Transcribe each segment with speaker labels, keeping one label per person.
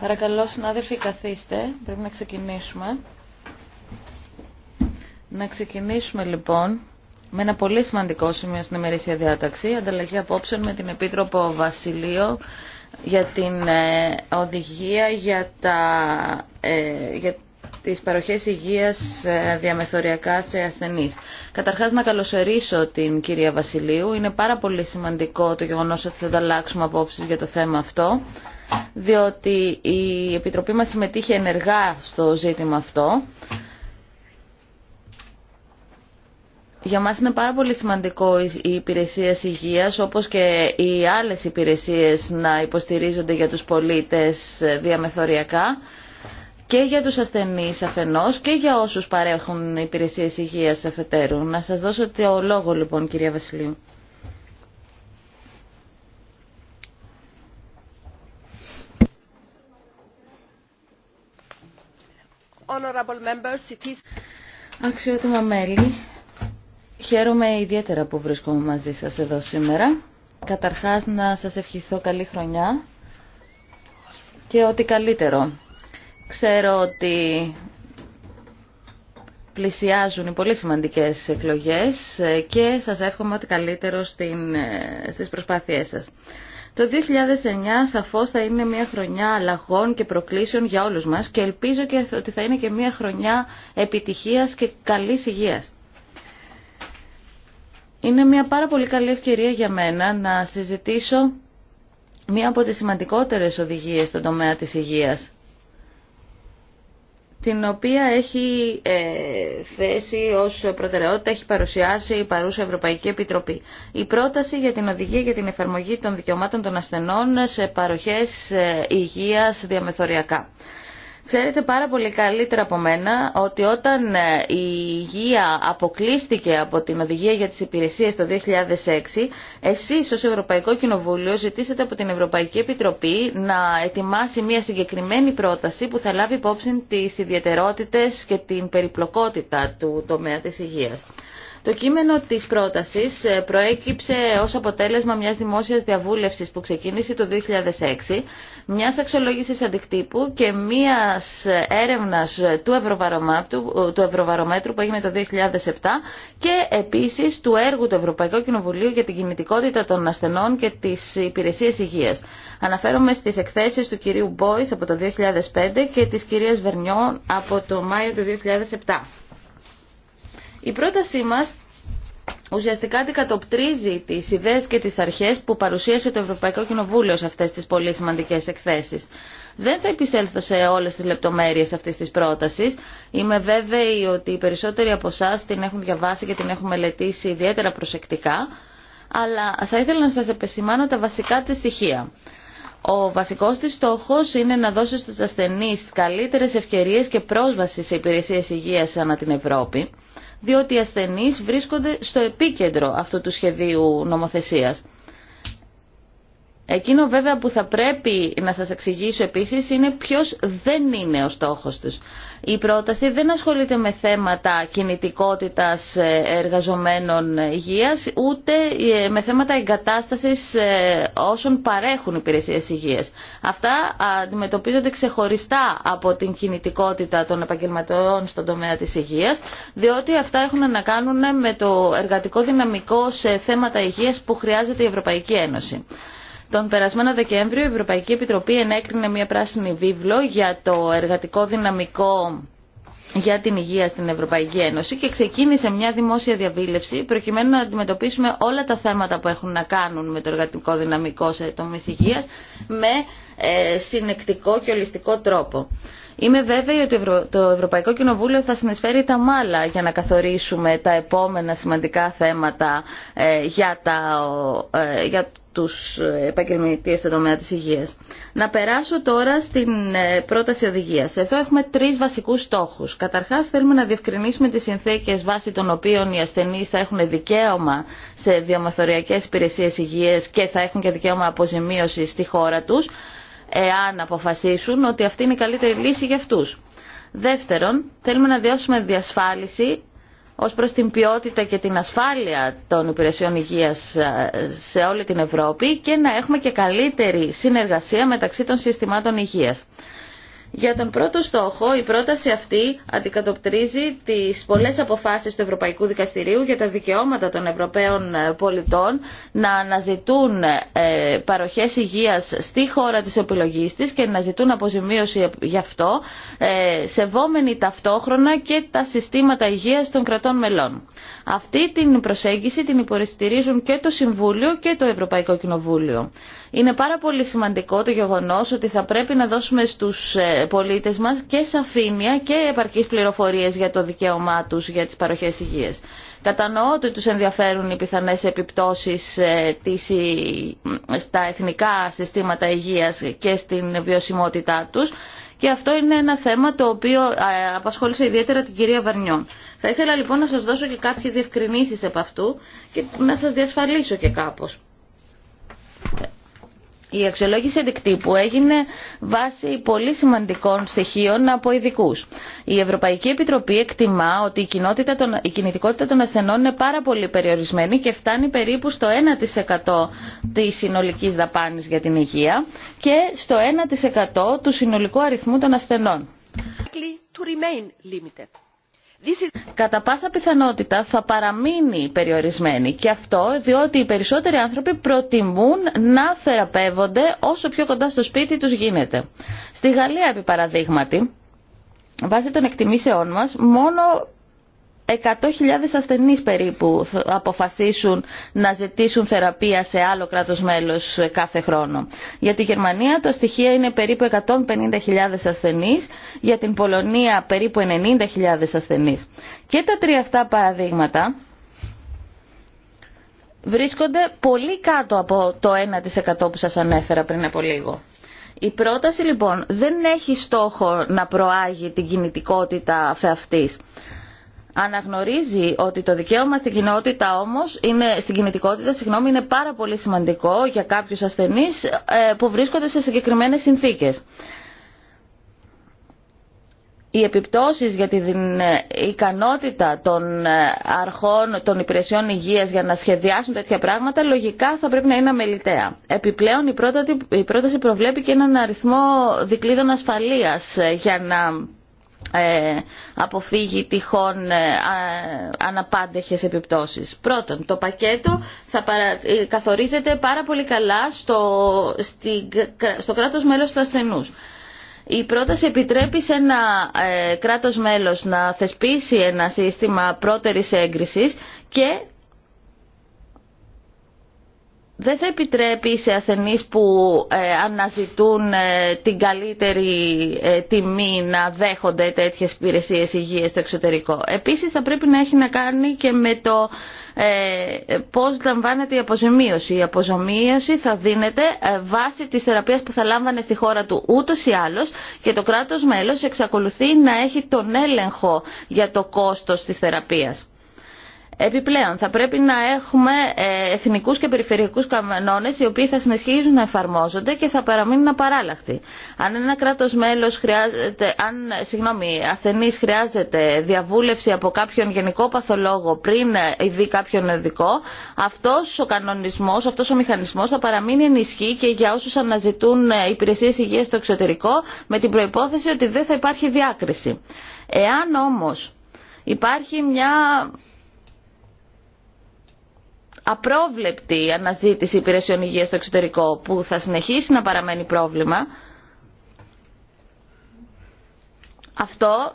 Speaker 1: Παρακαλώ, συνάδελφοι, καθίστε. Πρέπει να ξεκινήσουμε. Να ξεκινήσουμε λοιπόν με ένα πολύ σημαντικό σημείο στην ημερήσια διάταξη, ανταλλαγή απόψεων με την Επίτροπο Βασιλείο για την ε, οδηγία για, τα, ε, για τις παροχές υγείας ε, διαμεθοριακά σε ασθενείς. Καταρχάς να καλωσορίσω την κυρία Βασιλείου. Είναι πάρα πολύ σημαντικό το γεγονός ότι θα ανταλλάξουμε απόψεις για το θέμα αυτό, διότι η Επιτροπή μας συμμετείχε ενεργά στο ζήτημα αυτό. Για μας είναι πάρα πολύ σημαντικό οι υπηρεσίες υγείας όπως και οι άλλες υπηρεσίες να υποστηρίζονται για τους πολίτες ε, διαμεθοριακά και για τους ασθενείς αφενός και για όσους παρέχουν υπηρεσίες υγείας αφετέρου. Να σας δώσω το λόγο λοιπόν κυρία Βασιλείου. Αξιότιμα μέλη, χαίρομαι ιδιαίτερα που βρίσκομαι μαζί σας εδώ σήμερα. Καταρχάς να σας ευχηθώ καλή χρονιά και ό,τι καλύτερο Ξέρω ότι πλησιάζουν οι πολύ σημαντικές εκλογές ε, και σας εύχομαι ό,τι καλύτερο στην, ε, στις προσπάθειές σας. Το 2009 σαφώς θα είναι μια χρονιά αλλαγών και προκλήσεων για όλους μας και ελπίζω και ότι θα είναι και μια χρονιά επιτυχίας και καλής υγείας. Είναι μια πάρα πολύ καλή ευκαιρία για μένα να συζητήσω μία από τις σημαντικότερες οδηγίες στον τομέα της υγείας την οποία έχει ε, θέσει ως προτεραιότητα, έχει παρουσιάσει η παρούσα Ευρωπαϊκή Επιτροπή. Η πρόταση για την οδηγία για την εφαρμογή των δικαιωμάτων των ασθενών σε παροχές ε, υγείας διαμεθοριακά. Ξέρετε πάρα πολύ καλύτερα από μένα ότι όταν ε, η υγεία αποκλείστηκε από την Οδηγία για τις Υπηρεσίες το 2006, εσείς ως Ευρωπαϊκό Κοινοβούλιο ζητήσατε από την Ευρωπαϊκή Επιτροπή να ετοιμάσει μια συγκεκριμένη πρόταση που θα λάβει υπόψη τις ιδιαιτερότητες και την περιπλοκότητα του τομέα της υγείας. Το κείμενο της πρότασης ε, προέκυψε ως αποτέλεσμα μιας δημόσιας διαβούλευσης που ξεκίνησε το 2006 μια αξιολόγηση αντικτύπου και μια έρευνα του, του Ευρωβαρομέτρου που έγινε το 2007 και επίση του έργου του Ευρωπαϊκού Κοινοβουλίου για την κινητικότητα των ασθενών και τι υπηρεσίε υγεία. Αναφέρομαι στι εκθέσει του κυρίου Μπόη από το 2005 και τη κυρία Βερνιόν από το Μάιο του 2007. Η πρότασή μας ουσιαστικά αντικατοπτρίζει τι ιδέε και τι αρχέ που παρουσίασε το Ευρωπαϊκό Κοινοβούλιο σε αυτέ τι πολύ σημαντικέ εκθέσει. Δεν θα επισέλθω σε όλες τις λεπτομέρειες αυτής της πρότασης. Είμαι βέβαιη ότι οι περισσότεροι από εσά την έχουν διαβάσει και την έχουν μελετήσει ιδιαίτερα προσεκτικά, αλλά θα ήθελα να σα επισημάνω τα βασικά τη στοιχεία. Ο βασικό τη στόχο είναι να δώσει στους ασθενείς καλύτερε ευκαιρίε και πρόσβαση σε υπηρεσίε υγεία ανά την Ευρώπη διότι οι ασθενείς βρίσκονται στο επίκεντρο αυτού του σχεδίου νομοθεσίας. Εκείνο βέβαια που θα πρέπει να σας εξηγήσω επίσης είναι ποιος δεν είναι ο στόχος τους. Η πρόταση δεν ασχολείται με θέματα κινητικότητας ε, εργαζομένων ε, υγείας, ούτε ε, με θέματα εγκατάστασης όσων παρέχουν υπηρεσίες υγείας. Αυτά αντιμετωπίζονται ξεχωριστά από την κινητικότητα των επαγγελματιών στον τομέα της υγείας, διότι αυτά έχουν να κάνουν με το εργατικό δυναμικό σε θέματα υγείας που χρειάζεται η Ευρωπαϊκή Ένωση. Τον περασμένο Δεκέμβριο η Ευρωπαϊκή Επιτροπή ενέκρινε μια πράσινη βίβλο για το εργατικό δυναμικό για την υγεία στην Ευρωπαϊκή Ένωση και ξεκίνησε μια δημόσια διαβίλευση προκειμένου να αντιμετωπίσουμε όλα τα θέματα που έχουν να κάνουν με το εργατικό δυναμικό σε τομείς υγείας με ε, συνεκτικό και ολιστικό τρόπο. Είμαι βέβαιη ότι το Ευρωπαϊκό Κοινοβούλιο θα συνεισφέρει τα μάλα για να καθορίσουμε τα επόμενα σημαντικά θέματα ε, για, τα, ε, για τους ε, επαγγελματίες στον τομέα της υγείας. Να περάσω τώρα στην πρόταση οδηγίας. Εδώ έχουμε τρεις βασικούς στόχους. Καταρχάς θέλουμε να διευκρινίσουμε τις συνθήκες βάσει των οποίων οι ασθενείς θα έχουν δικαίωμα σε διαμαθοριακές υπηρεσίες υγείας και θα έχουν και δικαίωμα αποζημίωση στη χώρα τους εάν αποφασίσουν ότι αυτή είναι η καλύτερη λύση για αυτούς. Δεύτερον, θέλουμε να διώσουμε διασφάλιση ως προς την ποιότητα και την ασφάλεια των υπηρεσιών υγείας ε, σε όλη την Ευρώπη και να έχουμε και καλύτερη συνεργασία μεταξύ των συστημάτων υγείας. Για τον πρώτο στόχο, η πρόταση αυτή αντικατοπτρίζει τις πολλές αποφάσεις του Ευρωπαϊκού Δικαστηρίου για τα δικαιώματα των Ευρωπαίων πολιτών να αναζητούν ε, παροχές υγείας στη χώρα της επιλογής της και να ζητούν αποζημίωση γι' αυτό, ε, σεβόμενοι ταυτόχρονα και τα συστήματα υγείας των κρατών μελών. Αυτή την προσέγγιση την υποστηρίζουν και το Συμβούλιο και το Ευρωπαϊκό Κοινοβούλιο. Είναι πάρα πολύ σημαντικό το γεγονός ότι θα πρέπει να δώσουμε στους ε, πολίτες μας και σαφήνεια και επαρκείς πληροφορίες για το δικαίωμά τους για τις παροχές υγείας. Κατανοώ ότι τους ενδιαφέρουν οι πιθανές επιπτώσεις ε, ε, στα εθνικά συστήματα υγείας και στην βιωσιμότητά τους και αυτό είναι ένα θέμα το οποίο απασχόλησε ιδιαίτερα την κυρία Βαρνιόν. Θα ήθελα λοιπόν να σας δώσω και κάποιες διευκρινήσεις από αυτού και να σας διασφαλίσω και κάπως. Η αξιολόγηση αντικτύπου έγινε βάσει πολύ σημαντικών στοιχείων από ειδικού. Η Ευρωπαϊκή Επιτροπή εκτιμά ότι η, των, η κινητικότητα των ασθενών είναι πάρα πολύ περιορισμένη και φτάνει περίπου στο 1% της συνολικής δαπάνης για την υγεία και στο 1% του συνολικού αριθμού των ασθενών κατά πάσα πιθανότητα θα παραμείνει περιορισμένη και αυτό διότι οι περισσότεροι άνθρωποι προτιμούν να θεραπεύονται όσο πιο κοντά στο σπίτι τους γίνεται. Στη Γαλλία, επί παραδείγματι, βάσει των εκτιμήσεών μας, μόνο 100.000 ασθενείς περίπου αποφασίσουν να ζητήσουν θεραπεία σε άλλο κράτος μέλος κάθε χρόνο. Για τη Γερμανία το στοιχείο είναι περίπου 150.000 ασθενείς, για την Πολωνία περίπου 90.000 ασθενείς. Και τα τρία αυτά παραδείγματα βρίσκονται πολύ κάτω από το 1% που σας ανέφερα πριν από λίγο. Η πρόταση λοιπόν δεν έχει στόχο να προάγει την κινητικότητα αυτής αναγνωρίζει ότι το δικαίωμα στην κοινότητα όμως είναι, στην κινητικότητα συγγνώμη, είναι πάρα πολύ σημαντικό για κάποιους ασθενείς ε, που βρίσκονται σε συγκεκριμένες συνθήκες. Οι επιπτώσεις για την ε, ικανότητα των ε, αρχών των υπηρεσιών υγείας για να σχεδιάσουν τέτοια πράγματα λογικά θα πρέπει να είναι αμεληταία. Επιπλέον η πρόταση προβλέπει και έναν αριθμό δικλείδων ασφαλείας για να ε, αποφύγει τυχόν ε, αναπάντεχες επιπτώσεις. Πρώτον, το πακέτο θα ε, καθορίζεται πάρα πολύ καλά στο, στη... στο κράτος μέλος του ασθενούς. Η πρόταση επιτρέπει σε ένα κράτος μέλος να θεσπίσει ένα σύστημα πρώτερης έγκρισης και δεν θα επιτρέπει σε ασθενείς που ε, αναζητούν ε, την καλύτερη ε, τιμή να δέχονται τέτοιες υπηρεσίες υγείας στο εξωτερικό. Επίσης θα πρέπει να έχει να κάνει και με το πώς λαμβάνεται η αποζημίωση. Η αποζημίωση θα δίνεται βάσει της θεραπείας που θα λάμβανε στη χώρα του ούτως ή άλλως και το κράτος μέλος εξακολουθεί να έχει τον έλεγχο για το κόστος της θεραπείας. Επιπλέον, θα πρέπει να έχουμε ε, εθνικού και περιφερειακού κανόνε οι οποίοι θα συνεσχίζουν να εφαρμόζονται και θα παραμείνουν απαράλλαχτοι. Αν ένα κράτο μέλο χρειάζεται, αν συγγνώμη, ασθενή χρειάζεται διαβούλευση από κάποιον γενικό παθολόγο πριν ε, ειδεί κάποιον ειδικό, αυτό ο κανονισμό, αυτό ο μηχανισμό θα παραμείνει ενισχύ και για όσου αναζητούν ε, υπηρεσίε υγεία στο εξωτερικό με την προπόθεση ότι δεν θα υπάρχει διάκριση. Εάν όμω υπάρχει μια απρόβλεπτη αναζήτηση υπηρεσιών υγείας στο εξωτερικό που θα συνεχίσει να παραμένει πρόβλημα, αυτό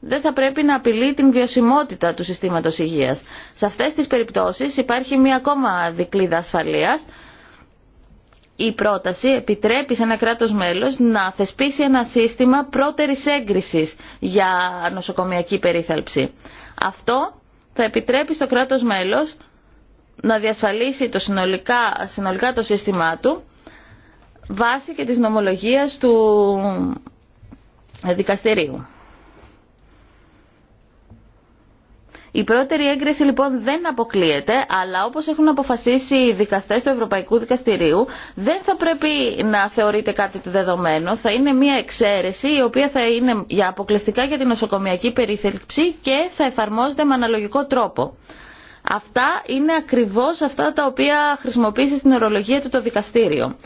Speaker 1: δεν θα πρέπει να απειλεί την βιωσιμότητα του συστήματος υγείας. Σε αυτές τις περιπτώσεις υπάρχει μία ακόμα δικλίδα ασφαλείας. Η πρόταση επιτρέπει σε ένα κράτος μέλος να θεσπίσει ένα σύστημα πρώτερης έγκρισης για νοσοκομιακή περίθαλψη. Αυτό θα επιτρέπει στο κράτος μέλος να διασφαλίσει το συνολικά, το σύστημά του βάσει και της νομολογίας του δικαστηρίου. Η πρώτερη έγκριση λοιπόν δεν αποκλείεται, αλλά όπως έχουν αποφασίσει οι δικαστές του Ευρωπαϊκού Δικαστηρίου, δεν θα πρέπει να θεωρείται κάτι το δεδομένο. Θα είναι μια εξαίρεση η οποία θα είναι για αποκλειστικά για την νοσοκομιακή περιθέλψη και θα εφαρμόζεται με αναλογικό τρόπο. Αυτά είναι ακριβώς αυτά τα οποία χρησιμοποίησε στην ορολογία του το δικαστήριο.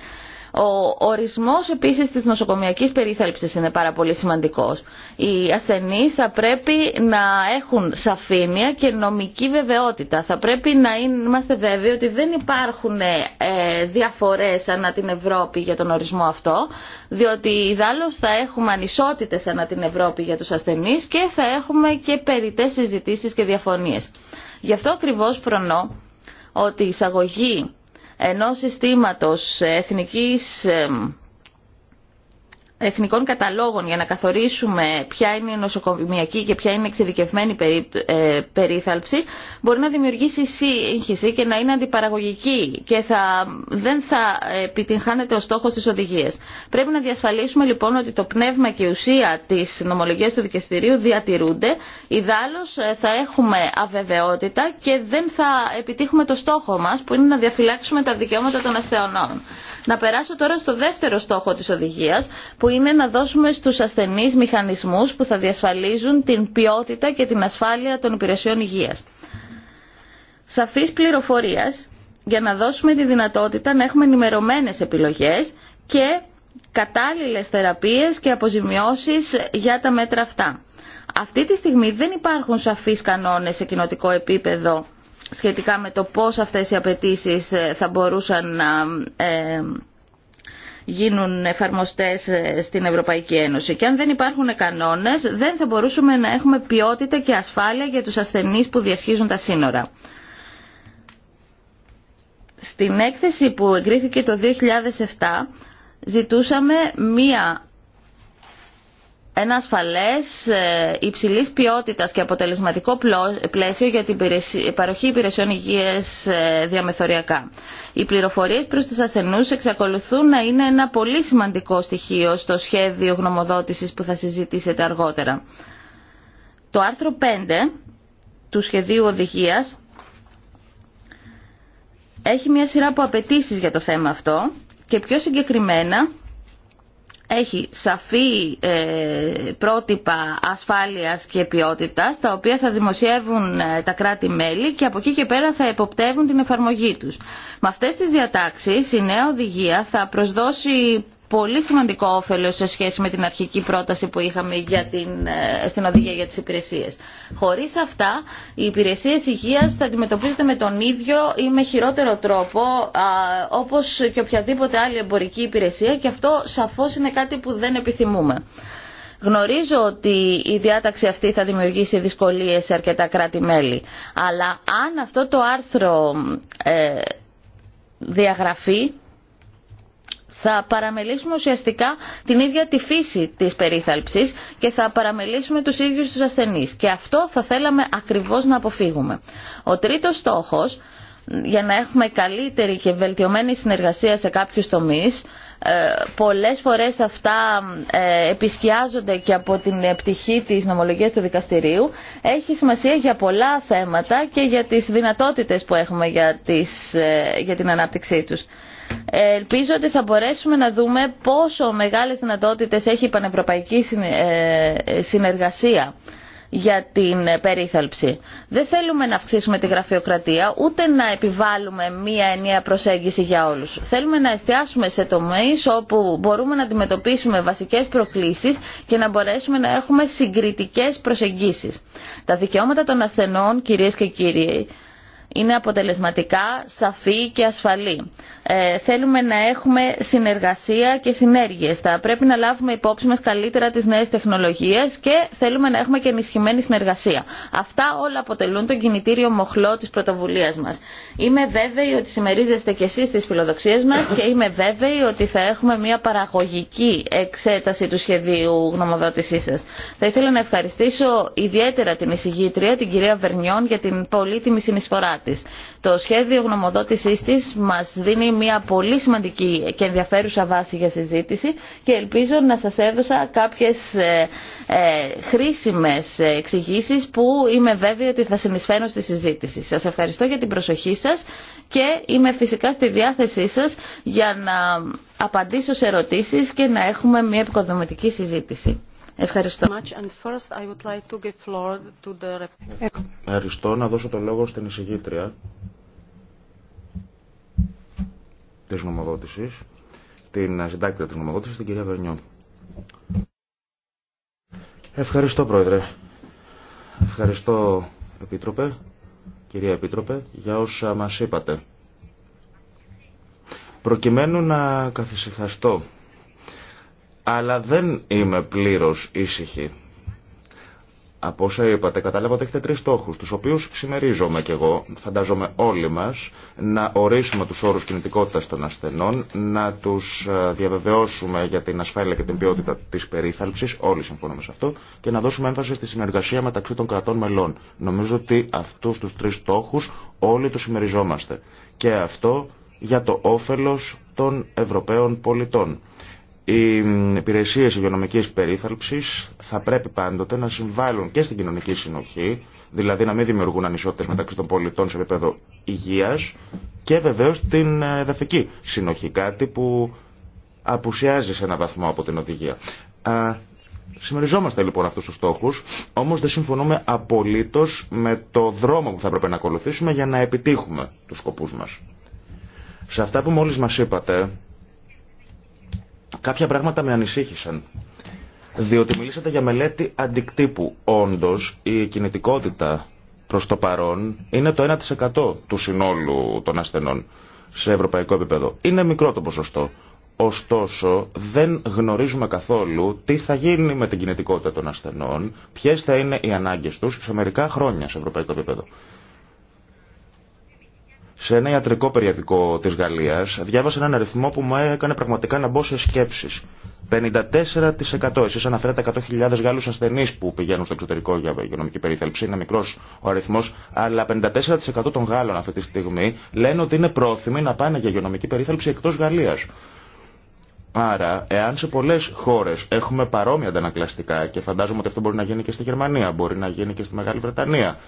Speaker 1: Ο ορισμός επίσης της νοσοκομιακής περίθαλψης είναι πάρα πολύ σημαντικός. Οι ασθενείς θα πρέπει να έχουν σαφήνεια και νομική βεβαιότητα. Θα πρέπει να είμαστε βέβαιοι ότι δεν υπάρχουν ε, διαφορές ανά την Ευρώπη για τον ορισμό αυτό, διότι ιδάλλως θα έχουμε ανισότητες ανά την Ευρώπη για τους ασθενείς και θα έχουμε και περιττές συζητήσεις και διαφωνίες. Γι' αυτό ακριβώς φρονώ ότι η εισαγωγή ενός συστήματος εθνικής εθνικών καταλόγων για να καθορίσουμε ποια είναι η νοσοκομιακή και ποια είναι η εξειδικευμένη ε, περίθαλψη μπορεί να δημιουργήσει σύγχυση και να είναι αντιπαραγωγική και θα, δεν θα επιτυγχάνεται ο στόχος της οδηγίας. Πρέπει να διασφαλίσουμε λοιπόν ότι το πνεύμα και η ουσία της νομολογίας του δικαστηρίου διατηρούνται, ιδάλλως ε, θα έχουμε αβεβαιότητα και δεν θα επιτύχουμε το στόχο μας που είναι να διαφυλάξουμε τα δικαιώματα των ασθενών. Να περάσω τώρα στο δεύτερο στόχο της οδηγίας, που είναι να δώσουμε στους ασθενείς μηχανισμούς που θα διασφαλίζουν την ποιότητα και την ασφάλεια των υπηρεσιών υγείας. Σαφής πληροφορίας για να δώσουμε τη δυνατότητα να έχουμε ενημερωμένες επιλογές και κατάλληλες θεραπείες και αποζημιώσεις για τα μέτρα αυτά. Αυτή τη στιγμή δεν υπάρχουν σαφείς κανόνες σε κοινοτικό επίπεδο σχετικά με το πώς αυτές οι απαιτήσει ε, θα μπορούσαν να ε, γίνουν εφαρμοστές ε, στην Ευρωπαϊκή Ένωση. Και αν δεν υπάρχουν κανόνες, δεν θα μπορούσαμε να έχουμε ποιότητα και ασφάλεια για τους ασθενείς που διασχίζουν τα σύνορα. Στην έκθεση που εγκρίθηκε το 2007, ζητούσαμε μία ένα ασφαλές, ε, υψηλής ποιότητας και αποτελεσματικό πλαίσιο για την παροχή υπηρεσιών υγείας ε, διαμεθοριακά. Οι πληροφορίες προς τους ασθενούς εξακολουθούν να είναι ένα πολύ σημαντικό στοιχείο στο σχέδιο γνωμοδότησης που θα συζητήσετε αργότερα. Το άρθρο 5 του σχεδίου οδηγίας έχει μια σειρά από απαιτήσει για το θέμα αυτό και πιο συγκεκριμένα έχει σαφή ε, πρότυπα ασφάλειας και ποιότητας, τα οποία θα δημοσιεύουν ε, τα κράτη-μέλη και από εκεί και πέρα θα εποπτεύουν την εφαρμογή τους. Με αυτές τις διατάξεις η νέα οδηγία θα προσδώσει πολύ σημαντικό όφελος σε σχέση με την αρχική πρόταση που είχαμε για την, ε, στην οδηγία για τις υπηρεσίες. Χωρίς αυτά, οι υπηρεσίες υγείας θα αντιμετωπίζονται με τον ίδιο ή με χειρότερο τρόπο, όπως και οποιαδήποτε άλλη εμπορική υπηρεσία και αυτό σαφώς είναι κάτι που δεν επιθυμούμε. Γνωρίζω ότι η διάταξη αυτή θα δημιουργήσει δυσκολίες σε αρκετά κράτη-μέλη, αλλά αν αυτό το άρθρο ε, διαγραφεί, θα παραμελήσουμε ουσιαστικά την ίδια τη φύση της περίθαλψης και θα παραμελήσουμε τους ίδιους τους ασθενείς. Και αυτό θα θέλαμε ακριβώς να αποφύγουμε. Ο τρίτος στόχος για να έχουμε καλύτερη και βελτιωμένη συνεργασία σε κάποιους τομείς. Ε, πολλές φορές αυτά ε, επισκιάζονται και από την επιτυχή της νομολογίας του δικαστηρίου. Έχει σημασία για πολλά θέματα και για τις δυνατότητες που έχουμε για ε, την ανάπτυξή τους ελπίζω ότι θα μπορέσουμε να δούμε πόσο μεγάλες δυνατότητες έχει η πανευρωπαϊκή ε, συνεργασία για την περίθαλψη. Δεν θέλουμε να αυξήσουμε τη γραφειοκρατία, ούτε να επιβάλλουμε μία ενιαία προσέγγιση για όλους. Θέλουμε να εστιάσουμε σε τομείς όπου μπορούμε να αντιμετωπίσουμε βασικές προκλήσεις και να μπορέσουμε να έχουμε συγκριτικές προσεγγίσεις. Τα δικαιώματα των ασθενών, κυρίες και κύριοι, είναι αποτελεσματικά, σαφή και ασφαλή. Ε, θέλουμε να έχουμε συνεργασία και συνέργειες. Θα πρέπει να λάβουμε υπόψη μας καλύτερα τις νέες τεχνολογίες και θέλουμε να έχουμε και ενισχυμένη συνεργασία. Αυτά όλα αποτελούν τον κινητήριο μοχλό της πρωτοβουλίας μας. Είμαι βέβαιη ότι συμμερίζεστε και εσείς στις φιλοδοξίες μας και είμαι βέβαιη ότι θα έχουμε μια παραγωγική εξέταση του σχεδίου γνωμοδότησής σας. Θα ήθελα να ευχαριστήσω ιδιαίτερα την εισηγήτρια, την κυρία Βερνιόν, για την πολύτιμη συνεισφορά της. Το σχέδιο γνωμοδότησής της μας δίνει μια πολύ σημαντική και ενδιαφέρουσα βάση για συζήτηση και ελπίζω να σας έδωσα κάποιες ε, ε, χρήσιμες εξηγήσει που είμαι βέβαιη ότι θα συνεισφέρω στη συζήτηση. Σας ευχαριστώ για την προσοχή σας και είμαι φυσικά στη διάθεσή σας για να απαντήσω σε ερωτήσεις και να έχουμε μια επικοδομητική συζήτηση. Ευχαριστώ.
Speaker 2: Ευχαριστώ να δώσω το λόγο στην εισηγήτρια της νομοδότησης, την συντάκτρια της νομοδότησης, την κυρία Βερνιόν. Ευχαριστώ, Πρόεδρε. Ευχαριστώ, Επίτροπε, κυρία Επίτροπε, για όσα μας είπατε. Προκειμένου να καθησυχαστώ, αλλά δεν είμαι πλήρως ήσυχη από όσα είπατε, κατάλαβα ότι έχετε τρει στόχου, του οποίου συμμερίζομαι κι εγώ. Φαντάζομαι όλοι μα να ορίσουμε του όρου κινητικότητα των ασθενών, να του ε, διαβεβαιώσουμε για την ασφάλεια και την ποιότητα τη περίθαλψη, όλοι συμφωνούμε σε αυτό, και να δώσουμε έμφαση στη συνεργασία μεταξύ των κρατών μελών. Νομίζω ότι αυτού του τρει στόχου όλοι του συμμεριζόμαστε. Και αυτό για το όφελο των Ευρωπαίων πολιτών. Οι υπηρεσίε υγειονομική περίθαλψη θα πρέπει πάντοτε να συμβάλλουν και στην κοινωνική συνοχή, δηλαδή να μην δημιουργούν ανισότητες μεταξύ των πολιτών σε επίπεδο υγείας και βεβαίως την εδαφική συνοχή, κάτι που απουσιάζει σε έναν βαθμό από την οδηγία. Συμμεριζόμαστε λοιπόν αυτούς τους στόχους, όμως δεν συμφωνούμε απολύτως με το δρόμο που θα έπρεπε να ακολουθήσουμε για να επιτύχουμε τους σκοπούς μας. Σε αυτά που μόλις μας είπατε, κάποια πράγματα με ανησύχησαν διότι μιλήσατε για μελέτη αντικτύπου. όντω η κινητικότητα προς το παρόν είναι το 1% του συνόλου των ασθενών σε ευρωπαϊκό επίπεδο. Είναι μικρό το ποσοστό. Ωστόσο, δεν γνωρίζουμε καθόλου τι θα γίνει με την κινητικότητα των ασθενών, ποιε θα είναι οι ανάγκε του σε μερικά χρόνια σε ευρωπαϊκό επίπεδο σε ένα ιατρικό περιοδικό της Γαλλίας διάβασα έναν αριθμό που μου έκανε πραγματικά να μπω σε σκέψεις. 54% εσείς αναφέρατε 100.000 Γάλλους ασθενείς που πηγαίνουν στο εξωτερικό για υγειονομική περίθαλψη, είναι μικρός ο αριθμός, αλλά 54% των Γάλλων αυτή τη στιγμή λένε ότι είναι πρόθυμοι να πάνε για υγειονομική περίθαλψη εκτός Γαλλίας. Άρα, εάν σε πολλέ χώρε έχουμε παρόμοια αντανακλαστικά και φαντάζομαι ότι αυτό μπορεί να γίνει και στη Γερμανία, μπορεί να γίνει και στη Μεγάλη Βρετανία,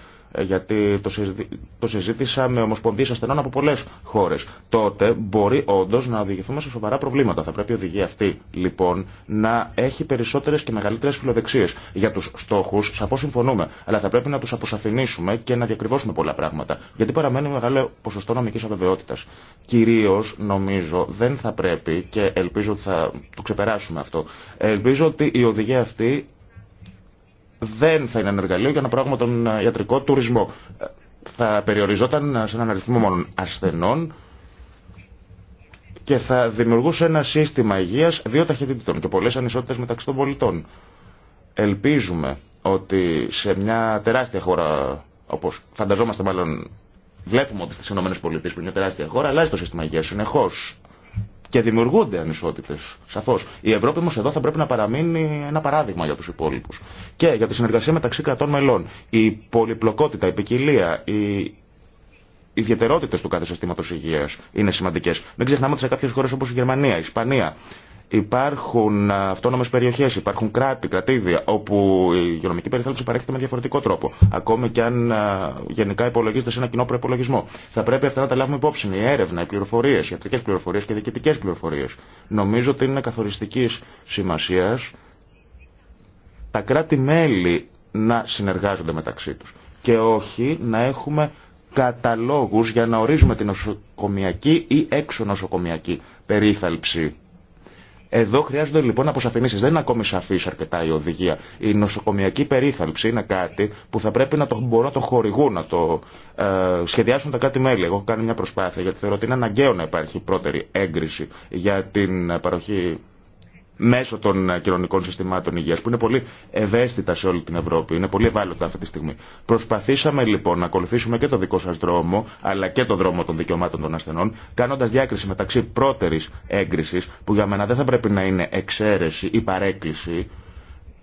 Speaker 2: γιατί το, το συζήτησα με ομοσπονδίες ασθενών από πολλές χώρες. Τότε μπορεί όντως να οδηγηθούμε σε σοβαρά προβλήματα. Θα πρέπει η οδηγία αυτή λοιπόν να έχει περισσότερες και μεγαλύτερες φιλοδεξίες. Για τους στόχους σαφώς συμφωνούμε, αλλά θα πρέπει να τους αποσαφηνίσουμε και να διακριβώσουμε πολλά πράγματα. Γιατί παραμένει μεγάλο ποσοστό νομικής αβεβαιότητας. Κυρίως νομίζω δεν θα πρέπει και ελπίζω ότι θα το ξεπεράσουμε αυτό. Ελπίζω ότι η οδηγία αυτή δεν θα είναι ένα εργαλείο για να πράγμα τον ε, ιατρικό τουρισμό. Ε, θα περιοριζόταν σε έναν αριθμό μόνο ασθενών και θα δημιουργούσε ένα σύστημα υγείας δύο ταχυτήτων και πολλές ανισότητες μεταξύ των πολιτών. Ελπίζουμε ότι σε μια τεράστια χώρα, όπως φανταζόμαστε μάλλον, βλέπουμε ότι στις ΗΠΑ που είναι μια τεράστια χώρα, αλλάζει το σύστημα υγείας συνεχώς και δημιουργούνται ανισότητε. Σαφώ. Η Ευρώπη όμω εδώ θα πρέπει να παραμείνει ένα παράδειγμα για του υπόλοιπου. Και για τη συνεργασία μεταξύ κρατών μελών. Η πολυπλοκότητα, η ποικιλία, οι ιδιαιτερότητε του κάθε συστήματο υγεία είναι σημαντικέ. Μην ξεχνάμε ότι σε κάποιε χώρε όπω η Γερμανία, η Ισπανία, Υπάρχουν αυτόνομες περιοχές, υπάρχουν κράτη, κρατήδια, όπου η υγειονομική περιθάλψη παρέχεται με διαφορετικό τρόπο. Ακόμη και αν γενικά υπολογίζεται σε ένα κοινό προπολογισμό. Θα πρέπει αυτά να τα λάβουμε υπόψη. Η έρευνα, οι πληροφορίε, οι ιατρικέ πληροφορίε και οι διοικητικέ πληροφορίε. Νομίζω ότι είναι καθοριστική σημασία τα κράτη-μέλη να συνεργάζονται μεταξύ τους και όχι να έχουμε καταλόγους για να ορίζουμε την νοσοκομιακή ή έξω νοσοκομιακή περίθαλψη εδώ χρειάζονται λοιπόν αποσαφηνήσει. Δεν είναι ακόμη σαφή αρκετά η οδηγία. Η νοσοκομιακή περίθαλψη είναι κάτι που θα πρέπει να το μπορούν να το χορηγούν, να το ε, σχεδιάσουν τα κάτι μελη Εγώ κάνει μια προσπάθεια γιατί θεωρώ ότι είναι αναγκαίο να υπάρχει πρώτερη έγκριση για την παροχή μέσω των ε, κοινωνικών συστημάτων υγείας που είναι πολύ ευαίσθητα σε όλη την Ευρώπη, είναι πολύ ευάλωτα αυτή τη στιγμή. Προσπαθήσαμε λοιπόν να ακολουθήσουμε και το δικό σας δρόμο αλλά και το δρόμο των δικαιωμάτων των ασθενών κάνοντας διάκριση μεταξύ πρώτερης έγκρισης που για μένα δεν θα πρέπει να είναι εξαίρεση ή παρέκκληση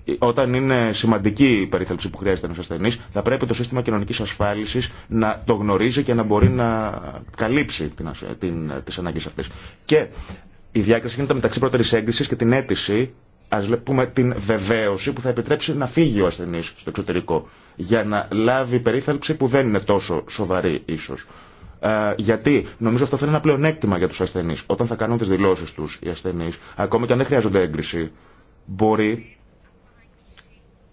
Speaker 2: ε, όταν είναι σημαντική η περίθαλψη που χρειάζεται ένα ασθενή, θα πρέπει το σύστημα κοινωνική ασφάλιση να το γνωρίζει και να μπορεί να καλύψει ε, τι ανάγκε αυτέ. Και η διάκριση γίνεται μεταξύ πρώτερη έγκριση και την αίτηση, α πούμε την βεβαίωση που θα επιτρέψει να φύγει ο ασθενή στο εξωτερικό για να λάβει περίθαλψη που δεν είναι τόσο σοβαρή ίσω. Ε, γιατί νομίζω αυτό θα είναι ένα πλεονέκτημα για του ασθενεί. Όταν θα κάνουν τι δηλώσει του οι ασθενεί, ακόμη και αν δεν χρειάζονται έγκριση, μπορεί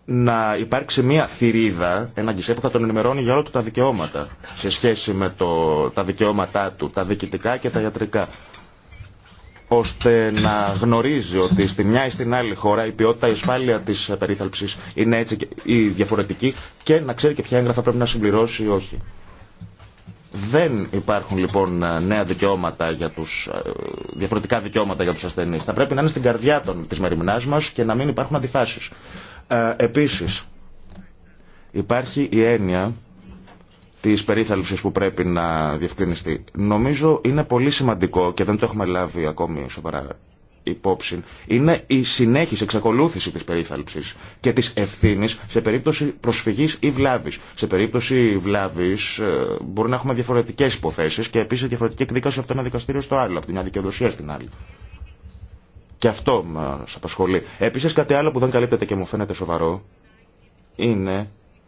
Speaker 2: να υπάρξει μια θηρίδα, ένα γκισέ που θα τον ενημερώνει για όλα του τα δικαιώματα σε σχέση με το, τα δικαιώματά του, τα διοικητικά και τα ιατρικά ώστε να γνωρίζει ότι στη μια ή στην άλλη χώρα η ποιότητα η ασφάλεια της περίθαλψης είναι έτσι ή διαφορετική και να ξέρει και ποια έγγραφα πρέπει να συμπληρώσει ή όχι. Δεν υπάρχουν λοιπόν νέα δικαιώματα για τους, ε, διαφορετικά δικαιώματα για τους ασθενείς. Θα πρέπει να είναι στην καρδιά των, της μεριμνάς μας και να μην υπάρχουν αντιφάσεις. Ε, επίσης, υπάρχει η έννοια της περίθαλψης που πρέπει να διευκρινιστεί. Νομίζω είναι πολύ σημαντικό και δεν το έχουμε λάβει ακόμη σοβαρά υπόψη, είναι η συνέχιση, εξακολούθηση της περίθαλψης και της ευθύνης σε περίπτωση προσφυγής ή βλάβης. Σε περίπτωση βλάβης ε, μπορεί να έχουμε διαφορετικές υποθέσεις και επίσης διαφορετική εκδίκαση από το ένα δικαστήριο στο άλλο, από τη μια δικαιοδοσία στην άλλη. Και αυτό μας απασχολεί. Επίσης κάτι άλλο που δεν καλύπτεται και μου φαίνεται σοβαρό είναι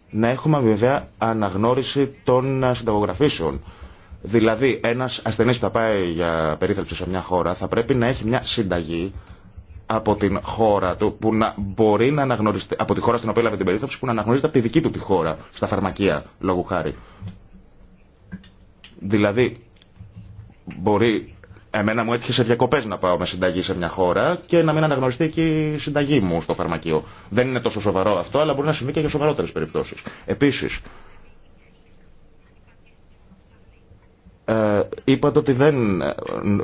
Speaker 2: να έχουμε βέβαια αναγνώριση των συνταγογραφήσεων. Δηλαδή, ένα ασθενή που θα πάει για περίθαλψη σε μια χώρα θα πρέπει να έχει μια συνταγή από την χώρα του που να μπορεί να αναγνωριστεί, από τη χώρα στην οποία έλαβε την περίθαλψη που να αναγνωρίζεται από τη δική του τη χώρα, στα φαρμακεία, λόγου χάρη. Δηλαδή, μπορεί Εμένα μου έτυχε σε διακοπέ να πάω με συνταγή σε μια χώρα και να μην αναγνωριστεί και η συνταγή μου στο φαρμακείο. Δεν είναι τόσο σοβαρό αυτό, αλλά μπορεί να συμβεί και για σοβαρότερε περιπτώσει. Επίση, Ε, είπατε ότι δεν, ε,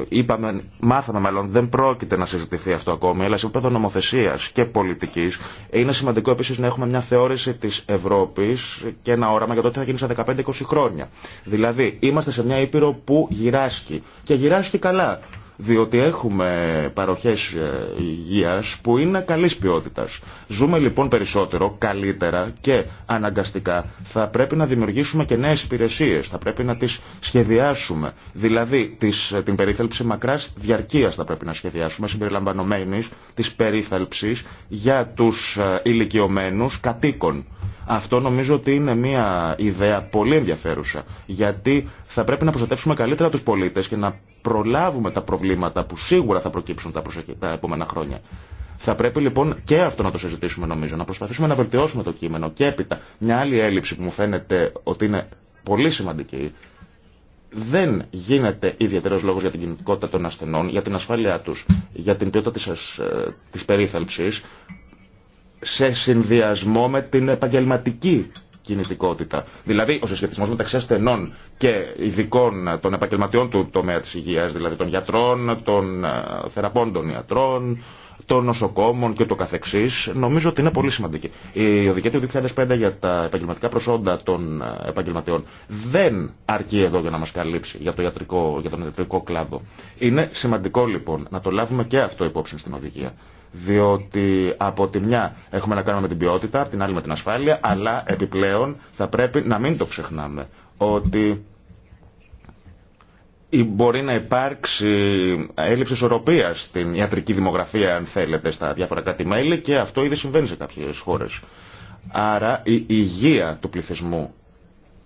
Speaker 2: είπαμε, μάθαμε μάλλον, δεν πρόκειται να συζητηθεί αυτό ακόμη, αλλά σε επίπεδο νομοθεσία και πολιτική είναι σημαντικό επίση να έχουμε μια θεώρηση τη Ευρώπη και ένα όραμα για το τι θα γίνει σε 15-20 χρόνια. Δηλαδή, είμαστε σε μια ήπειρο που γυράσκει. Και γυράσκει καλά διότι έχουμε παροχές ε, υγείας που είναι καλής ποιότητας. Ζούμε λοιπόν περισσότερο, καλύτερα και αναγκαστικά. Θα πρέπει να δημιουργήσουμε και νέες υπηρεσίες, θα πρέπει να τις σχεδιάσουμε. Δηλαδή τις, ε, την περίθαλψη μακράς διαρκείας θα πρέπει να σχεδιάσουμε, συμπεριλαμβανομένης της περίθαλψης για τους ε, ηλικιωμένους κατοίκων αυτό νομίζω ότι είναι μια ιδέα πολύ ενδιαφέρουσα, γιατί θα πρέπει να προστατεύσουμε καλύτερα τους πολίτες και να προλάβουμε τα προβλήματα που σίγουρα θα προκύψουν τα, επόμενα χρόνια. Θα πρέπει λοιπόν και αυτό να το συζητήσουμε νομίζω, να προσπαθήσουμε να βελτιώσουμε το κείμενο και έπειτα. Μια άλλη έλλειψη που μου φαίνεται ότι είναι πολύ σημαντική δεν γίνεται ιδιαίτερο λόγο για την κινητικότητα των ασθενών, για την ασφάλειά του, για την ποιότητα τη της ε, περίθαλψη σε συνδυασμό με την επαγγελματική κινητικότητα. Δηλαδή, ο συσχετισμό μεταξύ ασθενών και ειδικών των επαγγελματιών του τομέα τη υγεία, δηλαδή των γιατρών, των ε, θεραπών των ιατρών, των νοσοκόμων και το καθεξής, νομίζω ότι είναι πολύ σημαντική. Η οδηγία του 2005 για τα επαγγελματικά προσόντα των ε, επαγγελματιών δεν αρκεί εδώ για να μας καλύψει για, το ιατρικό, για τον ιατρικό κλάδο. Είναι σημαντικό λοιπόν να το λάβουμε και αυτό υπόψη στην οδηγία. Διότι από τη μια έχουμε να κάνουμε με την ποιότητα, από την άλλη με την ασφάλεια, αλλά επιπλέον θα πρέπει να μην το ξεχνάμε ότι ή μπορεί να υπάρξει έλλειψη ισορροπία στην ιατρική δημογραφία, αν θέλετε, στα διάφορα κράτη-μέλη και αυτό ήδη συμβαίνει σε κάποιε χώρε. Άρα μπορει να υπαρξει ελλειψη ισορροπια στην ιατρικη δημογραφια αν θελετε στα διαφορα κρατη μελη και αυτο ηδη συμβαινει σε κάποιες χώρες. αρα η υγεια του πληθυσμού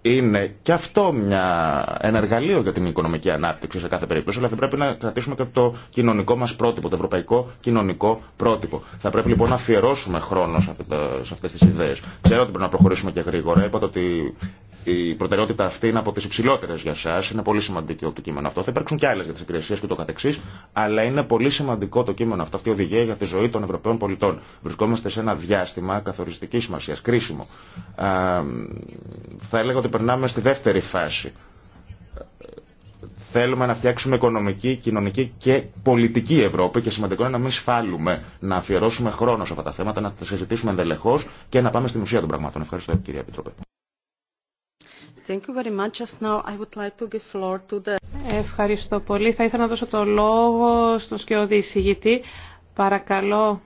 Speaker 2: είναι και αυτό μια, ένα εργαλείο για την οικονομική ανάπτυξη σε κάθε περίπτωση, αλλά θα πρέπει να κρατήσουμε και το κοινωνικό μα πρότυπο, το ευρωπαϊκό κοινωνικό πρότυπο. Θα πρέπει λοιπόν να αφιερώσουμε χρόνο σε αυτέ τι ιδέε. Ξέρω ότι πρέπει να προχωρήσουμε και γρήγορα. Είπατε ότι η προτεραιότητα αυτή είναι από τι υψηλότερε για εσά. Είναι πολύ σημαντικό το κείμενο αυτό. Θα υπάρξουν και άλλε για τι υπηρεσίε και το καθεξή. Αλλά είναι πολύ σημαντικό το κείμενο αυτό, αυτή η οδηγία για τη ζωή των Ευρωπαίων πολιτών. Βρισκόμαστε σε ένα διάστημα καθοριστική σημασία, κρίσιμο. Α, θα έλεγα ότι περνάμε στη δεύτερη φάση. Θέλουμε να φτιάξουμε οικονομική, κοινωνική και πολιτική Ευρώπη και σημαντικό είναι να μην σφάλουμε, να αφιερώσουμε χρόνο σε αυτά τα θέματα, να τα συζητήσουμε ενδελεχώς και να πάμε στην ουσία των πραγμάτων. Ευχαριστώ, κυρία Επιτροπή.
Speaker 3: Ευχαριστώ πολύ. Θα ήθελα να δώσω το λόγο στον σκιώδη εισηγητή. Παρακαλώ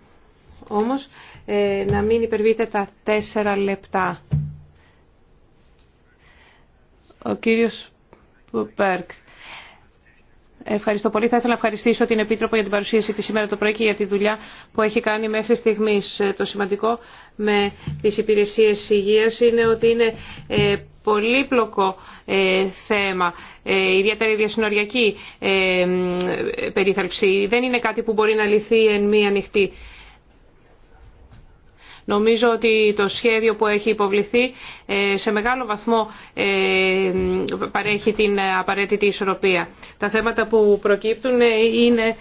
Speaker 3: όμως ε, να μην υπερβείτε τα τέσσερα λεπτά. Ο κύριος Πουπέρκ. Ευχαριστώ πολύ. Θα ήθελα να ευχαριστήσω την Επίτροπο για την παρουσίαση τη σήμερα το πρωί και για τη δουλειά που έχει κάνει μέχρι στιγμής ε, Το σημαντικό με τις υπηρεσίε υγεία είναι ότι είναι ε, πολύπλοκο ε, θέμα, ε, ιδιαίτερη διασυνοριακή ε, περίθαλψη. Δεν είναι κάτι που μπορεί να λυθεί εν μία νυχτή. Νομίζω ότι το σχέδιο που έχει υποβληθεί ε, σε μεγάλο βαθμό παρέχει την απαραίτητη ισορροπία. Τα θέματα που προκύπτουν είναι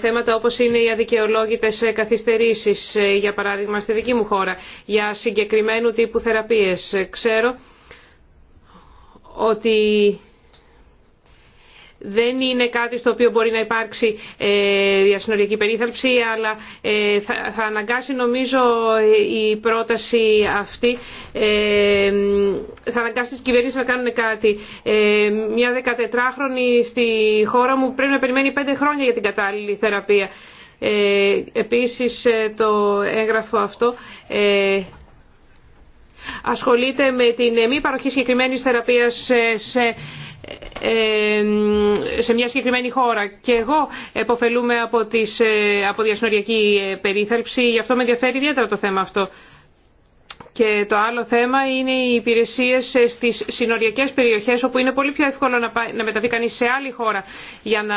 Speaker 3: θέματα όπως είναι οι αδικαιολόγητες καθυστερήσεις, για παράδειγμα στη δική μου χώρα, για συγκεκριμένου τύπου θεραπείες. Ξέρω ότι δεν είναι κάτι στο οποίο μπορεί να υπάρξει ε, διασυνοριακή περίθαλψη, αλλά ε, θα αναγκάσει νομίζω η πρόταση αυτή, ε, θα αναγκάσει τις κυβερνήσεις να κάνουν κάτι. Μια 14χρονη στη χώρα μου πρέπει να περιμένει 5 χρόνια για την κατάλληλη θεραπεία. Επίσης το έγγραφο αυτό ασχολείται με την μη παροχή συγκεκριμένης θεραπείας σε σε ε, μια συγκεκριμένη χώρα. Και εγώ εποφελούμαι από, τις, ε, από διασυνοριακή ε, περίθαλψη, γι' αυτό με ενδιαφέρει ιδιαίτερα το θέμα αυτό. Και το άλλο θέμα είναι οι υπηρεσίε στι συνοριακέ περιοχέ, όπου είναι πολύ πιο εύκολο να, πάει, να μεταβεί κανεί σε άλλη χώρα για να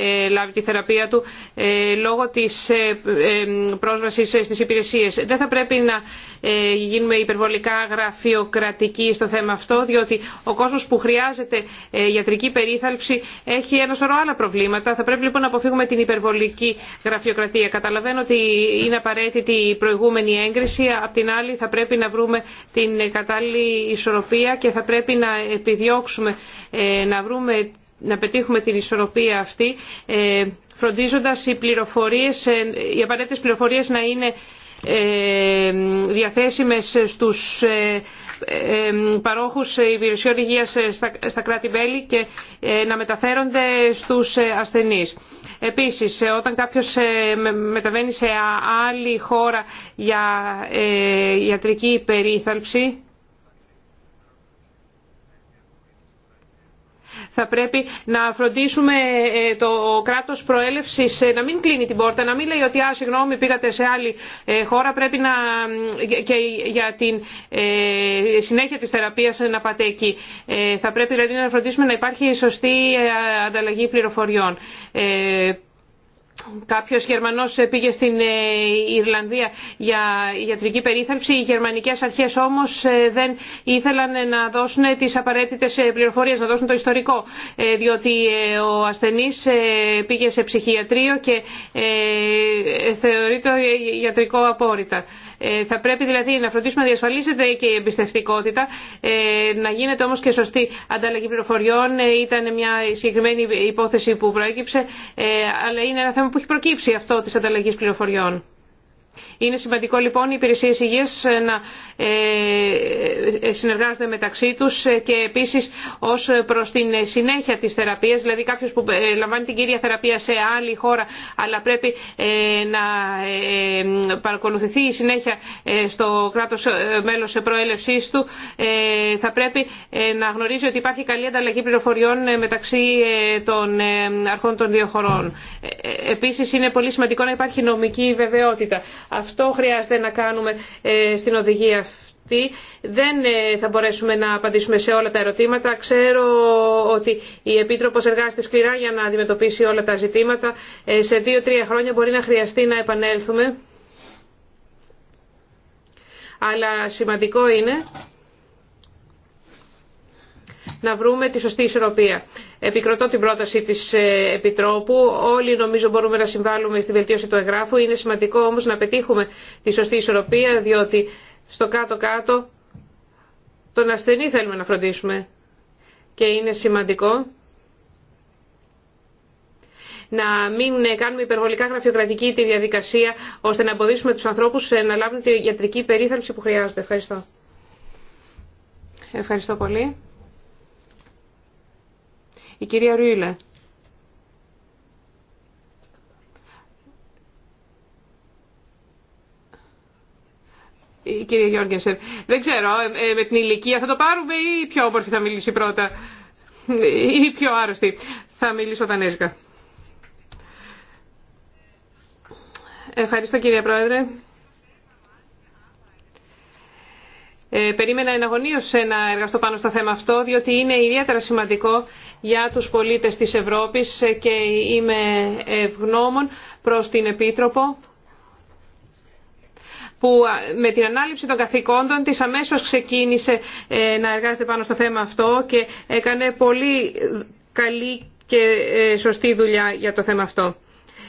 Speaker 3: ε, λάβει τη θεραπεία του ε, λόγω τη ε, ε πρόσβαση στι υπηρεσίε. Δεν θα πρέπει να ε, γίνουμε υπερβολικά γραφειοκρατικοί στο θέμα αυτό, διότι ο κόσμο που χρειάζεται ε, ιατρική περίθαλψη έχει ένα σωρό άλλα προβλήματα. Θα πρέπει λοιπόν να αποφύγουμε την υπερβολική γραφειοκρατία. Καταλαβαίνω ότι είναι απαραίτητη η προηγούμενη έγκριση, απ' την άλλη θα πρέπει να βρούμε την κατάλληλη ισορροπία και θα πρέπει να επιδιώξουμε ε, να βρούμε να πετύχουμε την ισορροπία αυτή ε, φροντίζοντας οι, πληροφορίες, ε, οι απαραίτητες πληροφορίες να είναι διαθέσιμες στους παρόχους υπηρεσιών υγείας στα κράτη-μέλη και να μεταφέρονται στους ασθενείς. Επίσης, όταν κάποιος ε, μεταβαίνει σε άλλη χώρα για ε, ιατρική περίθαλψη, Θα πρέπει να φροντίσουμε ε, ε, το κράτος προέλευσης ε, να μην κλείνει την πόρτα, να μην λέει ότι «Α, συγγνώμη, πήγατε σε άλλη χώρα, πρέπει να και για την συνέχεια της θεραπείας να πάτε εκεί». Θα πρέπει δηλαδή να φροντίσουμε να υπάρχει σωστή ανταλλαγή πληροφοριών κάποιος Γερμανός πήγε στην ε, Ιρλανδία για ιατρική περίθαλψη. Οι γερμανικές αρχές όμως ε, δεν ήθελαν ε, να δώσουν τις απαραίτητες πληροφορίες, να δώσουν το ιστορικό, διότι ο ασθενής πήγε σε ψυχιατρίο και θεωρείται ιατρικό απόρριτα. Ε, θα πρέπει δηλαδή να φροντίσουμε να διασφαλίσεται και η εμπιστευτικότητα, ε, να γίνεται όμως και σωστή ανταλλαγή πληροφοριών. Ε, ήταν μια συγκεκριμένη υπόθεση που προέκυψε, αλλά είναι ένα θέμα που έχει προκύψει αυτό της ανταλλαγής πληροφοριών. Είναι σημαντικό λοιπόν οι υπηρεσίε υγεία να ε, ε, συνεργάζονται μεταξύ του και επίση ω προ την συνέχεια τη θεραπεία, δηλαδή κάποιο που ε, λαμβάνει την κύρια θεραπεία σε άλλη χώρα αλλά πρέπει να παρακολουθηθεί η συνέχεια στο κράτο μέλο προέλευσή του, θα πρέπει να γνωρίζει ότι υπάρχει καλή ανταλλαγή πληροφοριών μεταξύ των αρχών των δύο χωρών. Επίση είναι πολύ σημαντικό να υπάρχει νομική βεβαιότητα. Αυτό χρειάζεται να κάνουμε ε, στην οδηγία αυτή. Δεν ε, θα μπορέσουμε να απαντήσουμε σε όλα τα ερωτήματα. Ξέρω ότι η Επίτροπος εργάζεται σκληρά για να αντιμετωπίσει όλα τα ζητήματα. Ε, σε δύο-τρία χρόνια μπορεί να χρειαστεί να επανέλθουμε. Αλλά σημαντικό είναι να βρούμε τη σωστή ισορροπία. Επικροτώ την πρόταση της ε, Επιτρόπου. Όλοι νομίζω μπορούμε να συμβάλλουμε στη βελτίωση του εγγράφου. Είναι σημαντικό όμως να πετύχουμε τη σωστή ισορροπία, διότι στο κάτω-κάτω τον ασθενή θέλουμε να φροντίσουμε. Και είναι σημαντικό να μην ε, κάνουμε υπερβολικά γραφειοκρατική τη διαδικασία, ώστε να εμποδίσουμε τους ανθρώπους ε, να λάβουν τη ιατρική περίθαλψη που χρειάζονται. Ευχαριστώ. Ευχαριστώ πολύ. Η κυρία Ρούιλε. Η κυρία Γιώργενσεν. Δεν ξέρω, ε, ε, με την ηλικία θα το πάρουμε ή πιο όμορφη θα μιλήσει πρώτα. Ε, ή πιο άρρωστη. Θα μιλήσω δανέζικα. Ευχαριστώ κύριε Πρόεδρε. ε, περίμενα εναγωνίως να εργαστώ πάνω στο θέμα αυτό, διότι είναι ιδιαίτερα σημαντικό για τους πολίτες της Ευρώπης και είμαι ευγνώμων προς την Επίτροπο που με την ανάληψη των καθηκόντων της αμέσως ξεκίνησε ε, να εργάζεται πάνω στο θέμα αυτό και έκανε πολύ καλή και ε, σωστή δουλειά για το θέμα αυτό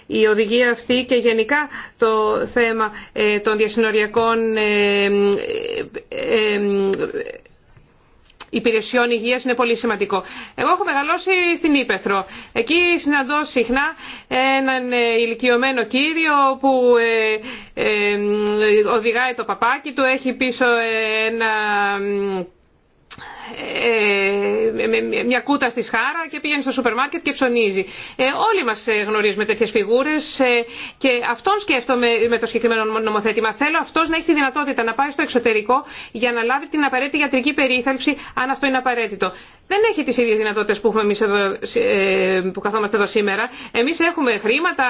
Speaker 3: η οδηγία αυτή και γενικά το θέμα ε, των διασυνοριακών ε, ε, υπηρεσιών υγείας είναι πολύ σημαντικό. Εγώ έχω μεγαλώσει στην Ήπεθρο. Εκεί συναντώ συχνά έναν ηλικιωμένο κύριο που οδηγάει το παπάκι του, έχει πίσω ένα ε, ε, μια κούτα στη σχάρα και πήγαινε στο σούπερ μάρκετ και ψωνίζει. Ε, όλοι μας γνωρίζουμε τέτοιες φιγούρες και αυτόν σκέφτομαι με το συγκεκριμένο νομοθέτημα. Θέλω αυτός να έχει τη δυνατότητα να πάει στο εξωτερικό για να λάβει την απαραίτητη γιατρική περίθαλψη αν αυτό είναι απαραίτητο δεν έχει τις ίδιες δυνατότητες που έχουμε εμείς ε, που καθόμαστε εδώ σήμερα. Εμείς έχουμε χρήματα,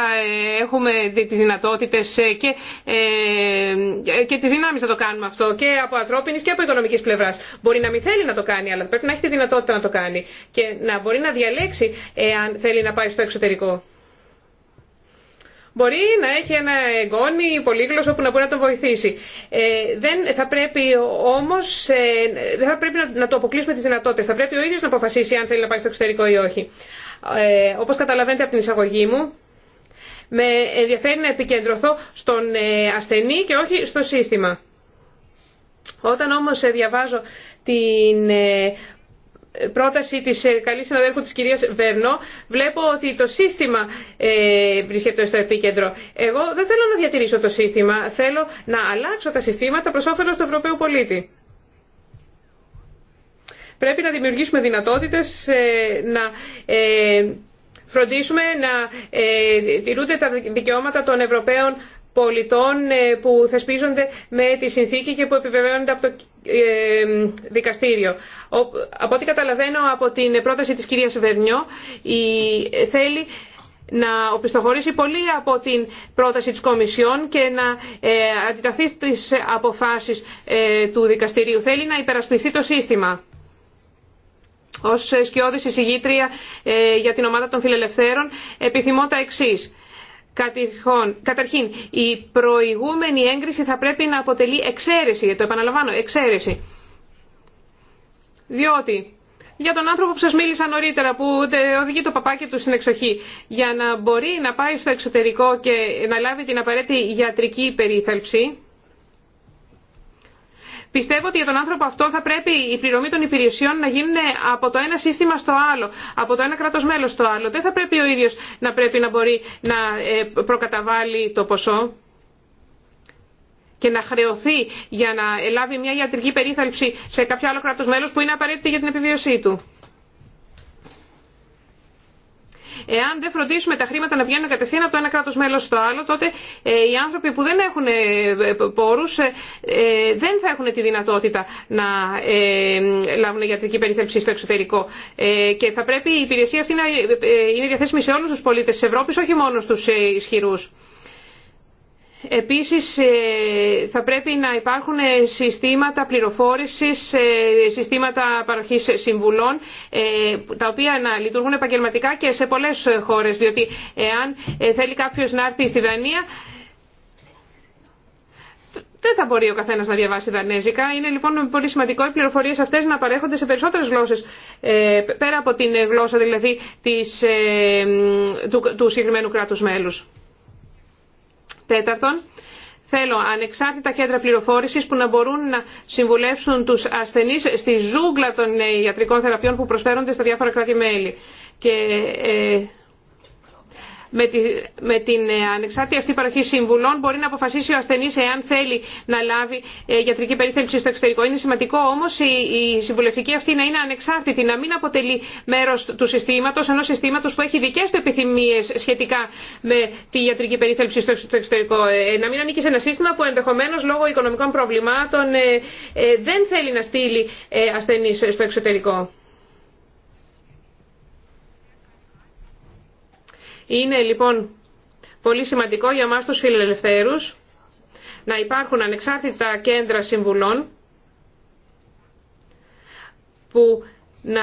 Speaker 3: ε, έχουμε τις δυνατότητες ε, και, και τις δυνάμεις να το κάνουμε αυτό και από ανθρώπινης και από οικονομικής πλευράς. Μπορεί να μην θέλει να το κάνει, αλλά πρέπει να έχει τη δυνατότητα να το κάνει και να μπορεί να διαλέξει εάν θέλει να πάει στο εξωτερικό μπορεί να έχει ένα εγγόνι πολύγλωσσο που να μπορεί να τον βοηθήσει. Ε, δεν θα πρέπει όμως ε, να, το αποκλείσουμε τις δυνατότητες. Θα πρέπει ο ίδιος να αποφασίσει αν θέλει να πάει στο εξωτερικό ή όχι. Ε, όπως καταλαβαίνετε από την εισαγωγή μου, με ενδιαφέρει να επικεντρωθώ στον ε, ασθενή και όχι στο σύστημα. Όταν όμως διαβάζω την πρόταση της ε, καλής συναδέλφου της κυρίας Βέρνο βλέπω ότι το σύστημα ε, βρίσκεται στο επίκεντρο. Εγώ δεν θέλω να διατηρήσω το σύστημα, θέλω να αλλάξω τα συστήματα προς όφελος του Ευρωπαίου πολίτη. Πρέπει να δημιουργήσουμε δυνατότητες ε, να φροντίσουμε να τηρούνται τα δικαιώματα των Ευρωπαίων πολιτών ε, που θεσπίζονται με τη συνθήκη και που επιβεβαιώνονται από το ε, δικαστήριο. Από ό,τι καταλαβαίνω από την πρόταση της κυρίας Βερνιό, θέλει να οπισθοχωρήσει πολύ από την πρόταση της Κομισιόν και να ε, αντιταχθεί στις αποφάσεις του δικαστηρίου. Θέλει να υπερασπιστεί το σύστημα. Ως σκιώδης εισηγήτρια για την ομάδα των φιλελευθέρων επιθυμώ τα εξής Καταρχήν, η προηγούμενη έγκριση θα πρέπει να αποτελεί εξαίρεση, το επαναλαμβάνω, εξαίρεση. Διότι για τον άνθρωπο που σας μίλησα νωρίτερα που οδηγεί το παπάκι του στην εξοχή για να μπορεί να πάει στο εξωτερικό και να λάβει την απαραίτητη γιατρική περίθαλψη Πιστεύω ότι για τον άνθρωπο αυτό θα πρέπει η πληρωμή των υπηρεσιών να γίνει από το ένα σύστημα στο άλλο, από το ένα κράτος μέλος στο άλλο. Δεν θα πρέπει ο ίδιος να πρέπει να μπορεί να ε, προκαταβάλει το ποσό και να χρεωθεί για να λάβει μια ιατρική περίθαλψη σε κάποιο άλλο κράτος μέλος που είναι απαραίτητη για την επιβίωσή του. Εάν δεν φροντίσουμε τα χρήματα να βγαίνουν κατευθείαν από το ένα κράτο μέλο στο άλλο, τότε ε, οι άνθρωποι που δεν έχουν ε, πόρου ε, δεν θα έχουν τη δυνατότητα να λάβουν γιατρική περίθαλψη στο εξωτερικό. Και θα πρέπει η υπηρεσία αυτή να είναι διαθέσιμη σε όλου του πολίτε τη Ευρώπη, όχι μόνο στου ισχυρού. Επίσης ε, θα πρέπει να υπάρχουν συστήματα πληροφόρησης, ε, συστήματα παροχής συμβουλών ε, τα οποία να λειτουργούν επαγγελματικά και σε πολλές χώρες διότι εάν θέλει κάποιος να έρθει στη Δανία δεν θα μπορεί ο καθένα να διαβάσει δανέζικα. Είναι λοιπόν πολύ σημαντικό οι πληροφορίε αυτέ να παρέχονται σε περισσότερε γλώσσε. πέρα από την γλώσσα δηλαδή του, συγκεκριμένου κράτου μέλου. Τέταρτον, Θέλω ανεξάρτητα κέντρα πληροφόρησης που να μπορούν να συμβουλεύσουν τους ασθενείς στη ζούγκλα των ε, ιατρικών θεραπείων που προσφέρονται στα διάφορα κράτη-μέλη. Και ε, με την ε, ανεξάρτητη αυτή παροχή συμβουλών μπορεί να αποφασίσει ο ασθενής εάν θέλει να λάβει ε, γιατρική περίθαλψη στο εξωτερικό. Είναι σημαντικό όμως η συμβουλευτική αυτή να είναι ανεξάρτητη, να μην αποτελεί μέρος του συστήματος, ενός συστήματος που έχει δικές του επιθυμίες σχετικά με τη γιατρική περίθαλψη στο εξωτερικό. Ε, να μην ανήκει σε ένα σύστημα που ενδεχομένως λόγω οικονομικών προβλημάτων δεν θέλει να στείλει ασθενείς στο εξωτερικό. Είναι λοιπόν πολύ σημαντικό για μας τους φιλελευθέρους να υπάρχουν ανεξάρτητα κέντρα συμβουλών που να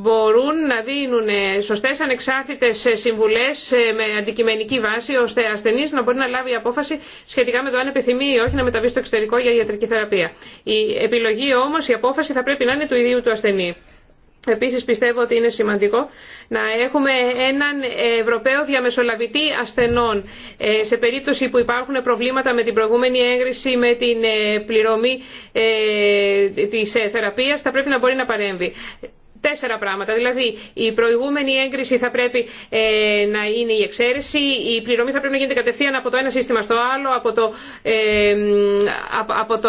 Speaker 3: μπορούν να δίνουν σωστές ανεξάρτητες συμβουλές με αντικειμενική βάση ώστε ασθενής να μπορεί να λάβει απόφαση σχετικά με το αν επιθυμεί ή όχι να μεταβεί στο εξωτερικό για ιατρική θεραπεία. Η επιλογή όμως, η απόφαση θα πρέπει να είναι του ιδίου του ασθενή. Επίσης πιστεύω ότι είναι σημαντικό να έχουμε έναν Ευρωπαίο διαμεσολαβητή ασθενών ε, σε περίπτωση που υπάρχουν προβλήματα με την προηγούμενη έγκριση, με την ε, πληρωμή ε, της θεραπείας, θα πρέπει να μπορεί να παρέμβει τέσσερα πράγματα. Δηλαδή, η προηγούμενη έγκριση θα πρέπει ε, να είναι η εξαίρεση, η πληρωμή θα πρέπει να γίνεται κατευθείαν από το ένα σύστημα στο άλλο, από το, ε, από, το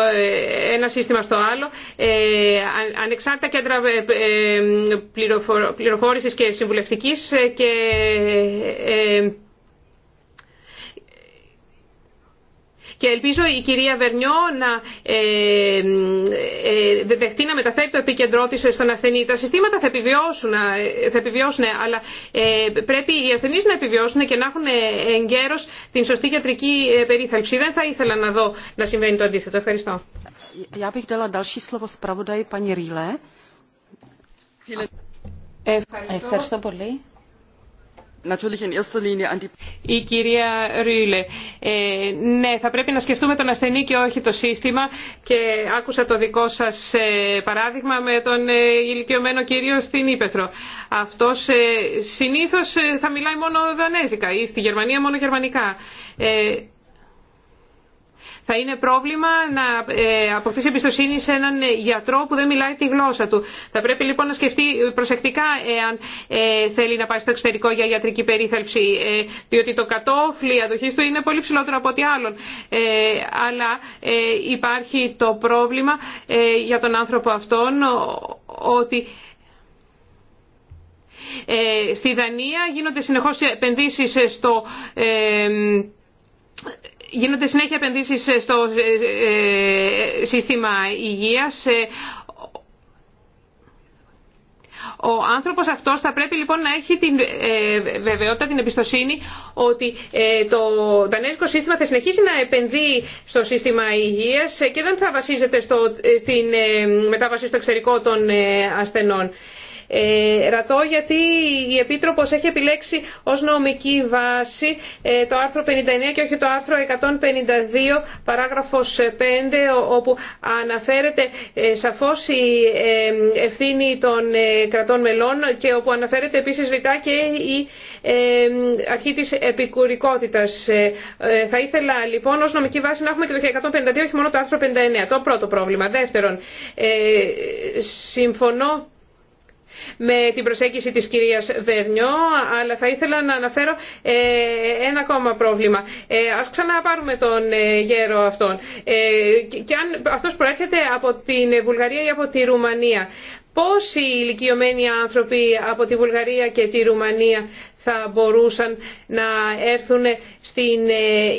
Speaker 3: ε, ένα σύστημα στο άλλο. Ανεξάρτητα κέντρα πληροφόρησης και συμβουλευτικής και και ελπίζω η κυρία Βερνιό να ε, ε, ε, δεχτεί να μεταφέρει το επικεντρό της στον ασθενή. Τα συστήματα θα επιβιώσουν, θα επιβιώσουν αλλά πρέπει οι ασθενείς να επιβιώσουν και να έχουν εγκαίρως την σωστή γιατρική περίθαλψη. Δεν θα ήθελα να δω να συμβαίνει το αντίθετο.
Speaker 4: Ευχαριστώ. Ευχαριστώ πολύ.
Speaker 3: Η κυρία Ρούιλε, ε, ναι, θα πρέπει να σκεφτούμε τον ασθενή και όχι το σύστημα και άκουσα το δικό σας ε, παράδειγμα με τον ε, ηλικιωμένο κύριο στην Ήπεθρο. Αυτός συνήθως θα μιλάει μόνο δανέζικα ή στη Γερμανία μόνο γερμανικά. Θα είναι πρόβλημα να ε, αποκτήσει εμπιστοσύνη σε έναν γιατρό που δεν μιλάει τη γλώσσα του. Θα πρέπει λοιπόν να σκεφτεί προσεκτικά εάν ε, θέλει να πάει στο εξωτερικό για ιατρική περίθαλψη, ε, διότι το κατόφλι αδοχή του είναι πολύ ψηλότερο από ό,τι άλλων. Αλλά υπάρχει το πρόβλημα για τον άνθρωπο αυτόν ότι στη Δανία γίνονται συνεχώς επενδύσεις στο γίνονται συνέχεια επενδύσεις στο ε, ε, σύστημα υγείας. Ε, ο άνθρωπος αυτός θα πρέπει λοιπόν να έχει την βεβαιότητα, την εμπιστοσύνη ότι το δανέζικο σύστημα θα συνεχίσει να επενδύει στο σύστημα υγείας και δεν θα βασίζεται στο, στην μετάβαση στο εξωτερικό των ασθενών. Ε, ρατώ γιατί η Επίτροπος έχει επιλέξει ως νομική βάση ε, το άρθρο 59 και όχι το άρθρο 152 παράγραφος 5 όπου αναφέρεται ε, σαφώς η ευθύνη των κρατών μελών και όπου αναφέρεται επίσης βιτά και η αρχή της επικουρικότητας. Θα ήθελα λοιπόν ως νομική βάση να έχουμε και το 152 όχι μόνο το άρθρο 59. Το πρώτο πρόβλημα. Δεύτερον, συμφωνώ με την προσέγγιση της κυρίας Βερνιό, αλλά θα ήθελα να αναφέρω ε, ένα ακόμα πρόβλημα. Ε, ας ξαναπάρουμε τον ε, γέρο αυτόν. Και αν αυτός προέρχεται από την Βουλγαρία ή από τη Ρουμανία, πόσοι ηλικιωμένοι άνθρωποι από τη Βουλγαρία και τη Ρουμανία θα μπορούσαν να έρθουν στην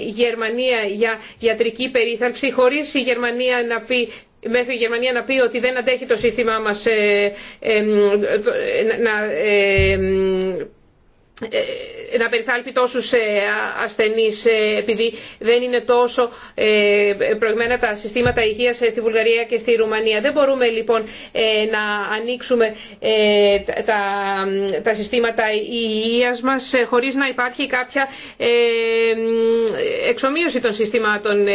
Speaker 3: Γερμανία για ιατρική περίθαλψη χωρίς η Γερμανία να πει μέχρι η Γερμανία να πει ότι δεν αντέχει το σύστημά μας ε, ε, ε, να να περιθάλπει τόσους ασθενείς επειδή δεν είναι τόσο προηγμένα τα συστήματα υγείας στη Βουλγαρία και στη Ρουμανία. Δεν μπορούμε λοιπόν να ανοίξουμε τα, τα συστήματα υγείας μας χωρίς να υπάρχει κάποια εξομοίωση των συστημάτων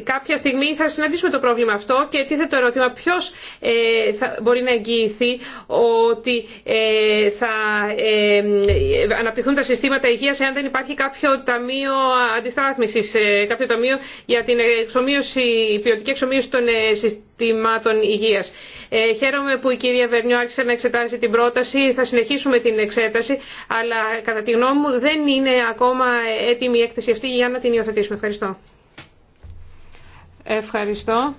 Speaker 3: κάποια στιγμή θα συναντήσουμε το πρόβλημα αυτό και τίθεται το ερώτημα ποιος ε, μπορεί να εγγυηθεί ότι ε, θα ε, αναπτυχθούν τα συστήματα υγείας εάν δεν υπάρχει κάποιο ταμείο αντιστάθμισης, κάποιο ταμείο για την εξομοίωση, ποιοτική εξομοίωση των συστημάτων υγείας. Ε, χαίρομαι που η κυρία Βερνιό άρχισε να εξετάζει την πρόταση. Θα συνεχίσουμε την εξέταση, αλλά κατά τη γνώμη μου δεν είναι ακόμα έτοιμη η έκθεση αυτή για να την υιοθετήσουμε. Ευχαριστώ. Ευχαριστώ.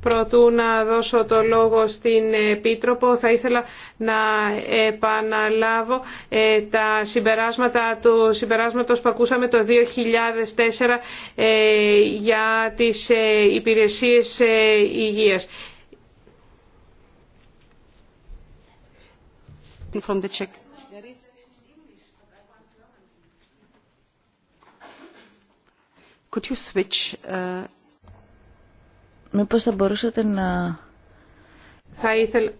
Speaker 3: Προτού να δώσω το λόγο στην Επίτροπο, θα ήθελα να επαναλάβω ε, τα συμπεράσματα του συμπεράσματος που ακούσαμε το 2004 ε, για τις ε, υπηρεσίες υγείας.
Speaker 4: From the Czech Could uh,
Speaker 1: Μήπως θα μπορούσατε να... Θα ήθελα...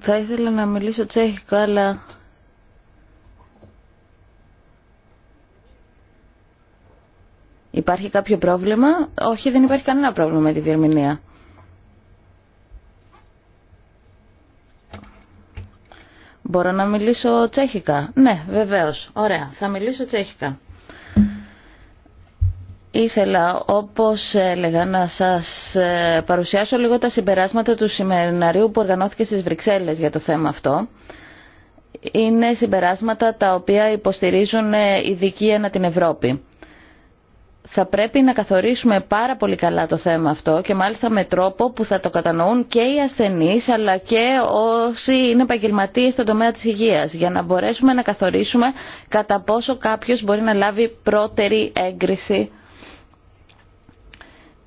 Speaker 1: Θα ήθελα να μιλήσω τσέχικα, αλλά... Υπάρχει κάποιο πρόβλημα. Όχι, δεν υπάρχει κανένα πρόβλημα με τη διερμηνία. Μπορώ να μιλήσω τσέχικα. Ναι, βεβαίως. Ωραία. Θα μιλήσω τσέχικα. Ήθελα, όπως έλεγα, να σας ε, παρουσιάσω λίγο τα συμπεράσματα του σημεριναρίου που οργανώθηκε στις Βρυξέλλες για το θέμα αυτό. Είναι συμπεράσματα τα οποία υποστηρίζουν ε, ειδικοί ένα την Ευρώπη. Θα πρέπει να καθορίσουμε πάρα πολύ καλά το θέμα αυτό και μάλιστα με τρόπο που θα το κατανοούν και οι ασθενείς αλλά και όσοι είναι επαγγελματίε στον τομέα της υγείας για να μπορέσουμε να καθορίσουμε κατά πόσο κάποιος μπορεί να λάβει πρώτερη έγκριση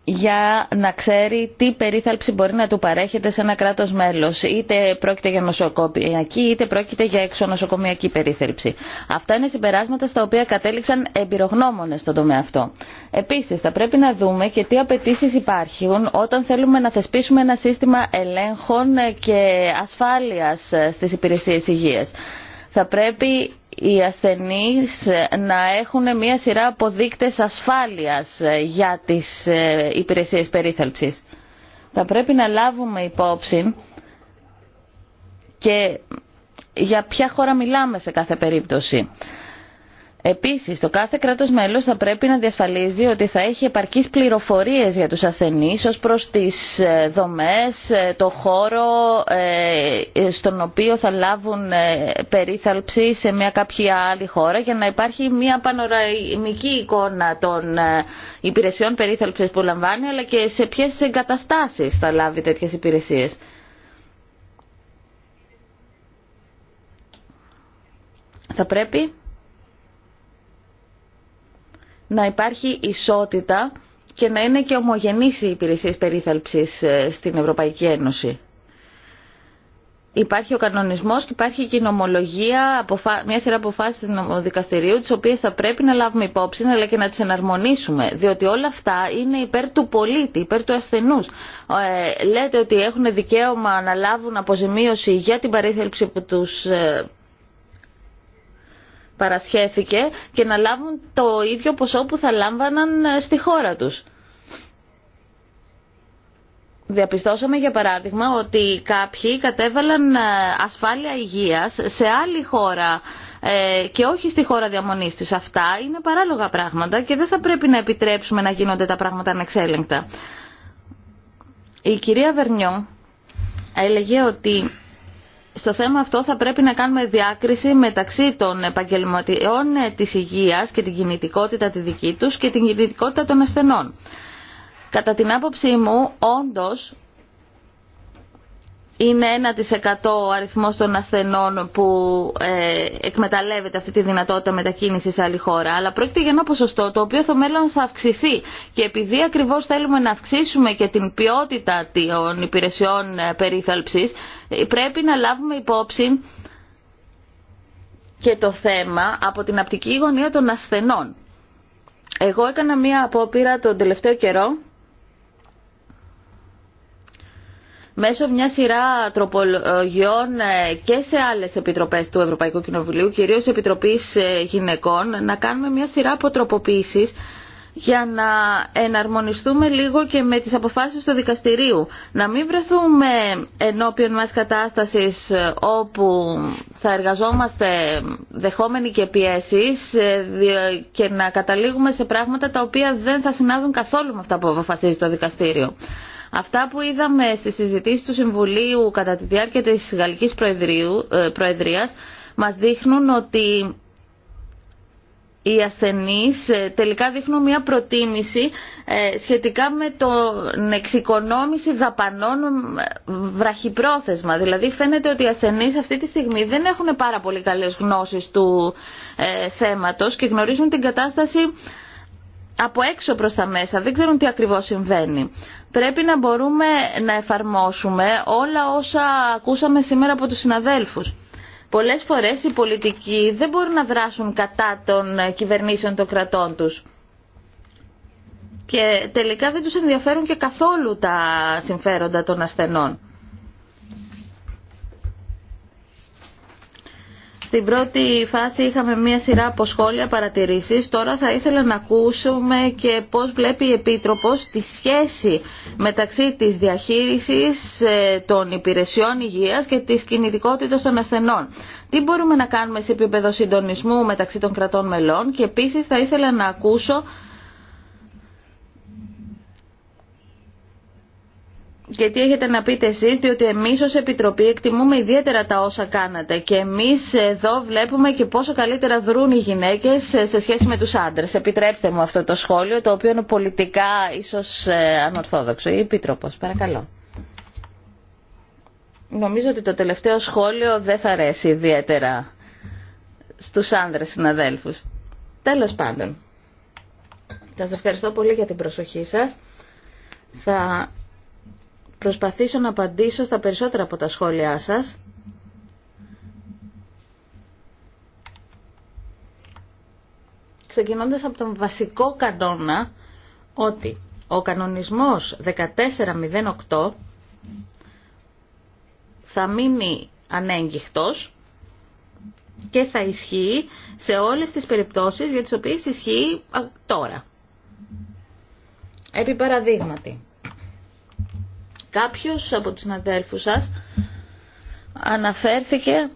Speaker 1: για να ξέρει τι περίθαλψη μπορεί να του παρέχεται σε ένα κράτος μέλος. Είτε πρόκειται για νοσοκομιακή είτε πρόκειται για εξονοσοκομιακή περίθαλψη. Αυτά είναι συμπεράσματα στα οποία κατέληξαν εμπειρογνώμονες στον τομέα αυτό. Επίσης θα πρέπει να δούμε και τι απαιτήσει υπάρχουν όταν θέλουμε να θεσπίσουμε ένα σύστημα ελέγχων και ασφάλειας στις υπηρεσίες υγείας. Θα πρέπει οι ασθενείς να έχουν μία σειρά αποδείκτες ασφάλειας για τις ε, υπηρεσίες περίθαλψης. Θα πρέπει να λάβουμε υπόψη και για ποια χώρα μιλάμε σε κάθε περίπτωση. Επίσης, το κάθε κράτος μέλος θα πρέπει να διασφαλίζει ότι θα έχει επαρκείς πληροφορίες για τους ασθενείς ως προς τις ε, δομές, ε, το χώρο ε, στον οποίο θα λάβουν περίθαλψη σε μια κάποια άλλη χώρα για να υπάρχει μια πανοραμική εικόνα των υπηρεσιών περίθαλψης που λαμβάνει αλλά και σε ποιες εγκαταστάσεις θα λάβει τέτοιες υπηρεσίες. Θα πρέπει να υπάρχει ισότητα και να είναι και ομογενείς οι υπηρεσίες περίθαλψης ε, στην Ευρωπαϊκή Ένωση. Υπάρχει ο κανονισμός και υπάρχει και η νομολογία, μια σειρά αποφάσεις του δικαστηρίου, τις οποίες θα πρέπει να λάβουμε υπόψη, αλλά και να τις εναρμονίσουμε. Διότι όλα αυτά είναι υπέρ του πολίτη, υπέρ του ασθενούς. Ε, λέτε ότι έχουν δικαίωμα να λάβουν αποζημίωση για την παρήθελψη που τους ε, παρασχέθηκε και να λάβουν το ίδιο ποσό που θα λάμβαναν ε, στη χώρα τους. Διαπιστώσαμε για παράδειγμα ότι κάποιοι κατέβαλαν ε, ασφάλεια υγείας σε άλλη χώρα ε, και όχι στη χώρα διαμονής τους. Αυτά είναι παράλογα πράγματα και δεν θα πρέπει να επιτρέψουμε να γίνονται τα πράγματα ανεξέλεγκτα. Η κυρία Βερνιόν έλεγε ότι στο θέμα αυτό θα πρέπει να κάνουμε διάκριση μεταξύ των επαγγελματιών ε, της υγείας και την κινητικότητα τη δική τους και την κινητικότητα των ασθενών. Κατά την άποψή μου, όντως, είναι 1% ο αριθμός των ασθενών που ε, εκμεταλλεύεται αυτή τη δυνατότητα μετακίνηση σε άλλη χώρα, αλλά πρόκειται για ένα ποσοστό το οποίο θα μέλλον θα αυξηθεί. Και επειδή ακριβώς θέλουμε να αυξήσουμε και την ποιότητα των υπηρεσιών ε, περίθαλψης, ε, πρέπει να λάβουμε υπόψη και το θέμα από την απτική γωνία των ασθενών. Εγώ έκανα μία απόπειρα τον τελευταίο καιρό μέσω μια σειρά τροπολογιών ε, και σε άλλε επιτροπέ του Ευρωπαϊκού Κοινοβουλίου, κυρίω Επιτροπή ε, Γυναικών, να κάνουμε μια σειρά από για να εναρμονιστούμε λίγο και με τις αποφάσεις του δικαστηρίου. Να μην βρεθούμε ενώπιον μας κατάστασης ε, όπου θα εργαζόμαστε δεχόμενοι και πιέσεις και να καταλήγουμε σε πράγματα τα οποία δεν θα συνάδουν καθόλου με αυτά που αποφασίζει το δικαστήριο. Αυτά που είδαμε στις συζητήσεις του Συμβουλίου κατά τη διάρκεια της Γαλλικής ε, Προεδρίας μας δείχνουν ότι οι ασθενείς ε, τελικά δείχνουν μια προτίμηση ε, σχετικά με την εξοικονόμηση δαπανών βραχυπρόθεσμα. Δηλαδή φαίνεται ότι οι ασθενείς αυτή τη στιγμή δεν έχουν πάρα πολύ καλές γνώσεις του θέματος και γνωρίζουν την κατάσταση από έξω προς τα μέσα. Δεν ξέρουν τι ακριβώς συμβαίνει πρέπει να μπορούμε να εφαρμόσουμε όλα όσα ακούσαμε σήμερα από τους συναδέλφους. Πολλές φορές οι πολιτικοί δεν μπορούν να δράσουν κατά των κυβερνήσεων των κρατών τους. Και τελικά δεν τους ενδιαφέρουν και καθόλου τα συμφέροντα των ασθενών. Στην πρώτη φάση είχαμε μία σειρά από σχόλια παρατηρήσεις. Τώρα θα ήθελα να ακούσουμε και πώς βλέπει η Επίτροπος τη σχέση μεταξύ της διαχείρισης ε, των υπηρεσιών υγείας και της κινητικότητας των ασθενών. Τι μπορούμε να κάνουμε σε επίπεδο συντονισμού μεταξύ των κρατών μελών και επίσης θα ήθελα να ακούσω και τι έχετε να πείτε εσείς, διότι εμείς ως Επιτροπή εκτιμούμε ιδιαίτερα τα όσα κάνατε και εμείς εδώ βλέπουμε και πόσο καλύτερα δρούν οι γυναίκες σε σχέση με τους άντρες. Επιτρέψτε μου αυτό το σχόλιο, το οποίο είναι πολιτικά ίσως ε, ανορθόδοξο. Η Επίτροπος, παρακαλώ. Νομίζω ότι το τελευταίο σχόλιο δεν θα αρέσει ιδιαίτερα στους άνδρες συναδέλφους. Τέλος πάντων, σας ευχαριστώ πολύ για την προσοχή σας. Θα προσπαθήσω να απαντήσω στα περισσότερα από τα σχόλιά σας. Ξεκινώντας από τον βασικό κανόνα ότι ο κανονισμός 1408 θα μείνει ανέγγιχτος και θα ισχύει σε όλες τις περιπτώσεις για τις οποίες ισχύει τώρα. Επί παραδείγματι, Κάποιος από τους συναδέλφους σας αναφέρθηκε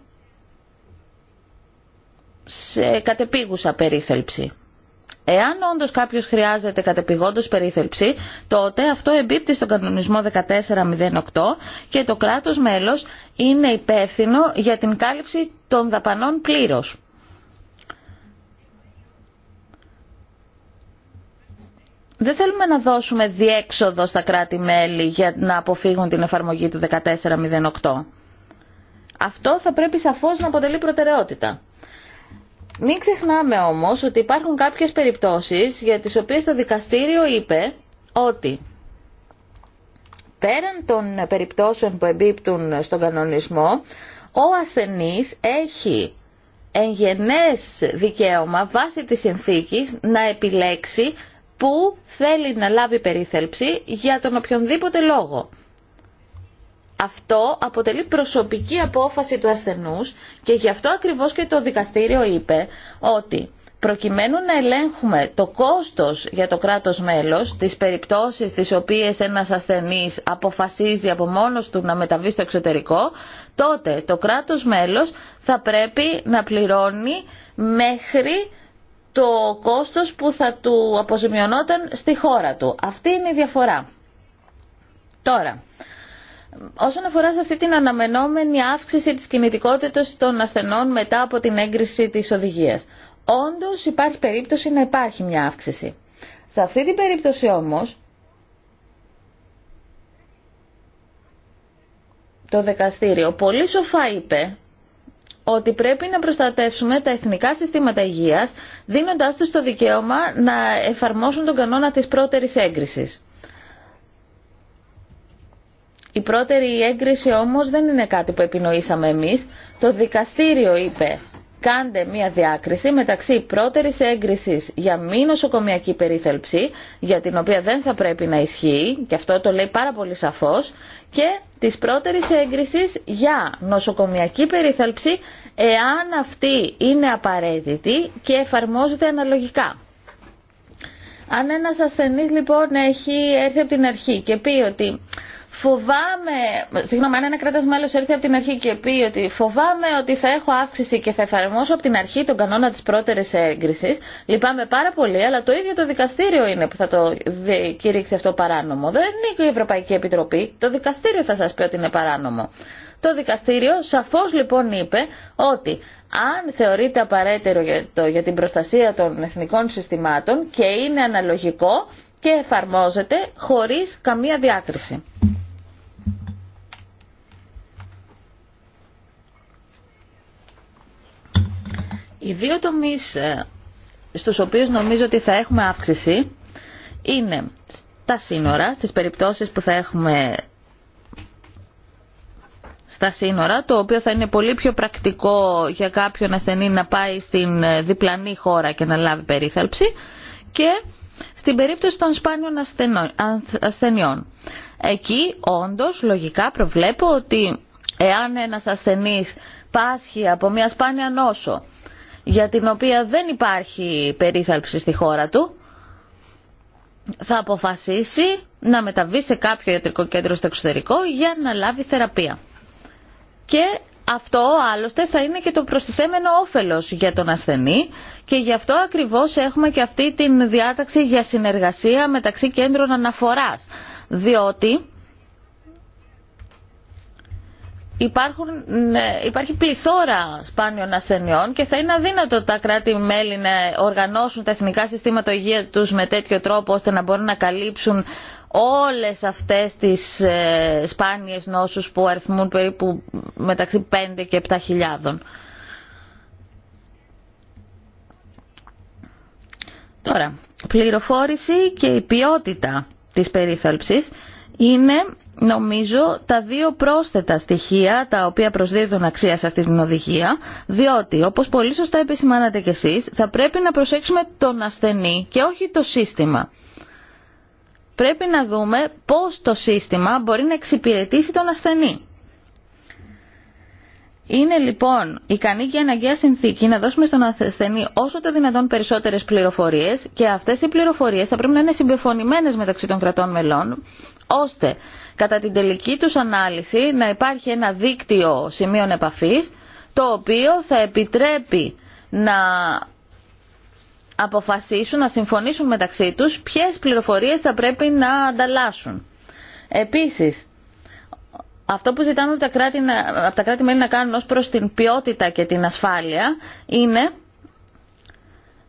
Speaker 1: σε κατεπίγουσα περίθελψη. Εάν όντω κάποιο χρειάζεται κατεπηγόντω περίθελψη, τότε αυτό εμπίπτει στον κανονισμό 1408 και το κράτο μέλο είναι υπεύθυνο για την κάλυψη των δαπανών πλήρω. δεν θέλουμε να δώσουμε διέξοδο στα κράτη-μέλη για να αποφύγουν την εφαρμογή του 1408. Αυτό θα πρέπει σαφώς να αποτελεί προτεραιότητα. Μην ξεχνάμε όμως ότι υπάρχουν κάποιες περιπτώσεις για τις οποίες το δικαστήριο είπε ότι πέραν των περιπτώσεων που εμπίπτουν στον κανονισμό, ο ασθενής έχει εγγενές δικαίωμα βάσει της συνθήκης να επιλέξει που θέλει να λάβει περίθελψη για τον οποιονδήποτε λόγο. Αυτό αποτελεί προσωπική απόφαση του ασθενούς και γι' αυτό ακριβώς και το δικαστήριο είπε ότι προκειμένου να ελέγχουμε το κόστος για το κράτος μέλος, τις περιπτώσεις τις οποίες ένας ασθενής αποφασίζει από μόνος του να μεταβεί στο εξωτερικό, τότε το κράτος μέλος θα πρέπει να πληρώνει μέχρι το κόστος που θα του αποζημιωνόταν στη χώρα του. Αυτή είναι η διαφορά. Τώρα, όσον αφορά σε αυτή την αναμενόμενη αύξηση της κινητικότητας των ασθενών μετά από την έγκριση της οδηγίας. Όντως υπάρχει περίπτωση να υπάρχει μια αύξηση. Σε αυτή την περίπτωση όμως, το δεκαστήριο πολύ σοφά είπε ότι πρέπει να προστατεύσουμε τα εθνικά συστήματα υγείας, δίνοντάς τους το δικαίωμα να εφαρμόσουν τον κανόνα της πρώτερης έγκρισης. Η πρώτερη έγκριση όμως δεν είναι κάτι που επινοήσαμε εμείς. Το δικαστήριο είπε κάντε μία διάκριση μεταξύ πρώτερης έγκρισης για μη νοσοκομιακή περίθαλψη, για την οποία δεν θα πρέπει να ισχύει, και αυτό το λέει πάρα πολύ σαφώς, και της πρώτερης έγκρισης για νοσοκομιακή περίθαλψη, εάν αυτή είναι απαραίτητη και εφαρμόζεται αναλογικά. Αν ένας ασθενής λοιπόν έχει έρθει από την αρχή και πει ότι Φοβάμαι, συγγνώμη, αν ένα κράτο μέλο έρθει από την αρχή και πει ότι φοβάμαι ότι θα έχω αύξηση και θα εφαρμόσω από την αρχή τον κανόνα τη πρώτερη έγκριση, λυπάμαι πάρα πολύ, αλλά το ίδιο το δικαστήριο είναι που θα το κηρύξει αυτό παράνομο. Δεν είναι η Ευρωπαϊκή Επιτροπή. Το δικαστήριο θα σα πει ότι είναι παράνομο. Το δικαστήριο σαφώς λοιπόν είπε ότι αν θεωρείται απαραίτητο για την προστασία των εθνικών συστημάτων και είναι αναλογικό και εφαρμόζεται χωρίς καμία διάκριση. Οι δύο τομείς ε, στους οποίους νομίζω ότι θα έχουμε αύξηση είναι στα σύνορα, στις περιπτώσεις που θα έχουμε στα σύνορα, το οποίο θα είναι πολύ πιο πρακτικό για κάποιον ασθενή να πάει στην ε, διπλανή χώρα και να λάβει περίθαλψη και στην περίπτωση των σπάνιων ασθενών, εκεί όντως λογικά προβλέπω ότι εάν ένας ασθενής πάσχει από μια σπάνια νόσο για την οποία δεν υπάρχει περίθαλψη στη χώρα του, θα αποφασίσει να μεταβεί σε κάποιο ιατρικό κέντρο στο εξωτερικό για να λάβει θεραπεία. Και αυτό άλλωστε θα είναι και το προστιθέμενο όφελος για τον ασθενή και γι' αυτό ακριβώς έχουμε και αυτή την διάταξη για συνεργασία μεταξύ κέντρων αναφοράς διότι υπάρχουν, ε, υπάρχει πληθώρα σπάνιων ασθενειών και θα είναι αδύνατο τα κράτη-μέλη να οργανώσουν τα εθνικά συστήματα υγεία τους με τέτοιο τρόπο ώστε να μπορούν να καλύψουν όλες αυτές τις ε, σπάνιες νόσους που αριθμούν περίπου μεταξύ 5 και 7 χιλιάδων. Τώρα, πληροφόρηση και η ποιότητα της είναι νομίζω τα δύο πρόσθετα στοιχεία τα οποία προσδίδουν αξία σε αυτή την οδηγία διότι όπως πολύ σωστά επισημάνατε κι εσείς θα πρέπει να προσέξουμε τον ασθενή και όχι το σύστημα. Πρέπει να δούμε πώς το σύστημα μπορεί να εξυπηρετήσει τον ασθενή. Είναι λοιπόν ικανή και αναγκαία συνθήκη να δώσουμε στον ασθενή όσο το δυνατόν περισσότερε πληροφορίε και αυτέ οι πληροφορίε θα πρέπει να είναι συμπεφωνημένε μεταξύ των κρατών μελών ώστε κατά την τελική του ανάλυση να υπάρχει ένα δίκτυο σημείων επαφή το οποίο θα επιτρέπει να αποφασίσουν, να συμφωνήσουν μεταξύ τους ποιες πληροφορίες θα πρέπει να ανταλλάσσουν. Επίσης, αυτό που ζητάμε από τα κρατη να, από τα κράτη να κάνουν ως προς την ποιότητα και την ασφάλεια είναι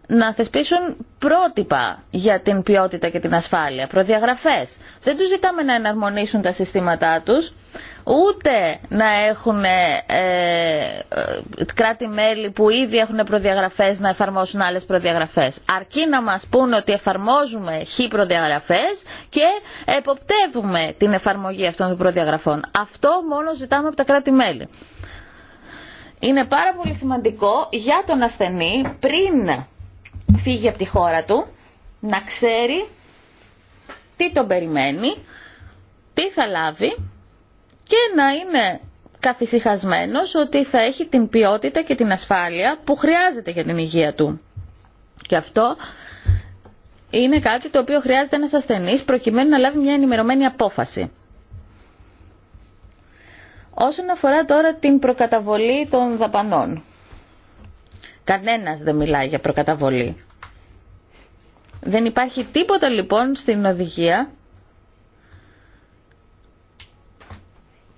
Speaker 1: να θεσπίσουν πρότυπα για την ποιότητα και την ασφάλεια, προδιαγραφές. Δεν τους ζητάμε να εναρμονίσουν τα συστήματά τους, ούτε να έχουν ε, ε, ε, κράτη-μέλη που ήδη έχουν προδιαγραφές να εφαρμόσουν άλλες προδιαγραφές. Αρκεί να μας πούνε ότι εφαρμόζουμε χι προδιαγραφές και εποπτεύουμε την εφαρμογή αυτών των προδιαγραφών. Αυτό μόνο ζητάμε από τα κράτη-μέλη. Είναι πάρα πολύ σημαντικό για τον ασθενή πριν φύγει από τη χώρα του να ξέρει τι τον περιμένει, τι θα λάβει και να είναι καθησυχασμένος ότι θα έχει την ποιότητα και την ασφάλεια που χρειάζεται για την υγεία του. Και αυτό είναι κάτι το οποίο χρειάζεται ένας ασθενής προκειμένου να λάβει μια ενημερωμένη απόφαση. Όσον αφορά τώρα την προκαταβολή των δαπανών. Κανένας δεν μιλάει για προκαταβολή. Δεν υπάρχει τίποτα λοιπόν στην οδηγία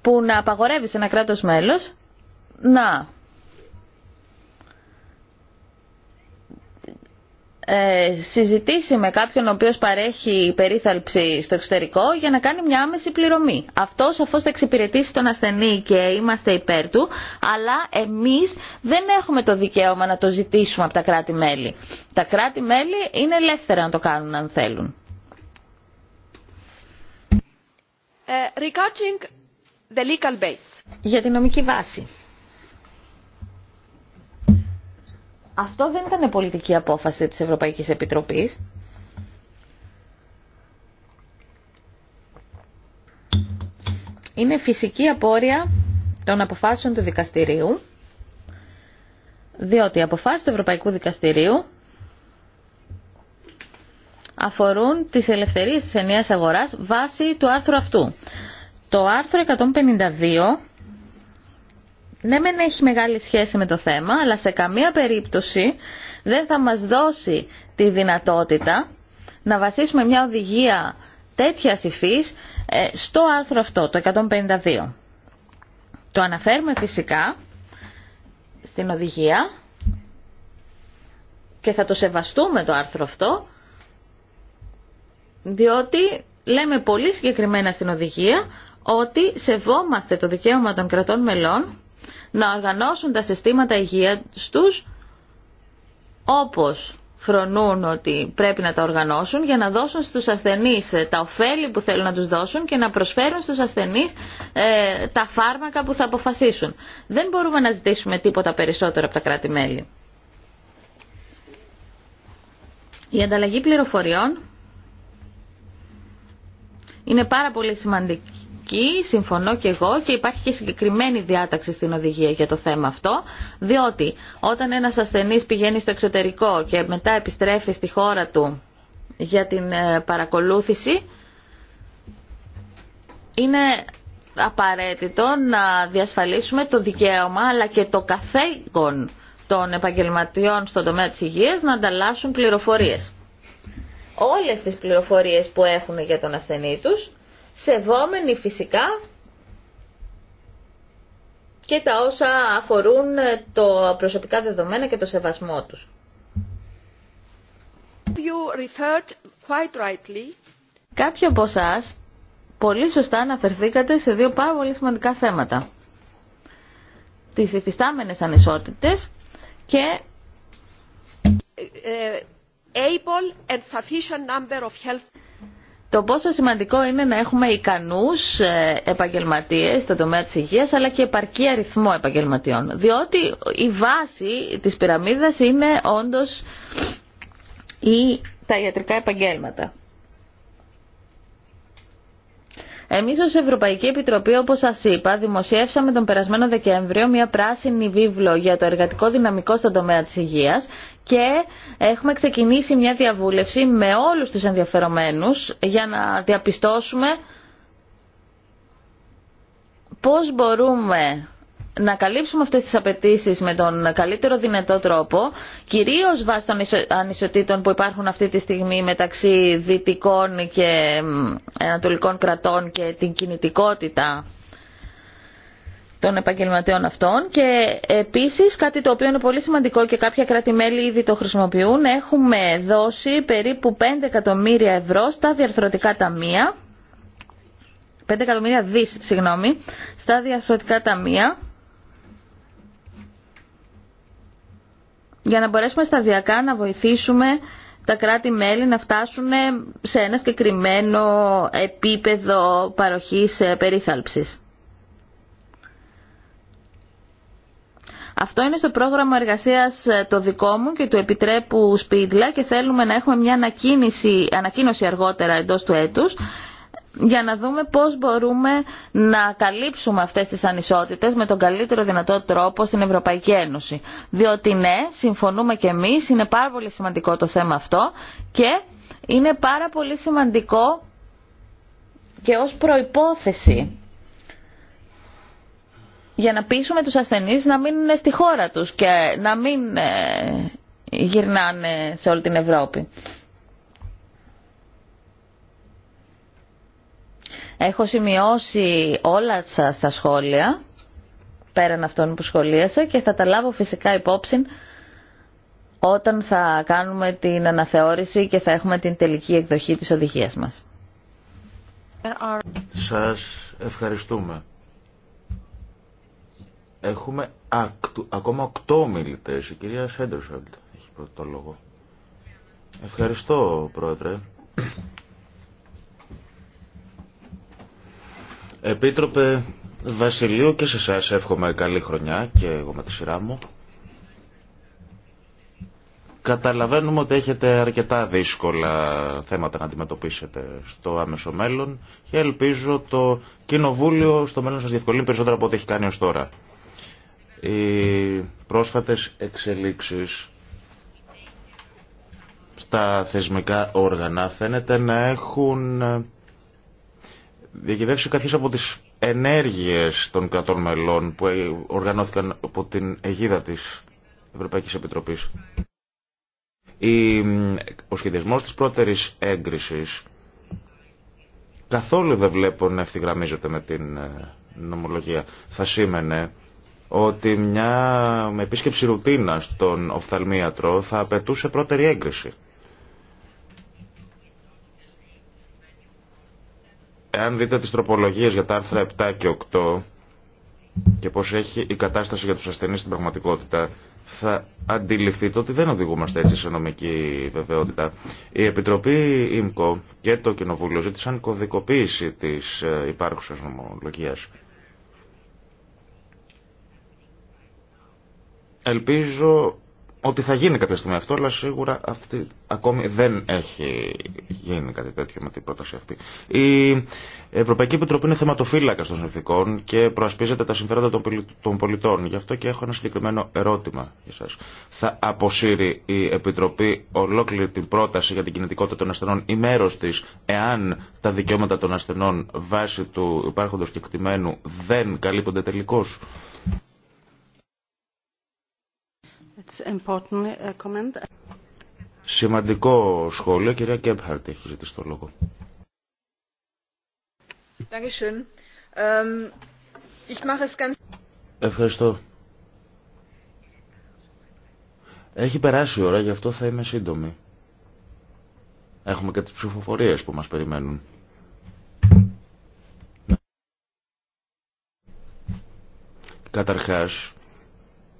Speaker 1: που να απαγορεύει σε ένα κράτος μέλος να ε, συζητήσει με κάποιον ο οποίος παρέχει περίθαλψη στο εξωτερικό για να κάνει μια άμεση πληρωμή. Αυτό σαφώς θα εξυπηρετήσει τον ασθενή και είμαστε υπέρ του, αλλά εμείς δεν έχουμε το δικαίωμα να το ζητήσουμε από τα κράτη-μέλη. Τα κράτη-μέλη είναι ελεύθερα να το κάνουν αν θέλουν.
Speaker 4: Ε, regarding
Speaker 1: για την νομική βάση. Αυτό δεν ήταν πολιτική απόφαση της Ευρωπαϊκής Επιτροπής. Είναι φυσική απόρρια των αποφάσεων του δικαστηρίου, διότι οι αποφάσεις του Ευρωπαϊκού Δικαστηρίου αφορούν τις ελευθερίες της ενιαίας αγοράς βάσει του άρθρου αυτού. Το άρθρο 152 ναι μεν έχει μεγάλη σχέση με το θέμα, αλλά σε καμία περίπτωση δεν θα μας δώσει τη δυνατότητα να βασίσουμε μια οδηγία τέτοια υφής ε, στο άρθρο αυτό, το 152. Το αναφέρουμε φυσικά στην οδηγία και θα το σεβαστούμε το άρθρο αυτό, διότι λέμε πολύ συγκεκριμένα στην οδηγία ότι σεβόμαστε το δικαίωμα των κρατών μελών να οργανώσουν τα συστήματα υγείας τους όπως φρονούν ότι πρέπει να τα οργανώσουν για να δώσουν στους ασθενείς ε, τα ωφέλη που θέλουν να τους δώσουν και να προσφέρουν στους ασθενείς ε, τα φάρμακα που θα αποφασίσουν. Δεν μπορούμε να ζητήσουμε τίποτα περισσότερο από τα κράτη-μέλη. Η ανταλλαγή πληροφοριών είναι πάρα πολύ σημαντική συμφωνώ και εγώ και υπάρχει και συγκεκριμένη διάταξη στην οδηγία για το θέμα αυτό, διότι όταν ένας ασθενής πηγαίνει στο εξωτερικό και μετά επιστρέφει στη χώρα του για την ε, παρακολούθηση, είναι απαραίτητο να διασφαλίσουμε το δικαίωμα αλλά και το καθέγον των επαγγελματιών στον τομέα της υγείας να ανταλλάσσουν πληροφορίες. Όλες τις πληροφορίες που έχουν για τον ασθενή τους σεβόμενοι φυσικά και τα όσα αφορούν το προσωπικά δεδομένα και το σεβασμό τους.
Speaker 4: rightly.
Speaker 1: Κάποιοι από εσά πολύ σωστά αναφερθήκατε σε δύο πάρα πολύ σημαντικά θέματα. Τις υφιστάμενες ανισότητες και
Speaker 4: ε, ε, able and number of health
Speaker 1: το πόσο σημαντικό είναι να έχουμε ικανούς ε, επαγγελματίες στον τομέα της υγείας αλλά και επαρκή αριθμό επαγγελματιών. Διότι η βάση της πυραμίδας είναι όντως η, τα ιατρικά επαγγέλματα. Εμείς ως Ευρωπαϊκή Επιτροπή, όπως σα είπα, δημοσιεύσαμε τον περασμένο Δεκέμβριο μια πράσινη βίβλο για το εργατικό δυναμικό στον τομέα της υγείας και έχουμε ξεκινήσει μια διαβούλευση με όλους τους ενδιαφερομένους για να διαπιστώσουμε πώς μπορούμε να καλύψουμε αυτές τις απαιτήσει με τον καλύτερο δυνατό τρόπο, κυρίως βάσει των ανισοτήτων που υπάρχουν αυτή τη στιγμή μεταξύ δυτικών και ανατολικών κρατών και την κινητικότητα των επαγγελματιών αυτών και επίσης κάτι το οποίο είναι πολύ σημαντικό και κάποια κράτη-μέλη ήδη το χρησιμοποιούν έχουμε δώσει περίπου 5 εκατομμύρια ευρώ στα διαρθρωτικά ταμεία 5 εκατομμύρια δις, συγγνώμη, στα διαρθρωτικά ταμεία για να μπορέσουμε σταδιακά να βοηθήσουμε τα κράτη-μέλη να φτάσουν σε ένα συγκεκριμένο επίπεδο παροχής ε, περίθαλψης. Αυτό είναι στο πρόγραμμα εργασίας ε, το δικό μου και του Επιτρέπου Σπίτλα και θέλουμε να έχουμε μια ανακοίνωση αργότερα εντός του έτους για να δούμε πώς μπορούμε να καλύψουμε αυτές τις ανισότητες με τον καλύτερο δυνατό τρόπο στην Ευρωπαϊκή Ένωση. Διότι ναι, συμφωνούμε και εμείς, είναι πάρα πολύ σημαντικό το θέμα αυτό και είναι πάρα πολύ σημαντικό και ως προϋπόθεση για να πείσουμε τους ασθενείς να μείνουν στη χώρα τους και να μην ε, γυρνάνε σε όλη την Ευρώπη. Έχω σημειώσει όλα σας τα σχόλια, πέραν αυτών που σχολίασα και θα τα λάβω φυσικά υπόψη όταν θα κάνουμε την αναθεώρηση και θα έχουμε την τελική εκδοχή της οδηγίας μας.
Speaker 2: Σας ευχαριστούμε. Έχουμε ακτου, ακόμα οκτώ μιλητές. Η κυρία Σέντερσολτ έχει πρώτο λόγο. Ευχαριστώ, Πρόεδρε. Επίτροπε Βασιλείου και σε εσά εύχομαι καλή χρονιά και εγώ με τη σειρά μου. Καταλαβαίνουμε ότι έχετε αρκετά δύσκολα θέματα να αντιμετωπίσετε στο άμεσο μέλλον και ελπίζω το Κοινοβούλιο στο μέλλον σας διευκολύνει περισσότερο από ό,τι έχει κάνει ως τώρα. Οι πρόσφατες εξελίξεις στα θεσμικά όργανα φαίνεται να έχουν διακυβεύσει κάποιες από τις ενέργειες των κρατών μελών που ε, οργανώθηκαν από την αιγίδα της Ευρωπαϊκής Επιτροπής. ο σχεδιασμός της πρώτερης έγκρισης καθόλου δεν βλέπω να ευθυγραμμίζεται με την ε, νομολογία. Θα σήμαινε ότι μια με επίσκεψη ρουτίνα στον οφθαλμίατρο θα απαιτούσε πρώτερη έγκριση. Εάν δείτε τις τροπολογίες για τα άρθρα 7 και 8 και πώς έχει η κατάσταση για τους ασθενείς στην πραγματικότητα, θα αντιληφθείτε ότι δεν οδηγούμαστε έτσι σε νομική βεβαιότητα. Η Επιτροπή ΙΜΚΟ και το Κοινοβούλιο ζήτησαν κωδικοποίηση της ε, υπάρχουσας νομολογίας. Ελπίζω ότι θα γίνει κάποια στιγμή αυτό, αλλά σίγουρα αυτή, ακόμη δεν έχει γίνει κάτι τέτοιο με την πρόταση αυτή. Η Ευρωπαϊκή Επιτροπή είναι θεματοφύλακα των συνθηκών και προασπίζεται τα συμφέροντα των πολιτών. Γι' αυτό και έχω ένα συγκεκριμένο ερώτημα για σας. Θα αποσύρει η Επιτροπή ολόκληρη την πρόταση για την κινητικότητα των ασθενών ή μέρο τη, εάν τα δικαιώματα των ασθενών βάσει του υπάρχοντος κεκτημένου δεν καλύπτονται τελικώς.
Speaker 4: Uh,
Speaker 2: Σημαντικό σχόλιο. Κυρία Κέμπχαρτ έχει ζητήσει το λόγο.
Speaker 4: Ähm,
Speaker 2: Ευχαριστώ. Έχει περάσει η ώρα, γι' αυτό θα είμαι σύντομη. Έχουμε και τις ψηφοφορίες που μας περιμένουν. Καταρχάς,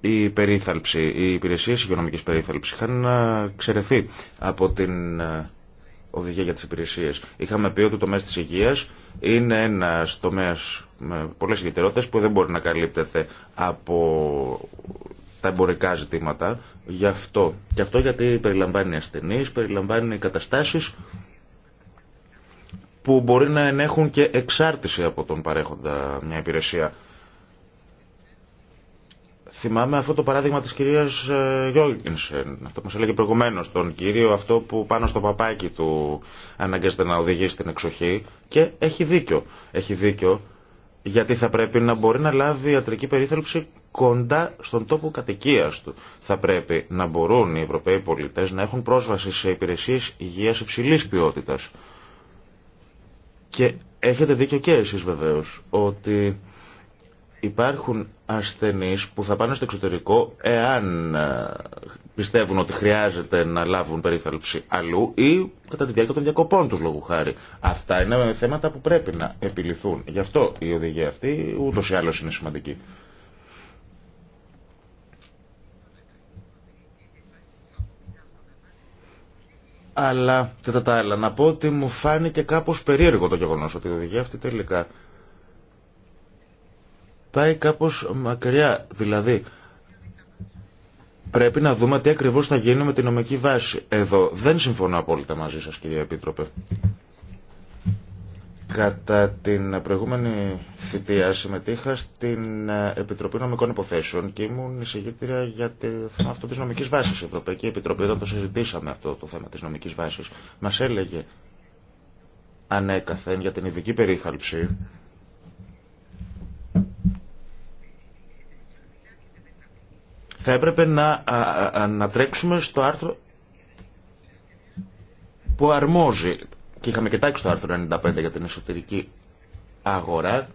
Speaker 2: η περίθαλψη, οι υπηρεσίε οικονομική περίθαλψη είχαν ε, ξερεθεί από την ε, οδηγία για τι υπηρεσίε. Είχαμε πει ότι το τομέα τη υγεία είναι ένα τομέα με πολλέ ιδιαιτερότητε που δεν μπορεί να καλύπτεται από τα εμπορικά ζητήματα. Γι' αυτό. Γι' αυτό γιατί περιλαμβάνει ασθενεί, περιλαμβάνει καταστάσει που μπορεί να ενέχουν και εξάρτηση από τον παρέχοντα μια υπηρεσία. Θυμάμαι αυτό το παράδειγμα της κυρίας ε, Γιόγκινσεν, αυτό που μας έλεγε προηγουμένως, τον κύριο αυτό που πάνω στο παπάκι του αναγκάζεται να οδηγεί στην εξοχή και έχει δίκιο. Έχει δίκιο γιατί θα πρέπει να μπορεί να λάβει ιατρική περίθαλψη κοντά στον τόπο κατοικίας του. Θα πρέπει να μπορούν οι Ευρωπαίοι πολίτες να έχουν πρόσβαση σε υπηρεσίες υγείας υψηλής ποιότητας. Και έχετε δίκιο και εσείς βεβαίως ότι υπάρχουν ασθενείς που θα πάνε στο εξωτερικό εάν ε, πιστεύουν ότι χρειάζεται να λάβουν περίθαλψη αλλού ή κατά τη διάρκεια των διακοπών τους λόγου χάρη. Αυτά είναι θέματα που πρέπει να επιληθούν. Γι' αυτό η οδηγία αυτή ούτως ή άλλως είναι σημαντική. Αλλά κατά τα άλλα να πω ότι μου φάνηκε κάπως περίεργο το γεγονός ότι η οδηγία αυτή τελικά πάει κάπως μακριά. Δηλαδή, πρέπει να δούμε τι ακριβώς θα γίνει με την νομική βάση. Εδώ δεν συμφωνώ απόλυτα μαζί σας, κυρία Επίτροπε. Κατά την προηγούμενη θητεία συμμετείχα στην ε, Επιτροπή Νομικών Υποθέσεων και ήμουν εισηγήτρια για το θέμα αυτό της νομικής βάσης. Η Ευρωπαϊκή Επιτροπή όταν το συζητήσαμε αυτό το θέμα της νομικής βάσης μας έλεγε ανέκαθεν για την ειδική περίθαλψη Θα έπρεπε να τρέξουμε στο άρθρο που αρμόζει. Και είχαμε κοιτάξει το άρθρο 95 για την εσωτερική αγορά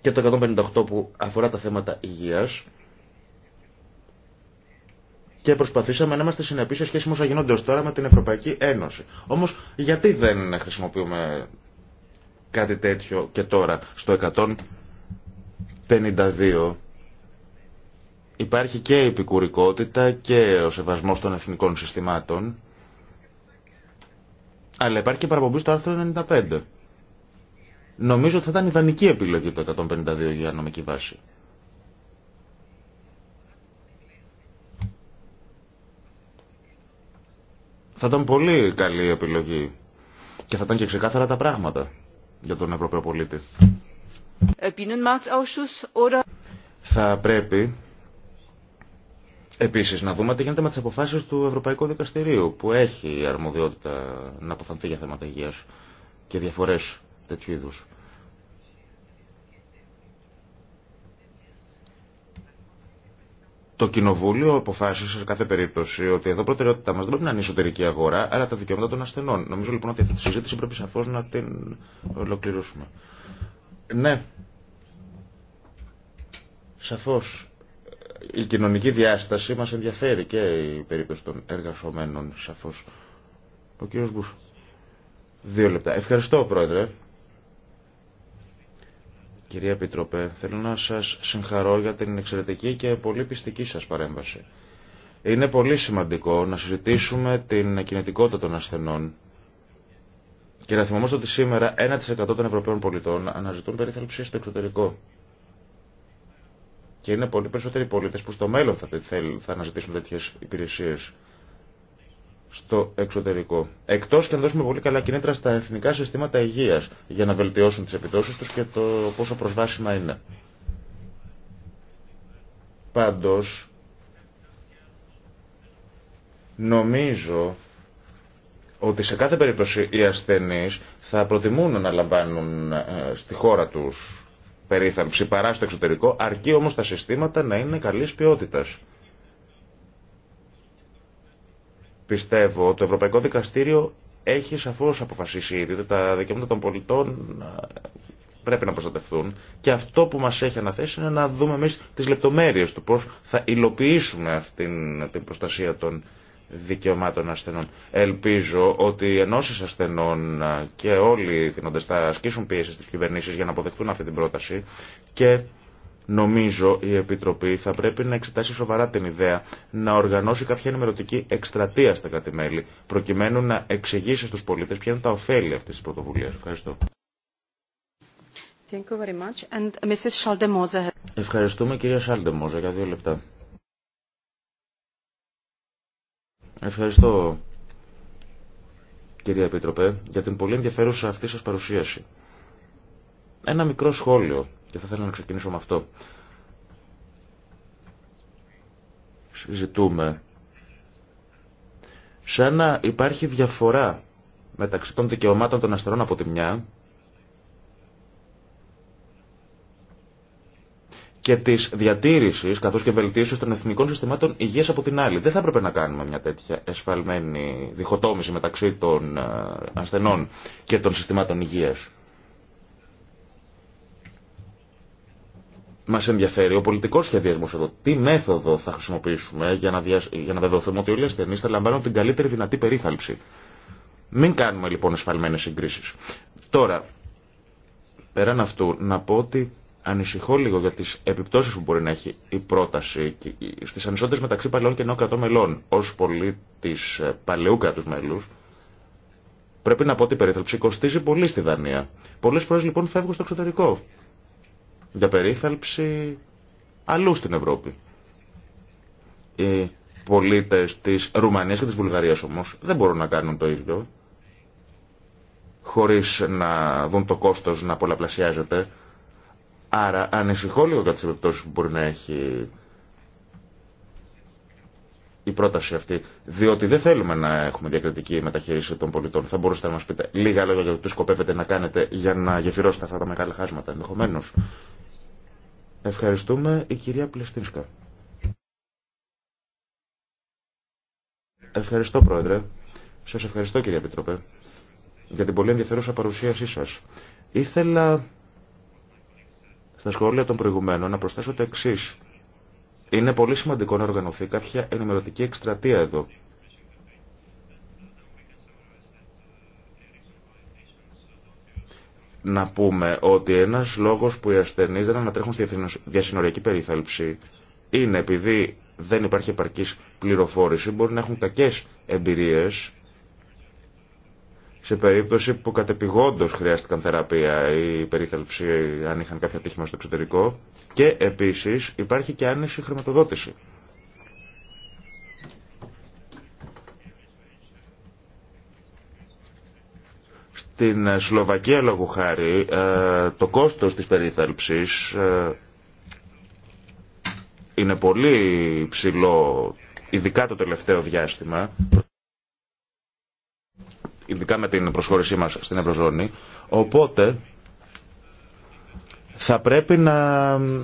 Speaker 2: και το 158 που αφορά τα θέματα υγείας και προσπαθήσαμε να είμαστε συνεπείς σε σχέση με όσα γίνονται ω τώρα με την Ευρωπαϊκή Ένωση. Όμως γιατί δεν χρησιμοποιούμε κάτι τέτοιο και τώρα στο 152 υπάρχει και η επικουρικότητα και ο σεβασμός των εθνικών συστημάτων, αλλά υπάρχει και παραπομπή στο άρθρο 95. Νομίζω ότι θα ήταν ιδανική επιλογή το 152 για νομική βάση. Θα ήταν πολύ καλή επιλογή και θα ήταν και ξεκάθαρα τα πράγματα για τον Ευρωπαίο πολίτη. Θα πρέπει Επίση, να δούμε τι γίνεται με τι αποφάσει του Ευρωπαϊκού Δικαστηρίου, που έχει αρμοδιότητα να αποφανθεί για θέματα υγεία και διαφορέ τέτοιου είδου. Το Κοινοβούλιο αποφάσισε σε κάθε περίπτωση ότι εδώ προτεραιότητά μα δεν πρέπει να είναι η εσωτερική αγορά, αλλά τα δικαιώματα των ασθενών. Νομίζω λοιπόν ότι αυτή τη συζήτηση πρέπει σαφώ να την ολοκληρώσουμε. Ναι. Σαφώς η κοινωνική διάσταση μας ενδιαφέρει και η περίπτωση των εργαζομένων σαφώς. Ο κύριος Μπούς. Δύο λεπτά. Ευχαριστώ πρόεδρε. Κυρία Επιτροπέ, θέλω να σας συγχαρώ για την εξαιρετική και πολύ πιστική σας παρέμβαση. Είναι πολύ σημαντικό να συζητήσουμε την κινητικότητα των ασθενών και να θυμόμαστε ότι σήμερα 1% των Ευρωπαίων πολιτών αναζητούν περίθαλψη στο εξωτερικό. Και είναι πολύ περισσότεροι πολίτες που στο μέλλον θα, θα αναζητήσουν τέτοιες υπηρεσίες στο εξωτερικό. Εκτός και αν δώσουμε πολύ καλά κινήτρα στα εθνικά συστήματα υγείας για να βελτιώσουν τις επιδόσεις τους και το πόσο προσβάσιμα είναι. Πάντως, νομίζω ότι σε κάθε περίπτωση οι ασθενείς θα προτιμούν να λαμβάνουν ε, στη χώρα τους περίθαλψη παρά στο εξωτερικό, αρκεί όμως τα συστήματα να είναι καλής ποιότητας. Πιστεύω ότι το Ευρωπαϊκό Δικαστήριο έχει σαφώς αποφασίσει ήδη ότι τα δικαιώματα των πολιτών ε, πρέπει να προστατευτούν και αυτό που μας έχει αναθέσει είναι να δούμε εμείς τις λεπτομέρειες του πώς θα υλοποιήσουμε αυτή την προστασία των δικαιωμάτων ασθενών. Ελπίζω ότι οι ενώσει ασθενών ε, και όλοι οι θυνοντές θα ασκήσουν πίεση στις κυβερνήσεις για να αποδεχτούν αυτή την πρόταση και νομίζω η Επιτροπή θα πρέπει να εξετάσει σοβαρά την ιδέα να οργανώσει κάποια ενημερωτική εκστρατεία στα κατημέλη προκειμένου να εξηγήσει στους πολίτες ποια είναι τα ωφέλη αυτής της πρωτοβουλίας. Ευχαριστώ.
Speaker 4: Thank you very much. And ε, Mrs.
Speaker 2: Ευχαριστούμε κυρία Σάλντεμόζα για δύο λεπτά. Ευχαριστώ κυρία Επίτροπε για την πολύ ενδιαφέρουσα αυτή σας παρουσίαση. Ένα μικρό σχόλιο και θα θέλω να ξεκινήσω με αυτό. Συζητούμε σαν να υπάρχει διαφορά μεταξύ των δικαιωμάτων των αστερών από τη μια και τη διατήρηση καθώ και βελτίωση των εθνικών συστημάτων υγεία από την άλλη. Δεν θα έπρεπε να κάνουμε μια τέτοια εσφαλμένη διχοτόμηση μεταξύ των ε, ασθενών και των συστημάτων υγεία. Μα ενδιαφέρει ο πολιτικό σχεδιασμό εδώ. Τι μέθοδο θα χρησιμοποιήσουμε για να, για να βεβαιωθούμε ότι όλοι οι ασθενεί θα λαμβάνουν την καλύτερη δυνατή περίθαλψη. Μην κάνουμε λοιπόν εσφαλμένε συγκρίσει. Τώρα, πέραν αυτού, να πω ότι Ανησυχώ λίγο για τις επιπτώσεις που μπορεί να έχει η πρόταση στις ανισότητες μεταξύ παλαιών και νέων κρατών μελών. Ως πολίτης ε, παλαιού κράτους μέλους, πρέπει να πω ότι η περίθαλψη κοστίζει πολύ στη Δανία. Πολλές φορές λοιπόν φεύγουν στο εξωτερικό για περίθαλψη αλλού στην Ευρώπη. Οι πολίτες της Ρουμανίας και της Βουλγαρίας όμως δεν μπορούν να κάνουν το ίδιο χωρίς να δουν το κόστος να πολλαπλασιάζεται Άρα ανησυχώ λίγο κατά τις επιπτώσεις που μπορεί να έχει η πρόταση αυτή, διότι δεν θέλουμε να έχουμε διακριτική μεταχείριση των πολιτών. Θα μπορούσατε να μα πείτε λίγα λόγια για το τι σκοπεύετε να κάνετε για να γεφυρώσετε αυτά τα μεγάλα χάσματα ενδεχομένω. Ευχαριστούμε η κυρία Πλεστίνσκα. Ευχαριστώ πρόεδρε. Σας ευχαριστώ κυρία Επιτροπέ για την πολύ ενδιαφέρουσα παρουσίασή σας. Ήθελα στα σχόλια των προηγουμένων να προσθέσω το εξή. Είναι πολύ σημαντικό να οργανωθεί κάποια ενημερωτική εκστρατεία εδώ. Να πούμε ότι ένας λόγος που οι ασθενείς δεν ανατρέχουν στη διασυνοριακή περίθαλψη είναι επειδή δεν υπάρχει επαρκή πληροφόρηση, μπορεί να έχουν κακέ εμπειρίες σε περίπτωση που κατεπηγόντω χρειάστηκαν θεραπεία ή περίθαλψη αν είχαν κάποια τύχημα στο εξωτερικό και επίσης υπάρχει και άνεση χρηματοδότηση. Στην Σλοβακία λόγου χάρη ε, το κόστος της περίθαλψης ε, είναι πολύ ψηλό, ειδικά το τελευταίο διάστημα ειδικά με την προσχώρησή μας στην Ευρωζώνη. Οπότε θα πρέπει να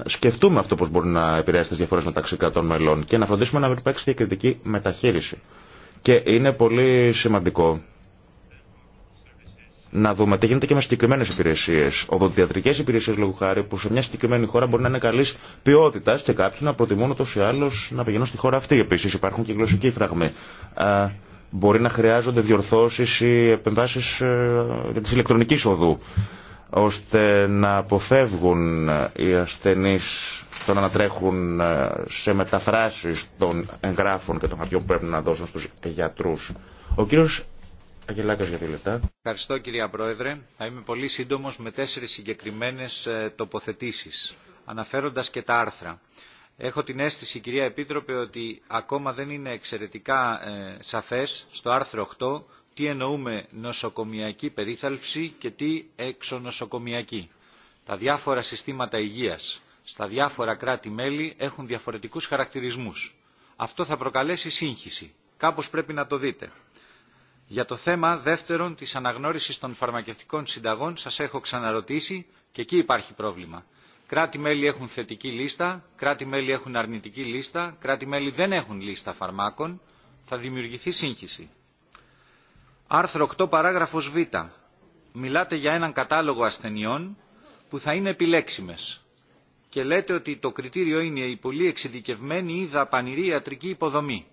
Speaker 2: σκεφτούμε αυτό πώς μπορεί να επηρεάσει τις διαφορές μεταξύ κρατών μελών και να φροντίσουμε να μην υπάρξει διακριτική μεταχείριση. Και είναι πολύ σημαντικό να δούμε τι γίνεται και με συγκεκριμένε υπηρεσίε. Οδοντιατρικέ υπηρεσίε, λόγω χάρη, που σε μια συγκεκριμένη χώρα μπορεί να είναι καλή ποιότητα και κάποιοι να προτιμούν ούτω ή άλλω να πηγαίνουν στη χώρα αυτή. Επίση, υπάρχουν και γλωσσικοί φραγμοί. Μπορεί να χρειάζονται διορθώσεις ή επεμβάσεις ε, της ηλεκτρονικής οδού, ώστε να αποφεύγουν ε, οι ασθενείς το να ανατρέχουν ε, σε μεταφράσεις των εγγράφων και των χαρτιών που πρέπει να δώσουν στους γιατρούς. Ο κύριος Αγγελάκας για δύο λεπτά.
Speaker 5: Ευχαριστώ κυρία Πρόεδρε. Θα είμαι πολύ σύντομος με τέσσερις συγκεκριμένες τοποθετήσεις, αναφέροντας και τα άρθρα. Έχω την αίσθηση, κυρία Επίτροπε, ότι ακόμα δεν είναι εξαιρετικά ε, σαφές στο άρθρο 8 τι εννοούμε νοσοκομιακή περίθαλψη και τι εξονοσοκομιακή. Τα διάφορα συστήματα υγείας στα διάφορα κράτη-μέλη έχουν διαφορετικούς χαρακτηρισμούς. Αυτό θα προκαλέσει σύγχυση. Κάπως πρέπει να το δείτε. Για το θέμα δεύτερον της αναγνώρισης των φαρμακευτικών συνταγών σας έχω ξαναρωτήσει και εκεί υπάρχει πρόβλημα. Κράτη-μέλη έχουν θετική λίστα, κράτη-μέλη έχουν αρνητική λίστα, κράτη-μέλη δεν έχουν λίστα φαρμάκων, θα δημιουργηθεί σύγχυση. Άρθρο 8 παράγραφος Β. Μιλάτε για έναν κατάλογο ασθενειών που θα είναι επιλέξιμες και λέτε ότι το κριτήριο είναι η πολύ εξειδικευμένη ή δαπανηρή ιατρική υποδομή.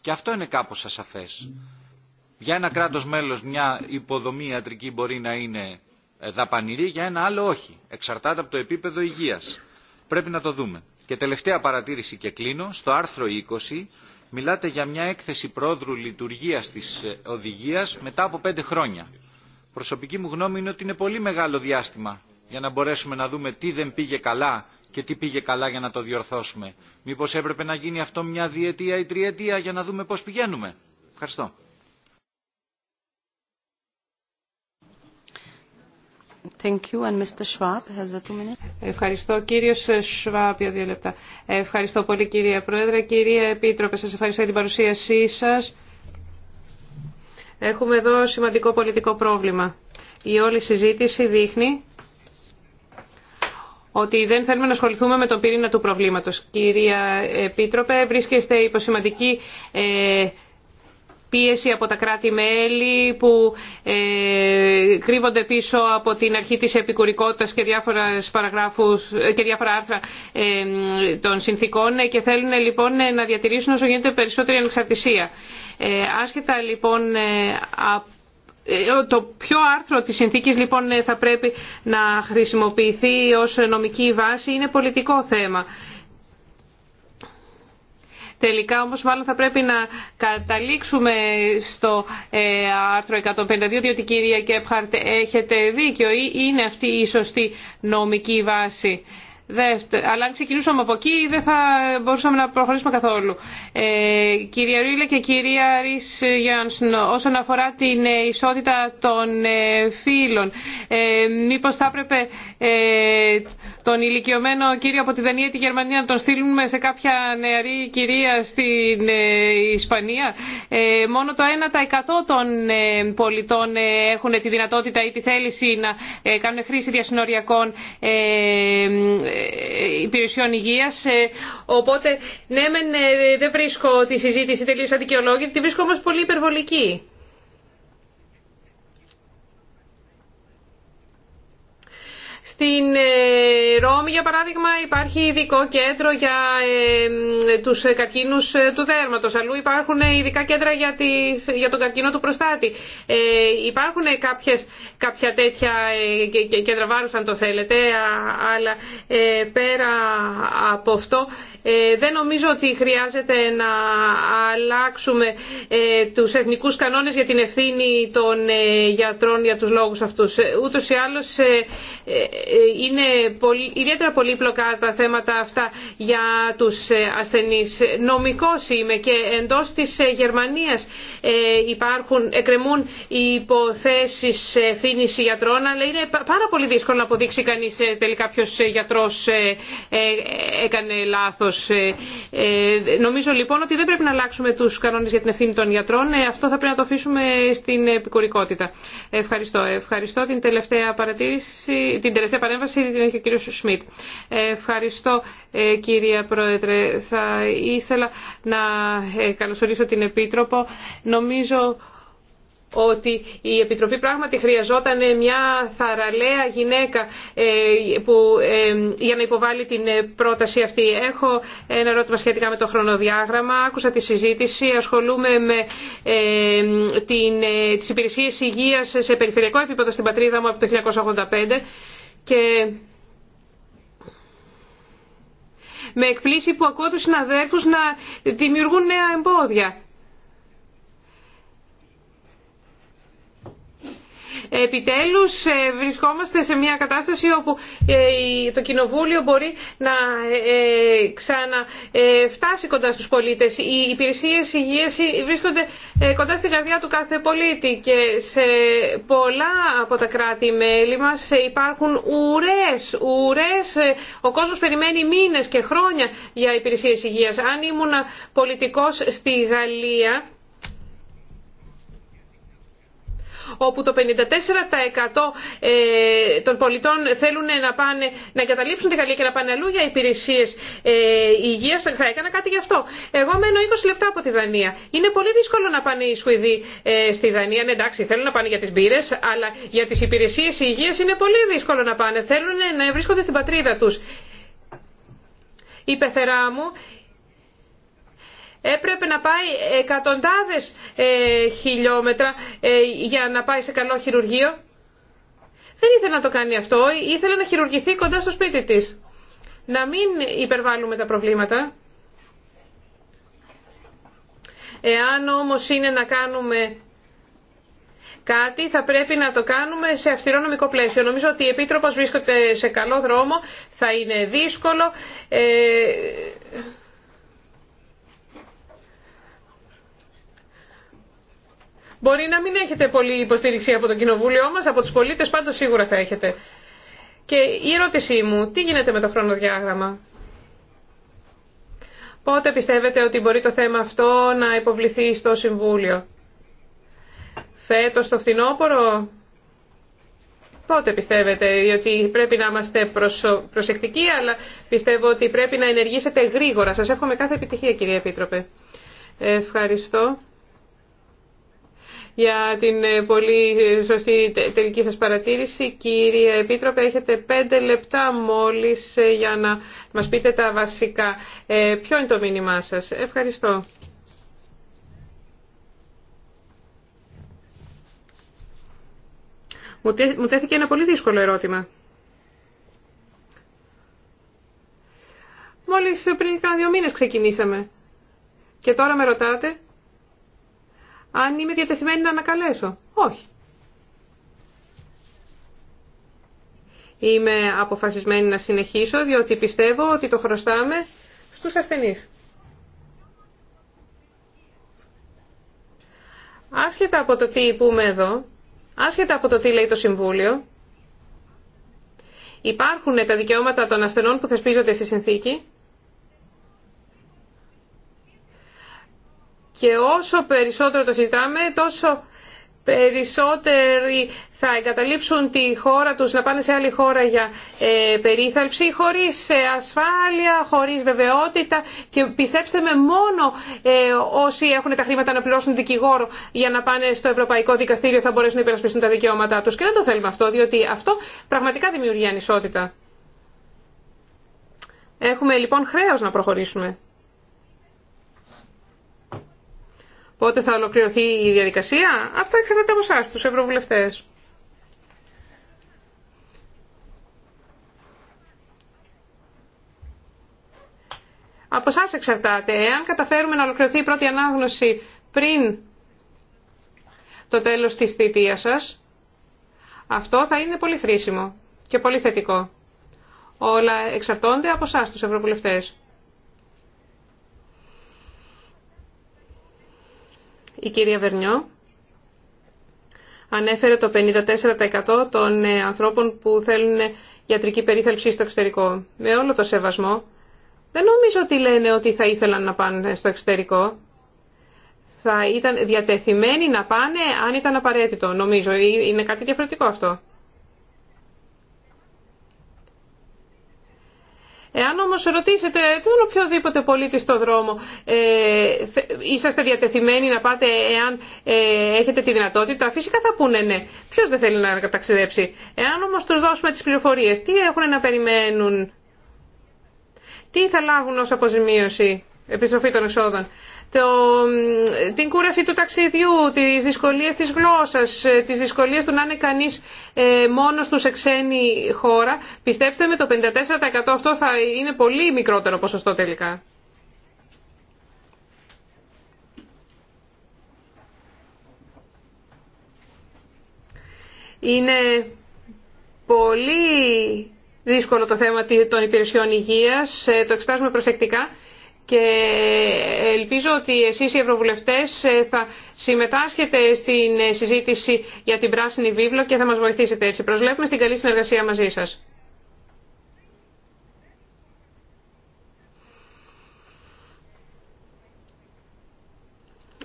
Speaker 5: Και αυτό είναι κάπως ασαφές. Για ένα κράτος μέλος μια υποδομή ιατρική μπορεί να είναι ε, δαπανηρή, για ένα άλλο όχι. Εξαρτάται από το επίπεδο υγείας. Πρέπει να το δούμε. Και τελευταία παρατήρηση και κλείνω. Στο άρθρο 20 μιλάτε για μια έκθεση πρόδρου λειτουργίας της ε, οδηγίας μετά από πέντε χρόνια. Προσωπική μου γνώμη είναι ότι είναι πολύ μεγάλο διάστημα για να μπορέσουμε να δούμε τι δεν πήγε καλά και τι πήγε καλά για να το διορθώσουμε. Μήπως έπρεπε να γίνει αυτό μια διετία ή τριετία για να δούμε πώς πηγαίνουμε. Ευχαριστώ.
Speaker 4: ευχαριστώ κύριος Σουάπ
Speaker 3: για δύο λεπτά. Ευχαριστώ πολύ κυρία Πρόεδρε. Κυρία Επίτροπε, σας ευχαριστώ για την παρουσίασή σας. Έχουμε εδώ σημαντικό πολιτικό πρόβλημα. Η όλη συζήτηση δείχνει ότι δεν θέλουμε να ασχοληθούμε με τον πυρήνα του προβλήματος. Κυρία Επίτροπε, βρίσκεστε υπό σημαντική ε, πίεση από τα κράτη-μέλη που ε, κρύβονται πίσω από την αρχή της επικουρικότητας και, διάφορες παραγράφους, ε, και διάφορα άρθρα ε, των συνθήκων και θέλουν λοιπόν να διατηρήσουν όσο γίνεται περισσότερη ανεξαρτησία. άσχετα λοιπόν το πιο άρθρο της συνθήκης λοιπόν θα πρέπει να χρησιμοποιηθεί ως νομική βάση είναι πολιτικό θέμα. Τελικά όμως μάλλον θα πρέπει να καταλήξουμε στο ε, άρθρο 152 διότι κυρία Κέπχαρτ έχετε δίκιο ή είναι αυτή η σωστή νομική βάση. Αλλά αν ξεκινούσαμε από εκεί δεν θα μπορούσαμε να προχωρήσουμε καθόλου. Ε, κυρία Ρίλε και κυρία Ρίς Γιάνσον, όσον αφορά την ε, ισότητα των ε, φύλων, ε, μήπως θα έπρεπε τον ηλικιωμένο κύριο από τη Δανία τη Γερμανία να τον στείλουμε σε κάποια νεαρή κυρία στην ε, Ισπανία. Ε, μόνο το 1% των ε, πολιτών έχουν τη δυνατότητα ή τη θέληση να κάνουν χρήση διασυνοριακών υπηρεσιών υγείας. Οπότε, ναι, δεν βρίσκω τη συζήτηση τελείως αδικαιολόγητη, τη βρίσκω όμω πολύ υπερβολική. Στην ε, Ρώμη, για παράδειγμα, υπάρχει ειδικό κέντρο για ε, τους καρκίνους ε, του δέρματος. Αλλού υπάρχουν ειδικά κέντρα για, τις, για τον καρκίνο του προστάτη. Υπάρχουν κάποιες, κάποια τέτοια κέντρα βάρους, αν το θέλετε, αλλά πέρα από αυτό ε, δεν νομίζω ότι χρειάζεται να αλλάξουμε ε, τους εθνικούς κανόνες για την ευθύνη των ε, γιατρών για τους λόγους αυτούς. Ούτως ή άλλως είναι πολύ, ιδιαίτερα πολύπλοκα τα θέματα αυτά για τους ασθενείς. Νομικός είμαι και εντός της Γερμανίας υπάρχουν, εκκρεμούν υποθέσεις ευθύνη γιατρών, αλλά είναι πάρα πολύ δύσκολο να αποδείξει κανείς τελικά ποιος γιατρός έκανε λάθος. Ε, ε, νομίζω λοιπόν ότι δεν πρέπει να αλλάξουμε τους κανόνες για την ευθύνη των γιατρών. Ε, αυτό θα πρέπει να το αφήσουμε στην επικουρικότητα. Ευχαριστώ. Ευχαριστώ την τελευταία, παρατήρηση, την τελευταία παρέμβαση την έχει ο κύριο Σμιτ. Ευχαριστώ κυρία Πρόεδρε. Θα ήθελα να καλωσορίσω την Επίτροπο. Νομίζω ότι η Επιτροπή πράγματι χρειαζόταν ε, μια θαραλέα γυναίκα ε, που, ε, για να υποβάλει την πρόταση αυτή. Έχω ένα ερώτημα σχετικά με το χρονοδιάγραμμα. Άκουσα τη συζήτηση. Ασχολούμαι με την, ε, τις υπηρεσίες υγείας σε περιφερειακό επίπεδο στην πατρίδα μου από το 1985 και με εκπλήσει που ακούω τους συναδέλφους να δημιουργούν νέα εμπόδια. Επιτέλους ε, βρισκόμαστε σε μια κατάσταση όπου ε, το Κοινοβούλιο μπορεί να ε, ξαναφτάσει κοντά στους πολίτες. Οι υπηρεσίες υγείας βρίσκονται κοντά στην καρδιά του κάθε πολίτη και σε πολλά από τα κράτη-μέλη μας υπάρχουν ουρές, ουρές. Ο κόσμος περιμένει μήνες και χρόνια για υπηρεσίες υγείας. Αν ήμουν πολιτικός στη Γαλλία όπου το 54% ε, των πολιτών θέλουν να, πάνε, να εγκαταλείψουν τη Γαλλία και να πάνε αλλού για υπηρεσίε ε, υγεία, θα έκανα κάτι γι' αυτό. Εγώ μένω 20 λεπτά από τη Δανία. Είναι πολύ δύσκολο να πάνε οι Σουηδοί ε, στη Δανία. Ναι, εντάξει, θέλουν να πάνε για τι μπύρε, αλλά για τι υπηρεσίε υγεία είναι πολύ δύσκολο να πάνε. Θέλουν να βρίσκονται στην πατρίδα του. Η πεθερά μου έπρεπε να πάει εκατοντάδες ε, χιλιόμετρα ε, για να πάει σε καλό χειρουργείο. Δεν ήθελε να το κάνει αυτό, ήθελε να χειρουργηθεί κοντά στο σπίτι της. Να μην υπερβάλλουμε τα προβλήματα. Εάν όμως είναι να κάνουμε κάτι θα πρέπει να το κάνουμε σε αυστηρό νομικό πλαίσιο. Νομίζω ότι η Επίτροπος βρίσκεται σε καλό δρόμο, θα είναι δύσκολο. Ε... Μπορεί να μην έχετε πολλή υποστήριξη από το Κοινοβούλιο μας, από τους πολίτες πάντως σίγουρα θα έχετε. Και η ερώτησή μου, τι γίνεται με το χρονοδιάγραμμα. Πότε πιστεύετε ότι μπορεί το θέμα αυτό να υποβληθεί στο Συμβούλιο. Φέτος το φθινόπωρο. Πότε πιστεύετε, διότι πρέπει να είμαστε προσεκτικοί, αλλά πιστεύω ότι πρέπει να ενεργήσετε γρήγορα. Σας εύχομαι κάθε επιτυχία, κύριε Επίτροπε. Ευχαριστώ για την ε, πολύ ε, σωστή τελική σας παρατήρηση. Κύριε Επίτροπε, έχετε πέντε λεπτά μόλις ε, για να μας πείτε τα βασικά. Ε, ποιο είναι το μήνυμά σας. Ευχαριστώ. Μου τέθηκε ένα πολύ δύσκολο ερώτημα. Μόλις πριν κάνα δύο μήνες ξεκινήσαμε. Και τώρα με ρωτάτε αν είμαι διατεθειμένη να ανακαλέσω. Όχι. Είμαι αποφασισμένη να συνεχίσω διότι πιστεύω ότι το χρωστάμε στους ασθενείς. Άσχετα από το τι πούμε εδώ, άσχετα από το τι λέει το Συμβούλιο, υπάρχουν τα δικαιώματα των ασθενών που θεσπίζονται στη συνθήκη Και όσο περισσότερο το συζητάμε, τόσο περισσότεροι θα εγκαταλείψουν τη χώρα τους να πάνε σε άλλη χώρα για ε, περίθαλψη χωρίς ε, ασφάλεια, χωρίς βεβαιότητα και πιστέψτε με μόνο ε, όσοι έχουν τα χρήματα να πληρώσουν δικηγόρο για να πάνε στο Ευρωπαϊκό Δικαστήριο θα μπορέσουν να υπερασπιστούν τα δικαιώματά τους και δεν το θέλουμε αυτό διότι αυτό πραγματικά δημιουργεί ανισότητα. Έχουμε λοιπόν χρέος να προχωρήσουμε. πότε θα ολοκληρωθεί η διαδικασία. Αυτά εξαρτάται από εσά, του ευρωβουλευτέ. Από εσά εξαρτάται. Εάν καταφέρουμε να ολοκληρωθεί η πρώτη ανάγνωση πριν το τέλος της θητείας σας, αυτό θα είναι πολύ χρήσιμο και πολύ θετικό. Όλα εξαρτώνται από εσά τους ευρωβουλευτές. Η κυρία Βερνιό ανέφερε το 54% των ε, ανθρώπων που θέλουν ιατρική περίθαλψη στο εξωτερικό. Με όλο το σεβασμό, δεν νομίζω ότι λένε ότι θα ήθελαν να πάνε στο εξωτερικό. Θα ήταν διατεθειμένοι να πάνε αν ήταν απαραίτητο, νομίζω. Ε, είναι κάτι διαφορετικό αυτό. Εάν όμως ρωτήσετε τον οποιοδήποτε πολίτη στο δρόμο, ε, είσαστε διατεθειμένοι να πάτε εάν ε, έχετε τη δυνατότητα, φυσικά θα πούνε ναι. Ποιος δεν θέλει να ταξιδέψει. Εάν όμως τους δώσουμε τις πληροφορίες, τι έχουν να περιμένουν, τι θα λάβουν ως αποζημίωση, επιστροφή των εξόδων το, την κούραση του ταξιδιού, τις δυσκολίες της γλώσσας, ε, τις δυσκολίες του να είναι κανείς ε, μόνος του σε ξένη χώρα. Πιστέψτε με το 54% αυτό θα είναι πολύ μικρότερο ποσοστό τελικά. Είναι πολύ δύσκολο το θέμα των υπηρεσιών υγείας, ε, το εξετάζουμε προσεκτικά και ελπίζω ότι εσείς οι Ευρωβουλευτές ε, θα συμμετάσχετε στην ε, συζήτηση για την Πράσινη Βίβλο και θα μας βοηθήσετε έτσι. Προσβλέπουμε στην καλή συνεργασία μαζί σας.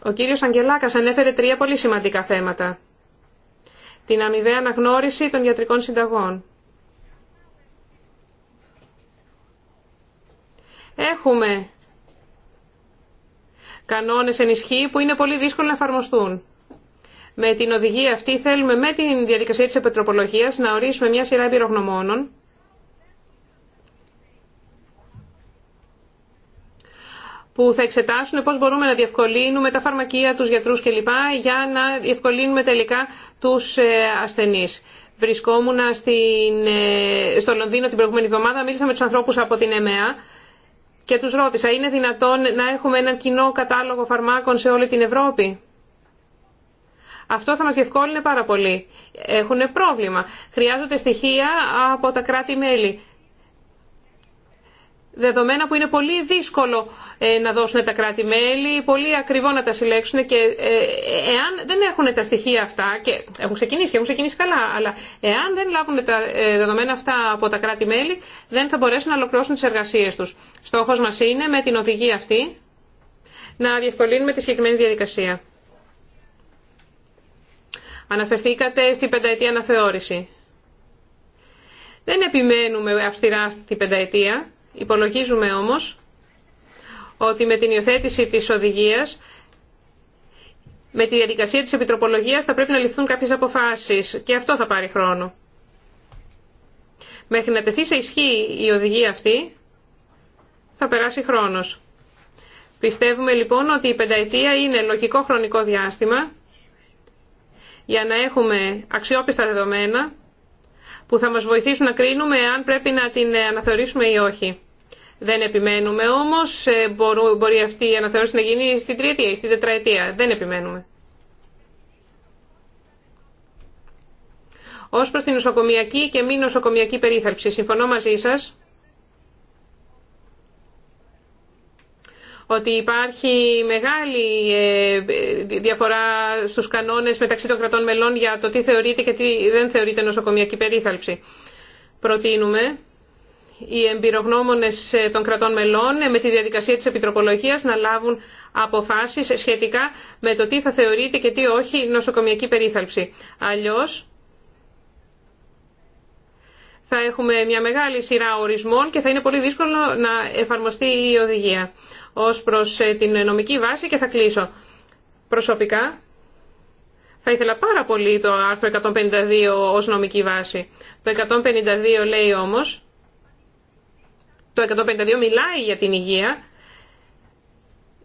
Speaker 3: Ο κύριος Αγγελάκας ανέφερε τρία πολύ σημαντικά θέματα. Την αμοιβαία αναγνώριση των γιατρικών συνταγών. Έχουμε κανόνες ενισχύει που είναι πολύ δύσκολο να εφαρμοστούν. Με την οδηγία αυτή θέλουμε με την διαδικασία της επιτροπολογίας να ορίσουμε μια σειρά εμπειρογνωμόνων που θα εξετάσουν πώς μπορούμε να διευκολύνουμε τα φαρμακεία, τους γιατρούς κλπ. για να διευκολύνουμε τελικά τους ε, ασθενείς. Βρισκόμουν στην, ε, στο Λονδίνο την προηγούμενη εβδομάδα, μίλησα με τους ανθρώπους από την ΕΜΕΑ και τους ρώτησα είναι δυνατόν να έχουμε έναν κοινό κατάλογο φαρμάκων σε όλη την Ευρώπη. Αυτό θα μας διευκόλυνε πάρα πολύ. Έχουν πρόβλημα. Χρειάζονται στοιχεία από τα κράτη-μέλη δεδομένα που είναι πολύ δύσκολο ε, να δώσουν τα κράτη-μέλη, πολύ ακριβό να τα συλλέξουν και ε, εάν δεν έχουν τα στοιχεία αυτά, και έχουν ξεκινήσει και έχουν ξεκινήσει καλά, αλλά εάν δεν λάβουν τα ε, δεδομένα αυτά από τα κράτη-μέλη, δεν θα μπορέσουν να ολοκληρώσουν τις εργασίες τους. Στόχος μας είναι με την οδηγία αυτή να διευκολύνουμε τη συγκεκριμένη διαδικασία. Αναφερθήκατε στην πενταετία αναθεώρηση. Δεν επιμένουμε αυστηρά στη πενταετία. Υπολογίζουμε όμως ότι με την υιοθέτηση της οδηγίας, με τη διαδικασία της επιτροπολογίας θα πρέπει να ληφθούν κάποιες αποφάσεις και αυτό θα πάρει χρόνο. Μέχρι να τεθεί σε ισχύ η οδηγία αυτή θα περάσει χρόνος. Πιστεύουμε λοιπόν ότι η πενταετία είναι λογικό χρονικό διάστημα για να έχουμε αξιόπιστα δεδομένα που θα μας βοηθήσουν να κρίνουμε αν πρέπει να την αναθεωρήσουμε ή όχι. Δεν επιμένουμε όμως, ε, μπορεί αυτή η αναθεώρηση να γίνει στην τριετία ή στην τετραετία. Δεν επιμένουμε. Ως προς την νοσοκομιακή και μη νοσοκομιακή περίθαλψη, συμφωνώ μαζί σας ότι υπάρχει μεγάλη ε, διαφορά στους κανόνες μεταξύ των κρατών μελών για το τι θεωρείται και τι δεν θεωρείται νοσοκομιακή περίθαλψη. Προτείνουμε οι εμπειρογνώμονες ε, των κρατών μελών ε, με τη διαδικασία της επιτροπολογίας να λάβουν αποφάσεις σχετικά με το τι θα θεωρείται και τι όχι νοσοκομιακή περίθαλψη. Αλλιώς θα έχουμε μια μεγάλη σειρά ορισμών και θα είναι πολύ δύσκολο να εφαρμοστεί η οδηγία ως προς ε, την νομική βάση και θα κλείσω. Προσωπικά θα ήθελα πάρα πολύ το άρθρο 152 ως νομική βάση. Το 152 λέει όμως το 152 μιλάει για την υγεία,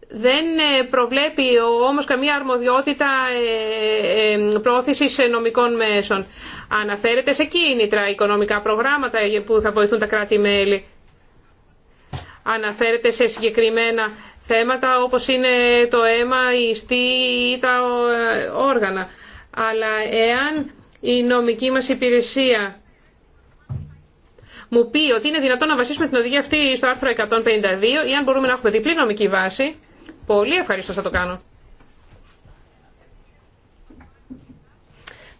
Speaker 3: δεν ε, προβλέπει όμως καμία αρμοδιότητα ε, ε, πρόθεσης νομικών μέσων. Αναφέρεται σε κίνητρα οικονομικά προγράμματα που θα βοηθούν τα κράτη-μέλη. Αναφέρεται σε συγκεκριμένα θέματα όπως είναι το αίμα, η ιστή ή τα όργανα. Αλλά εάν η νομική μας υπηρεσία μου πει ότι είναι δυνατόν να βασίσουμε την οδηγία αυτή στο άρθρο 152 ή αν μπορούμε να έχουμε διπλή νομική βάση, πολύ ευχαριστώ θα το κάνω.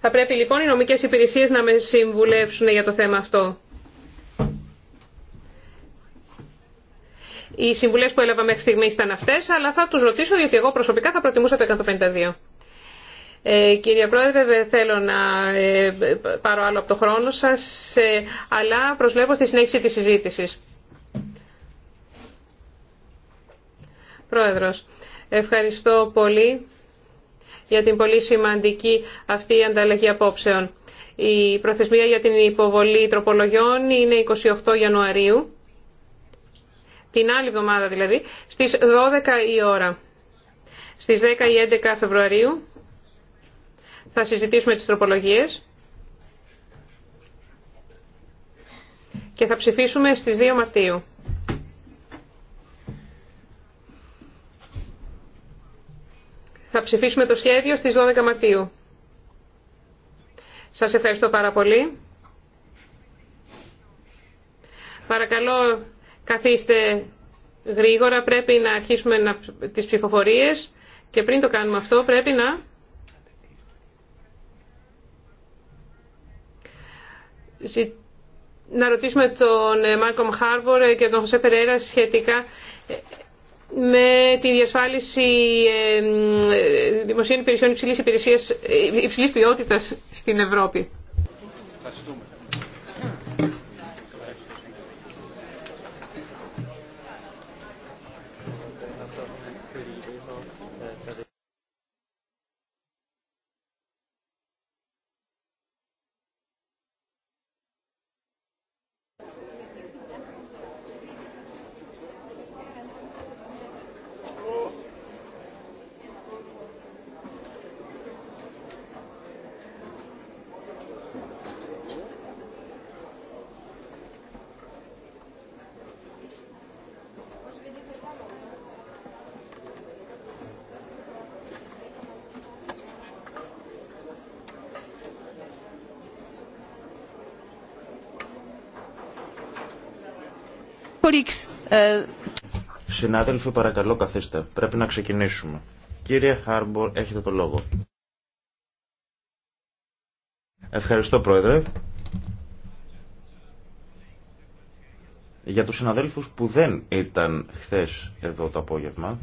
Speaker 3: Θα πρέπει λοιπόν οι νομικές υπηρεσίες να με συμβουλεύσουν για το θέμα αυτό. Οι συμβουλές που έλαβα μέχρι στιγμή ήταν αυτές, αλλά θα τους ρωτήσω, διότι εγώ προσωπικά θα προτιμούσα το 152. Ε, κύριε Πρόεδρε, δεν θέλω να ε, πάρω άλλο από το χρόνο σας, ε, αλλά προσβλέπω στη συνέχιση της συζήτησης. Πρόεδρος, ευχαριστώ πολύ για την πολύ σημαντική αυτή ανταλλαγή απόψεων. Η προθεσμία για την υποβολή τροπολογιών είναι 28 Ιανουαρίου, την άλλη εβδομάδα δηλαδή, στις 12 η ώρα. Στις 10 ή 11 Φεβρουαρίου θα συζητήσουμε τις τροπολογίες και θα ψηφίσουμε στις 2 Μαρτίου. Θα ψηφίσουμε το σχέδιο στις 12 Μαρτίου. Σας ευχαριστώ πάρα πολύ. Παρακαλώ καθίστε γρήγορα, πρέπει να αρχίσουμε τις ψηφοφορίες και πριν το κάνουμε αυτό πρέπει να... να ρωτήσουμε τον Μάρκομ ε, Χάρβορ ε, και τον Χωσέ Περέρα σχετικά ε, με τη διασφάλιση δημοσίων υπηρεσιών υψηλής, υψηλής ποιότητας στην Ευρώπη.
Speaker 4: Uh,
Speaker 2: Συνάδελφοι, παρακαλώ καθίστε. Πρέπει να ξεκινήσουμε. Κύριε Χάρμπορ, έχετε το λόγο. Ευχαριστώ, Πρόεδρε. Για τους συναδέλφους που δεν ήταν χθες εδώ το απόγευμα,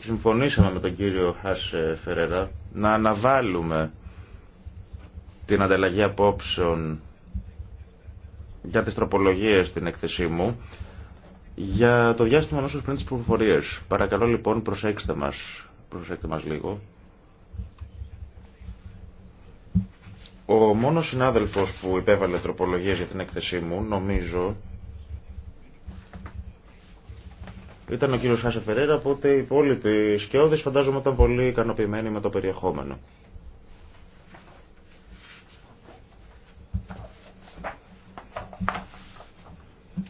Speaker 2: συμφωνήσαμε με τον κύριο Χάσε Φερέρα να αναβάλουμε την ανταλλαγή απόψεων για τις τροπολογίες στην έκθεσή μου για το διάστημα όσους πριν τις προφορίες. Παρακαλώ λοιπόν προσέξτε μας, προσέξτε μας λίγο. Ο μόνος συνάδελφος που υπέβαλε τροπολογίες για την έκθεσή μου, νομίζω, ήταν ο κύριος Άσε Φερέρα, οπότε οι υπόλοιποι σκιώδες φαντάζομαι ήταν πολύ ικανοποιημένοι με το περιεχόμενο.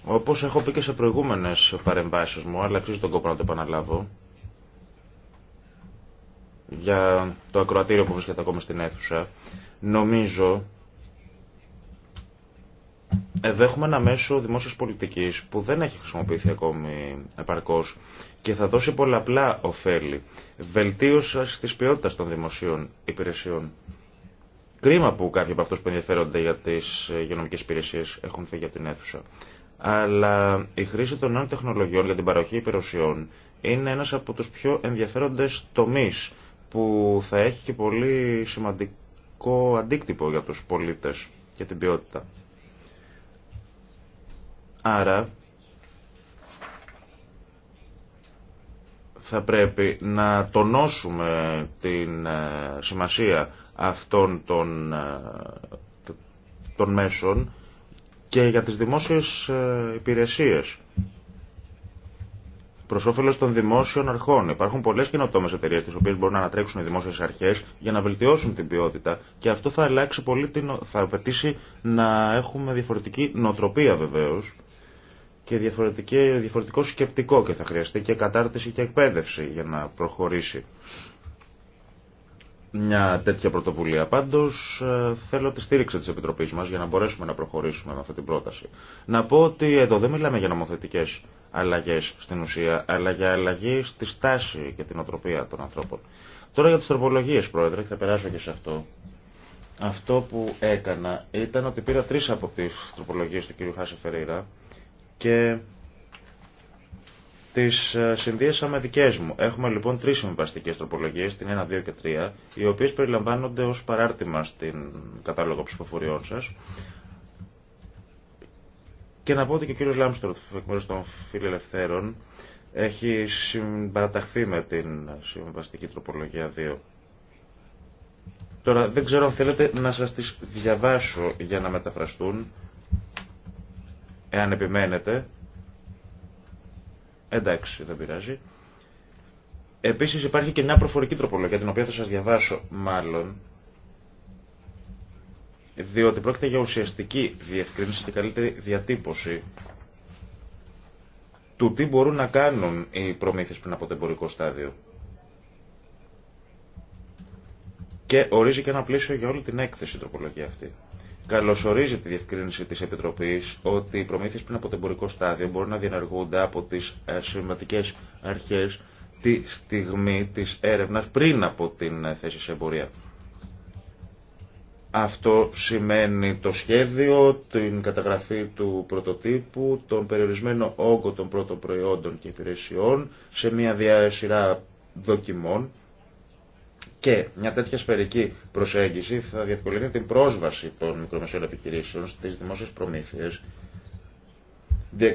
Speaker 2: Όπω έχω πει και σε προηγούμενε παρεμβάσει μου, αλλά αξίζει τον κόπο να το επαναλάβω, για το ακροατήριο που βρίσκεται ακόμα στην αίθουσα, νομίζω εδώ έχουμε ένα μέσο δημόσια πολιτική που δεν έχει χρησιμοποιηθεί ακόμη επαρκώ και θα δώσει πολλαπλά ωφέλη. Βελτίωση τη ποιότητα των δημοσίων υπηρεσιών. Κρίμα που κάποιοι από αυτού που ενδιαφέρονται για τι υγειονομικέ υπηρεσίε έχουν φύγει από την αίθουσα αλλά η χρήση των νέων τεχνολογιών για την παροχή υπηρεσιών είναι ένας από τους πιο ενδιαφέροντες τομείς που θα έχει και πολύ σημαντικό αντίκτυπο για τους πολίτες και την ποιότητα. Άρα θα πρέπει να τονώσουμε την ε, σημασία αυτών των, ε, των μέσων και για τις δημόσιες ε, υπηρεσίες προ όφελο των δημόσιων αρχών. Υπάρχουν πολλέ καινοτόμε εταιρείε τι οποίε μπορούν να ανατρέξουν οι δημόσιες αρχέ για να βελτιώσουν την ποιότητα και αυτό θα αλλάξει πολύ την. θα απαιτήσει να έχουμε διαφορετική νοοτροπία βεβαίω και διαφορετικό σκεπτικό και θα χρειαστεί και κατάρτιση και εκπαίδευση για να προχωρήσει μια τέτοια πρωτοβουλία. Πάντω ε, θέλω τη στήριξη τη επιτροπή μας για να μπορέσουμε να προχωρήσουμε με αυτή την πρόταση. Να πω ότι εδώ δεν μιλάμε για νομοθετικές αλλαγές στην ουσία, αλλά για αλλαγή στη στάση και την οτροπία των ανθρώπων. Τώρα για τις τροπολογίες, Πρόεδρε, και θα περάσω και σε αυτό. Αυτό που έκανα ήταν ότι πήρα τρει από τι τροπολογίε του κ. Χάσε Φερήρα και Τις ε, συνδύασα με δικές μου. Έχουμε λοιπόν τρεις συμβαστικέ τροπολογίες, την 1, 2 και 3, οι οποίες περιλαμβάνονται ως παράρτημα στην κατάλογο ψηφοφοριών σας. Και να πω ότι και ο κύριος Λάμστορτ, εκ μέρους των φιλελευθέρων, έχει συμπαραταχθεί με την συμβαστική τροπολογία 2. Τώρα δεν ξέρω αν θέλετε να σας τι διαβάσω για να μεταφραστούν, εάν επιμένετε. Εντάξει, δεν πειράζει. Επίσης υπάρχει και μια προφορική τροπολογία, την οποία θα σας διαβάσω μάλλον, διότι πρόκειται για ουσιαστική διευκρίνηση και καλύτερη διατύπωση του τι μπορούν να κάνουν οι προμήθειες πριν από το εμπορικό στάδιο. Και ορίζει και ένα πλαίσιο για όλη την έκθεση η τροπολογία αυτή καλωσορίζει τη διευκρίνηση της Επιτροπής ότι οι προμήθειες πριν από το εμπορικό στάδιο μπορούν να διενεργούνται από τις ε, σημαντικές αρχές τη στιγμή της έρευνας πριν από την ε, θέση σε εμπορία. Αυτό σημαίνει το σχέδιο, την καταγραφή του πρωτοτύπου, τον περιορισμένο όγκο των πρώτων προϊόντων και υπηρεσιών σε μια σειρά δοκιμών και μια τέτοια σφαιρική προσέγγιση θα διευκολύνει την πρόσβαση των μικρομεσαίων επιχειρήσεων στι δημόσιε προμήθειε,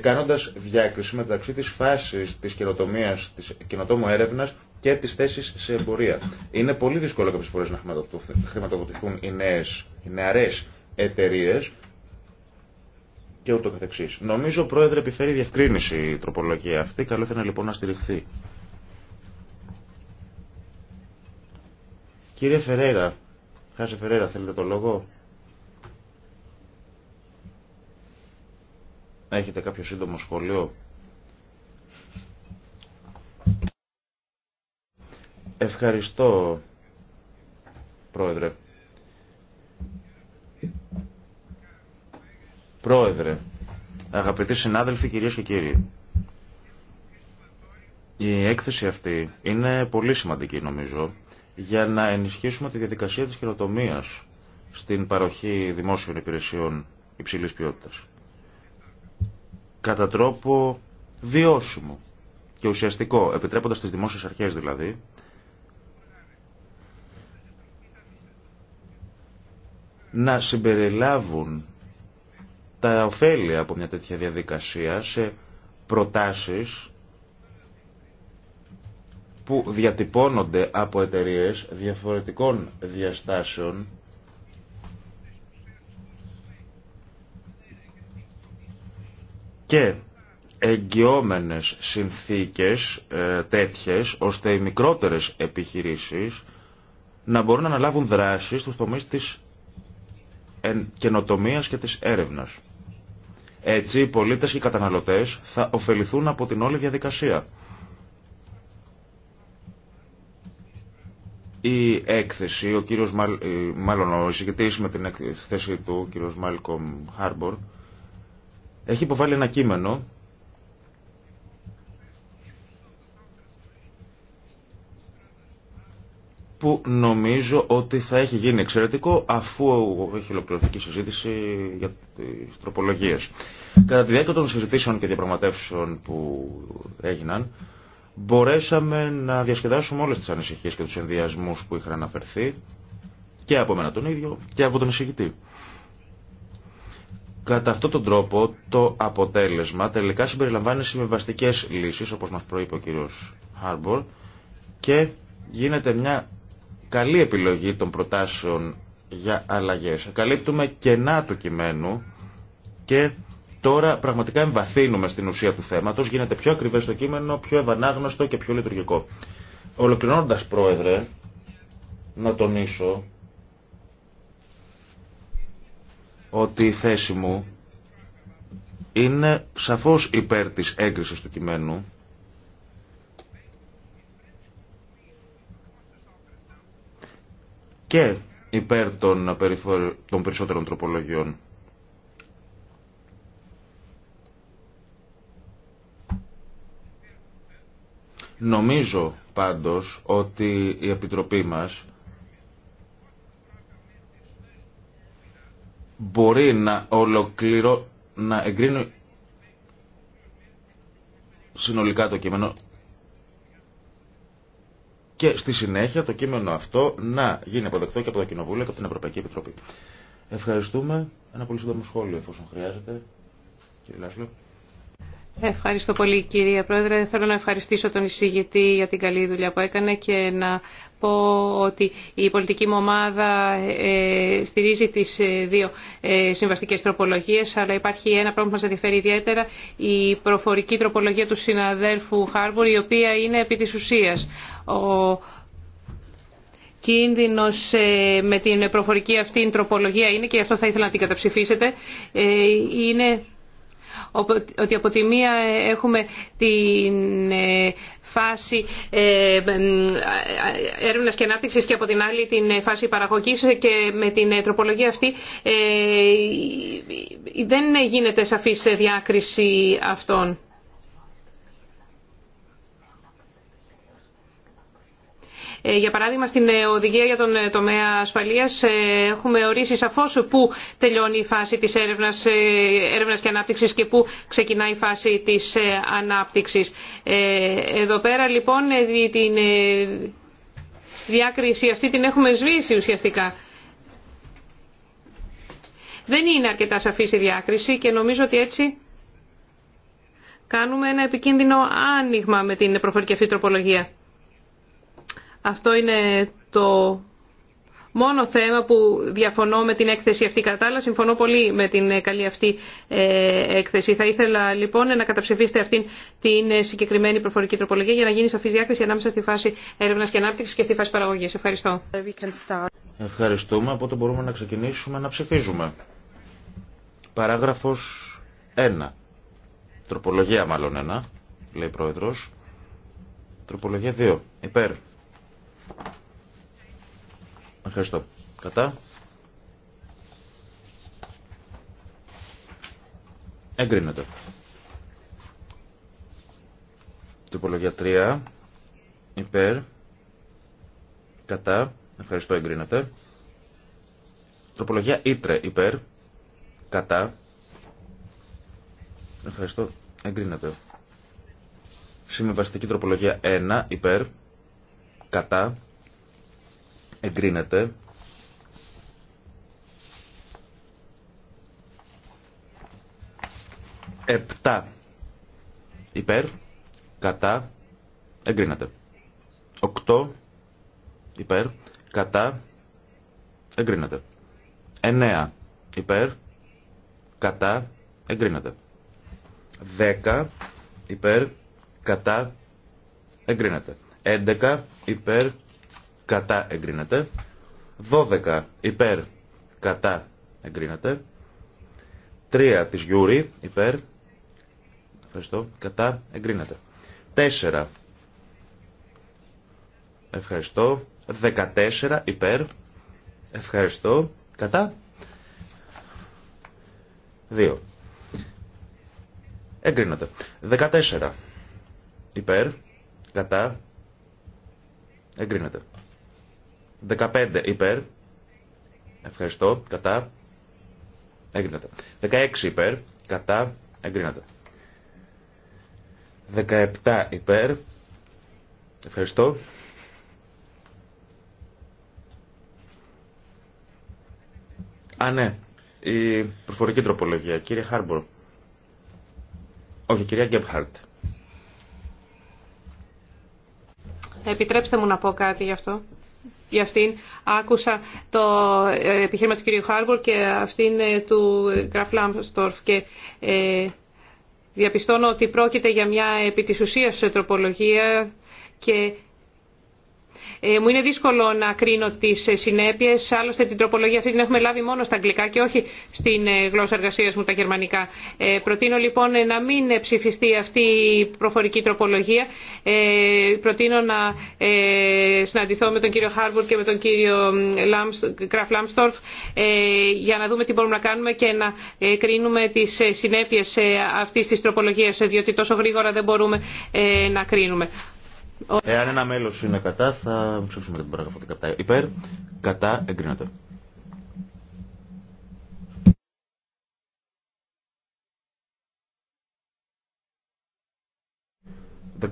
Speaker 2: κάνοντα διάκριση μεταξύ τη φάση τη καινοτομία, τη καινοτόμου έρευνα και τη θέση σε εμπορία. Είναι πολύ δύσκολο κάποιε φορέ να χρηματοδοτηθούν οι, νέες, οι νεαρές εταιρείε και ούτω καθεξής. Νομίζω, Πρόεδρε, επιφέρει διευκρίνηση η τροπολογία αυτή. Καλό θα είναι λοιπόν να στηριχθεί Κύριε Φερέρα, Χάσε Φερέρα, θέλετε το λόγο. Έχετε κάποιο σύντομο σχολείο. Ευχαριστώ, Πρόεδρε. Πρόεδρε, αγαπητοί συνάδελφοι, κυρίες και κύριοι. Η έκθεση αυτή είναι πολύ σημαντική νομίζω για να ενισχύσουμε τη διαδικασία της χειροτομίας στην παροχή δημόσιων υπηρεσιών υψηλής ποιότητας. Κατά τρόπο βιώσιμο και ουσιαστικό, επιτρέποντας τις δημόσιες αρχές δηλαδή, να συμπεριλάβουν τα ωφέλη από μια τέτοια διαδικασία σε προτάσεις που διατυπώνονται από εταιρείε διαφορετικών διαστάσεων και εγκυόμενες συνθήκες ε, τέτοιες ώστε οι μικρότερες επιχειρήσεις να μπορούν να αναλάβουν δράσεις στους τομείς της καινοτομίας και της έρευνας. Έτσι οι πολίτες και οι καταναλωτές θα ωφεληθούν από την όλη διαδικασία. Η έκθεση, ο κύριος ε, μάλλον ο εισηγητής με την έκθεση του, ο κύριος Μάλκομ Χάρμπορ, έχει υποβάλει ένα κείμενο που νομίζω ότι θα έχει γίνει εξαιρετικό αφού έχει ολοκληρωθεί η συζήτηση για τις τροπολογίες. Κατά τη διάρκεια των συζητήσεων και διαπραγματεύσεων που έγιναν, μπορέσαμε να διασκεδάσουμε όλες τις ανησυχίες και τους ενδιασμούς που είχαν αναφερθεί και από μένα τον ίδιο και από τον εισηγητή. Κατά αυτόν τον τρόπο το αποτέλεσμα τελικά συμπεριλαμβάνει συμβιβαστικέ λύσεις όπως μας προείπε ο κύριος Χάρμπορ και γίνεται μια καλή επιλογή των προτάσεων για αλλαγές. Καλύπτουμε κενά του κειμένου και Τώρα πραγματικά εμβαθύνουμε στην ουσία του θέματος, γίνεται πιο ακριβές το κείμενο, πιο ευανάγνωστο και πιο λειτουργικό. Ολοκληρώνοντας, Πρόεδρε, να τονίσω ότι η θέση μου είναι σαφώς υπέρ της έγκρισης του κειμένου και υπέρ των, των περισσότερων τροπολογιών. Νομίζω πάντως ότι η Επιτροπή μας μπορεί να ολοκληρώ, να εγκρίνει συνολικά το κείμενο και στη συνέχεια το κείμενο αυτό να γίνει αποδεκτό και από το Κοινοβούλιο και από την Ευρωπαϊκή Επιτροπή. Ευχαριστούμε. Ένα πολύ σύντομο σχόλιο εφόσον χρειάζεται. Κύριε Λάσλο.
Speaker 3: Ευχαριστώ πολύ κυρία Πρόεδρε. Θέλω να ευχαριστήσω τον εισηγητή για την καλή δουλειά που έκανε και να πω ότι η πολιτική μου ομάδα ε, στηρίζει τις ε, δύο ε, συμβαστικές τροπολογίες, αλλά υπάρχει ένα πρόβλημα που μας ενδιαφέρει ιδιαίτερα, η προφορική τροπολογία του συναδέλφου Χάρμπορ, η οποία είναι επί της ουσίας. Ο κίνδυνος με την προφορική αυτή τροπολογία είναι, και γι' αυτό θα ήθελα να την καταψηφίσετε, είναι ότι από τη μία ε, έχουμε την ε, φάση ε, έρευνας και ανάπτυξης και από την άλλη την φάση παραγωγής και με την τροπολογία αυτή δεν γίνεται σαφής διάκριση αυτών. Ε, για παράδειγμα, στην ε, οδηγία για τον ε, τομέα ασφαλείας έχουμε ορίσει σαφώς πού τελειώνει η φάση της έρευνας, έρευνας και ανάπτυξης και πού ξεκινάει η φάση της ανάπτυξης. Εδώ πέρα λοιπόν την διάκριση αυτή την έχουμε σβήσει ουσιαστικά. Δεν είναι αρκετά σαφή η διάκριση και νομίζω ότι έτσι κάνουμε ένα επικίνδυνο άνοιγμα με την προφορική αυτή τροπολογία. Αυτό είναι το μόνο θέμα που διαφωνώ με την έκθεση αυτή κατά άλλα. Συμφωνώ πολύ με την καλή αυτή ε, έκθεση. Θα ήθελα λοιπόν να καταψηφίσετε αυτήν την συγκεκριμένη προφορική τροπολογία για να γίνει σαφή διάκριση ανάμεσα στη φάση έρευνα και ανάπτυξη
Speaker 4: και στη φάση παραγωγή. Ευχαριστώ.
Speaker 2: Ευχαριστούμε. Από μπορούμε να ξεκινήσουμε να ψηφίζουμε. Παράγραφος 1. Τροπολογία μάλλον 1, λέει πρόεδρος. Τροπολογία 2. Υπέρ. Ευχαριστώ. Κατά. Εγκρίνεται. Τροπολογία 3. Υπέρ. Κατά. Ευχαριστώ. Εγκρίνεται. Τροπολογία Ήτρε. Υπέρ. Κατά. Ευχαριστώ. Εγκρίνεται. Συμβαστική τροπολογία 1. Υπέρ κατά εγκρίνεται επτά υπέρ κατά εγκρίνεται οκτώ υπέρ κατά εγκρίνεται εννέα υπέρ κατά εγκρίνεται δέκα υπέρ κατά εγκρίνεται 11 υπέρ κατά εγκρίνεται. 12 υπέρ κατά εγκρίνεται. 3 της Γιούρη υπέρ ευχαριστώ, κατά εγκρίνεται. 4 ευχαριστώ. 14 υπέρ ευχαριστώ κατά 2 εγκρίνεται. 14 υπέρ κατά Εγκρίνεται. 15 υπέρ. Ευχαριστώ. Κατά. Εγκρίνεται. 16 υπέρ. Κατά. Εγκρίνεται. 17 υπέρ. Ευχαριστώ. Α, ναι. Η προφορική τροπολογία. Κύριε Χάρμπορ. Όχι, κυρία Γκέμπχαρτ.
Speaker 3: Επιτρέψτε μου να πω κάτι γι' αυτό. Για αυτήν άκουσα το ε, επιχείρημα του κυρίου Χάρμπορ και αυτήν ε, του Γκραφ Λάμπστορφ και ε, διαπιστώνω ότι πρόκειται για μια επί της και ε, μου είναι δύσκολο να κρίνω τις ε, συνέπειε. άλλωστε την τροπολογία αυτή την έχουμε λάβει μόνο στα αγγλικά και όχι στην ε, γλώσσα εργασία μου τα γερμανικά. προτείνω λοιπόν να μην ψηφιστεί αυτή η προφορική τροπολογία. προτείνω να συναντηθώ με τον κύριο Χάρμπουρ και με τον κύριο Κραφ Λάμστορφ για να δούμε τι μπορούμε να κάνουμε και να κρίνουμε τι συνέπειε αυτή τη τροπολογία, διότι τόσο γρήγορα δεν μπορούμε να κρίνουμε.
Speaker 2: Εάν ένα μέλο είναι κατά, θα ψηφίσουμε την παράγραφο 17. Υπέρ, κατά, εγκρίνεται.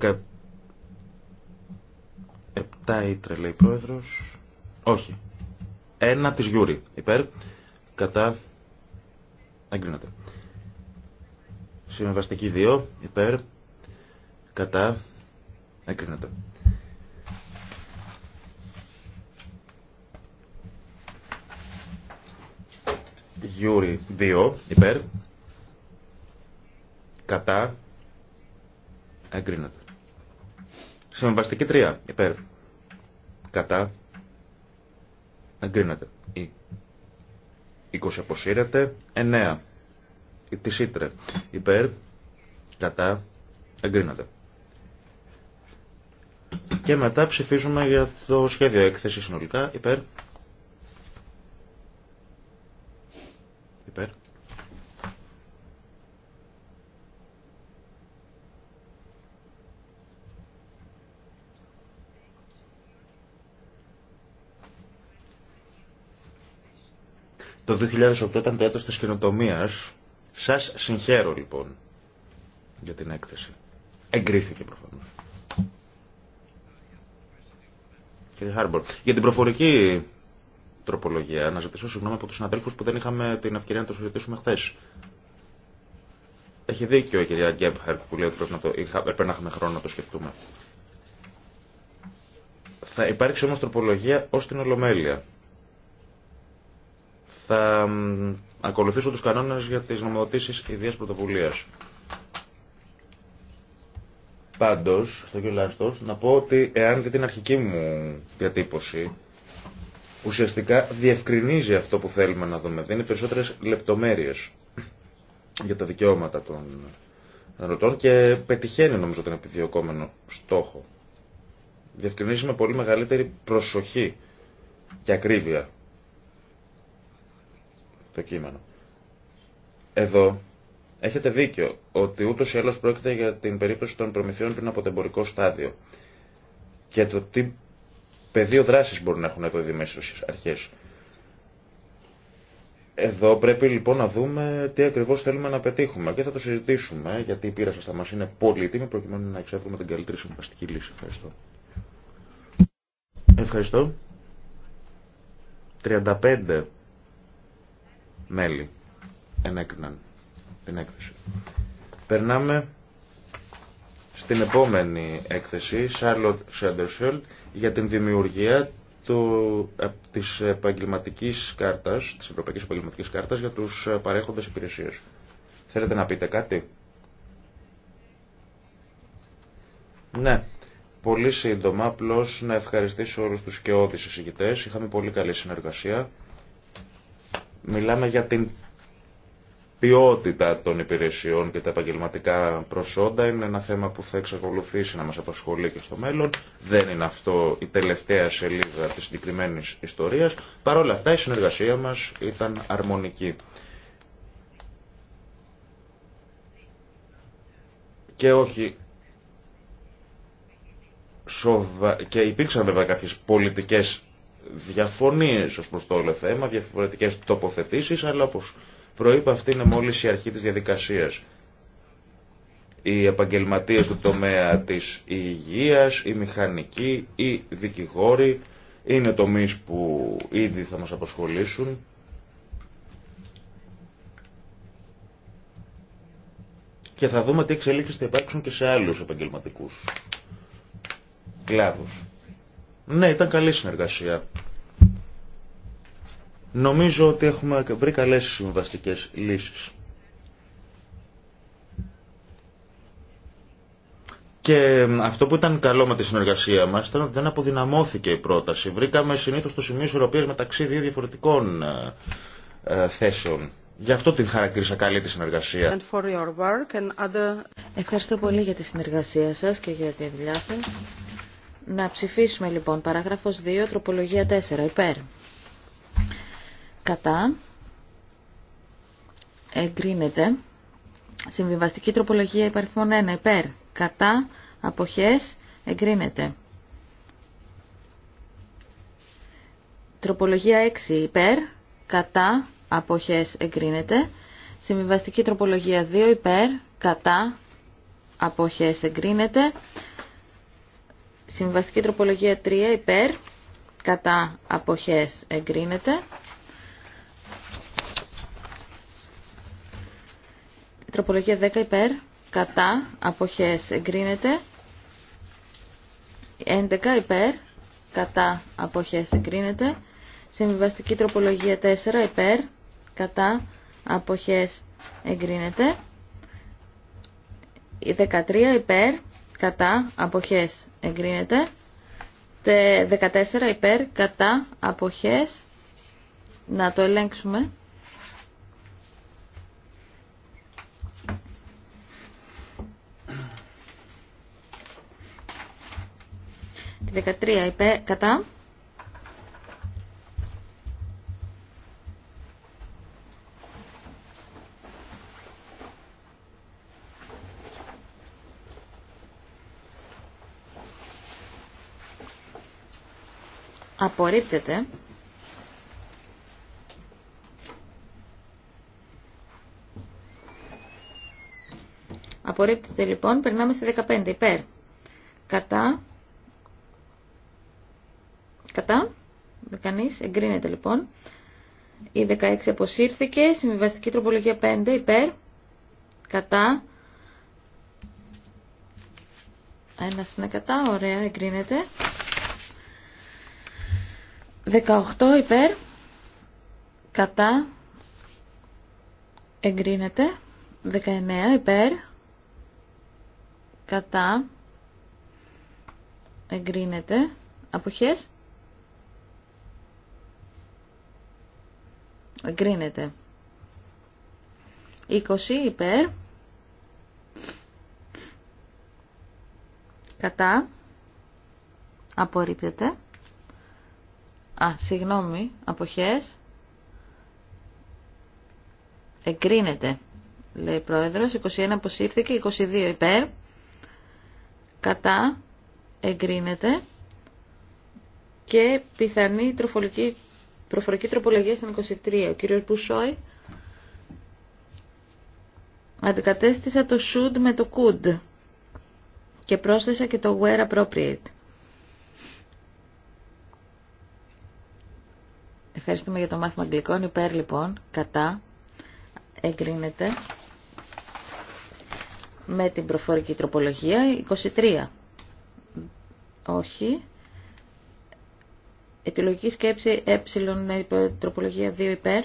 Speaker 2: 17 Επτά ήτρε λέει πρόεδρος. Όχι. Ένα της γιούρι. Υπέρ. Κατά. Εγκρίνεται. Συμβαστική 2. Υπέρ. Κατά. Εγκρίνεται. Γιούρι 2 υπέρ. Κατά. Εγκρίνεται. Συμβαστική 3 υπέρ. Κατά. Εγκρίνεται. Η 20 αποσύρεται. 9. Τη ΣΥΤΡΕ υπέρ. Κατά. Εγκρίνεται. Και μετά ψηφίζουμε για το σχέδιο έκθεση συνολικά υπέρ. Υπέρ. Το 2008 ήταν το έτος της καινοτομίας. Σας συγχαίρω λοιπόν για την έκθεση. Εγκρίθηκε προφανώς. Κύριε Χάρμπορ, για την προφορική τροπολογία, να ζητήσω συγγνώμη από του συναδέλφου που δεν είχαμε την ευκαιρία να το συζητήσουμε χθε. Έχει δίκιο η κυρία Γκέμπχαρτ που λέει ότι πρέπει να, το, χρόνο να το σκεφτούμε. Θα υπάρξει όμω τροπολογία ω την Ολομέλεια. Θα ακολουθήσω τους κανόνε για τι νομοδοτήσει ιδίας πρωτοβουλία. Πάντως, στο κύριο Λάστο, να πω ότι εάν και την αρχική μου διατύπωση ουσιαστικά διευκρινίζει αυτό που θέλουμε να δούμε. Δίνει περισσότερες λεπτομέρειες για τα δικαιώματα των ερωτών και πετυχαίνει νομίζω τον επιδιωκόμενο στόχο. Διευκρινίζει με πολύ μεγαλύτερη προσοχή και ακρίβεια το κείμενο. Εδώ Έχετε δίκιο ότι ούτω ή άλλω πρόκειται για την περίπτωση των προμηθειών πριν από το στάδιο και το τι πεδίο δράση μπορούν να έχουν εδώ οι δημέσιε αρχέ. Εδώ πρέπει λοιπόν να δούμε τι ακριβώ θέλουμε να πετύχουμε και θα το συζητήσουμε γιατί η πείρα σα θα μα είναι πολύτιμη προκειμένου να εξεύρουμε την καλύτερη συμβαστική λύση. Ευχαριστώ. Ευχαριστώ. 35 μέλη ενέκριναν την έκθεση. Περνάμε στην επόμενη έκθεση, Σάρλοτ Σέντερσελ, για την δημιουργία του, της, επαγγελματικής κάρτας, της Ευρωπαϊκής Επαγγελματικής Κάρτας για τους ε, παρέχοντες υπηρεσίες. Θέλετε να πείτε κάτι? Ναι. Πολύ σύντομα, απλώ να ευχαριστήσω όλους τους σκεώδεις εισηγητές. Είχαμε πολύ καλή συνεργασία. Μιλάμε για την ποιότητα των υπηρεσιών και τα επαγγελματικά προσόντα είναι ένα θέμα που θα εξακολουθήσει να μας απασχολεί και στο μέλλον. Δεν είναι αυτό η τελευταία σελίδα της συγκεκριμένη ιστορίας. Παρ' όλα αυτά η συνεργασία μας ήταν αρμονική. Και όχι και υπήρξαν βέβαια κάποιες πολιτικές διαφωνίες ως προς το όλο θέμα, διαφορετικές τοποθετήσεις, αλλά όπως Προείπα αυτή είναι μόλι η αρχή της διαδικασίας. Οι επαγγελματίε του τομέα της υγείας, οι μηχανικοί, οι δικηγόροι είναι τομεί που ήδη θα μας απασχολήσουν. Και θα δούμε τι εξελίξει θα υπάρξουν και σε άλλους επαγγελματικούς κλάδους. Ναι, ήταν καλή συνεργασία. Νομίζω ότι έχουμε βρει καλές συμβαστικές λύσεις. Και αυτό που ήταν καλό με τη συνεργασία μας ήταν ότι δεν αποδυναμώθηκε η πρόταση. Βρήκαμε συνήθως το σημείο ισορροπίας μεταξύ δύο διαφορετικών ε, ε, θέσεων. Γι' αυτό την χαρακτήρισα καλή τη συνεργασία.
Speaker 4: other... Ευχαριστώ
Speaker 1: πολύ για τη συνεργασία σας και για τη δουλειά σας. Να ψηφίσουμε λοιπόν παράγραφος 2, τροπολογία 4, υπέρ κατά, εγκρίνεται. Συμβιβαστική τροπολογία υπαριθμών 1 υπέρ, κατά, αποχές, εγκρίνεται. Τροπολογία 6 υπέρ, κατά, αποχές, εγκρίνεται. Συμβιβαστική τροπολογία 2 υπέρ, κατά, αποχές, εγκρίνεται. συμβιβαστική τροπολογία 3 υπέρ, κατά αποχές εγκρίνεται. Τροπολογία 10 υπέρ, κατά, αποχές εγκρίνεται. 11 υπέρ, κατά, αποχές εγκρίνεται. Συμβιβαστική τροπολογία 4 υπέρ, κατά, αποχές εγκρίνεται. 13 υπέρ, κατά, αποχές εγκρίνεται. 14 υπέρ, κατά, αποχές, να το ελέγξουμε. Τη 13 υπέρ κατά. Απορρίπτεται. Απορρίπτεται λοιπόν. Περνάμε στη 15 υπέρ. Κατά. Κατά. Κανείς. Εγκρίνεται λοιπόν. Η 16 αποσύρθηκε. Συμβιβαστική τροπολογία 5 υπέρ. Κατά. Ένα είναι κατά. Ωραία. Εγκρίνεται. 18 υπέρ. Κατά. Εγκρίνεται. 19 υπέρ. Κατά. Εγκρίνεται. Αποχές. Εγκρίνεται. 20 υπέρ. Κατά. Απορρίπτεται. Α, συγγνώμη, αποχές. Εγκρίνεται, λέει ο πρόεδρος. 21 αποσύρθηκε, 22 υπέρ. Κατά. Εγκρίνεται. Και πιθανή τροφολική Προφορική τροπολογία στην 23. Ο κύριος Μπουσόη αντικατέστησα το should με το could και πρόσθεσα και το where appropriate. Ευχαριστούμε για το μάθημα αγγλικών. Υπέρ λοιπόν, κατά, εγκρίνεται με την προφορική τροπολογία 23. Όχι. Αιτιολογική σκέψη ε τροπολογία 2 υπέρ.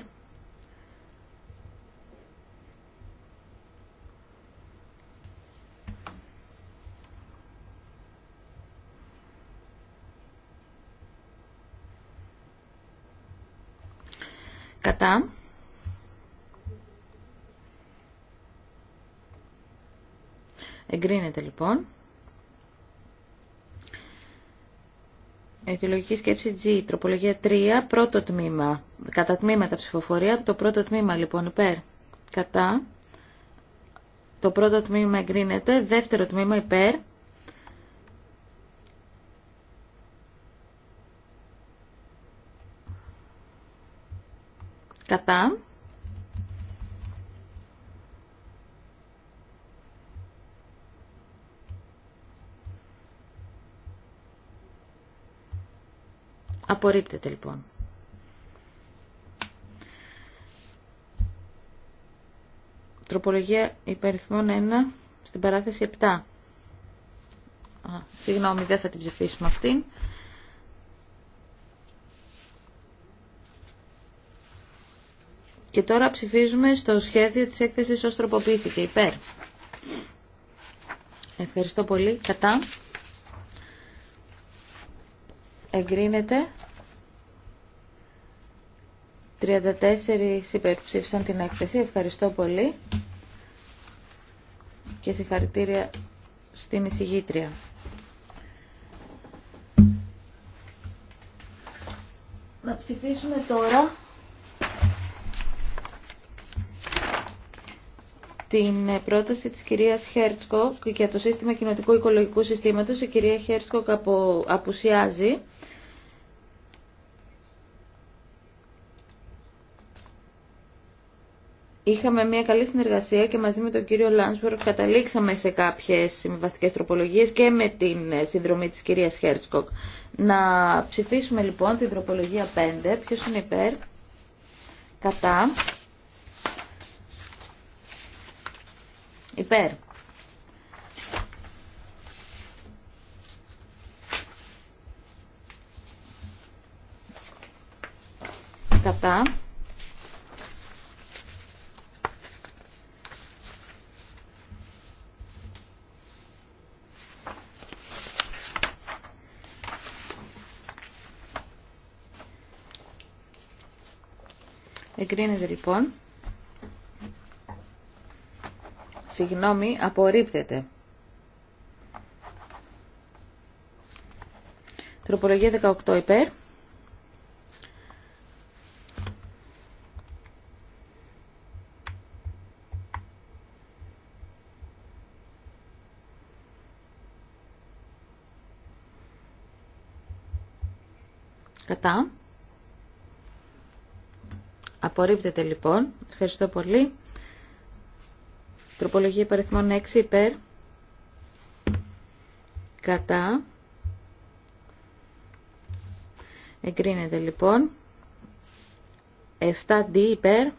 Speaker 1: Κατά. Εγκρίνεται λοιπόν. Αιτιολογική σκέψη G, τροπολογία 3, πρώτο τμήμα. Κατά τα ψηφοφορία, το πρώτο τμήμα λοιπόν υπέρ. Κατά. Το πρώτο τμήμα εγκρίνεται, δεύτερο τμήμα υπέρ. Κατά. Απορρίπτεται λοιπόν. Τροπολογία υπεριθμών 1 στην παράθεση 7. Α, συγγνώμη, δεν θα την ψηφίσουμε αυτήν. Και τώρα ψηφίζουμε στο σχέδιο της έκθεσης ως τροποποιήθηκε. Υπέρ. Ευχαριστώ πολύ. Κατά. Εγκρίνεται. 34 υπερψήφισαν την έκθεση. Ευχαριστώ πολύ και συγχαρητήρια στην εισηγήτρια. Να ψηφίσουμε τώρα την πρόταση της κυρίας Χέρτσκοκ για το σύστημα κοινοτικού οικολογικού συστήματος. Η κυρία Χέρτσκοκ απουσιάζει. Είχαμε μια καλή συνεργασία και μαζί με τον κύριο Λάνσβορ καταλήξαμε σε κάποιες συμβαστικές τροπολογίες και με την ε, συνδρομή της κυρίας Χέρτσκοκ. Να ψηφίσουμε λοιπόν την τροπολογία 5. Ποιος είναι υπέρ. Κατά. Υπέρ. Κατά. Εγκρίνεται λοιπόν. Συγγνώμη, απορρίπτεται. Τροπολογία 18 υπέρ. Κατά. Απορρίπτεται λοιπόν. Ευχαριστώ πολύ. Τροπολογία υπαριθμών 6 υπέρ. Κατά. Εγκρίνεται λοιπόν. 7D υπέρ.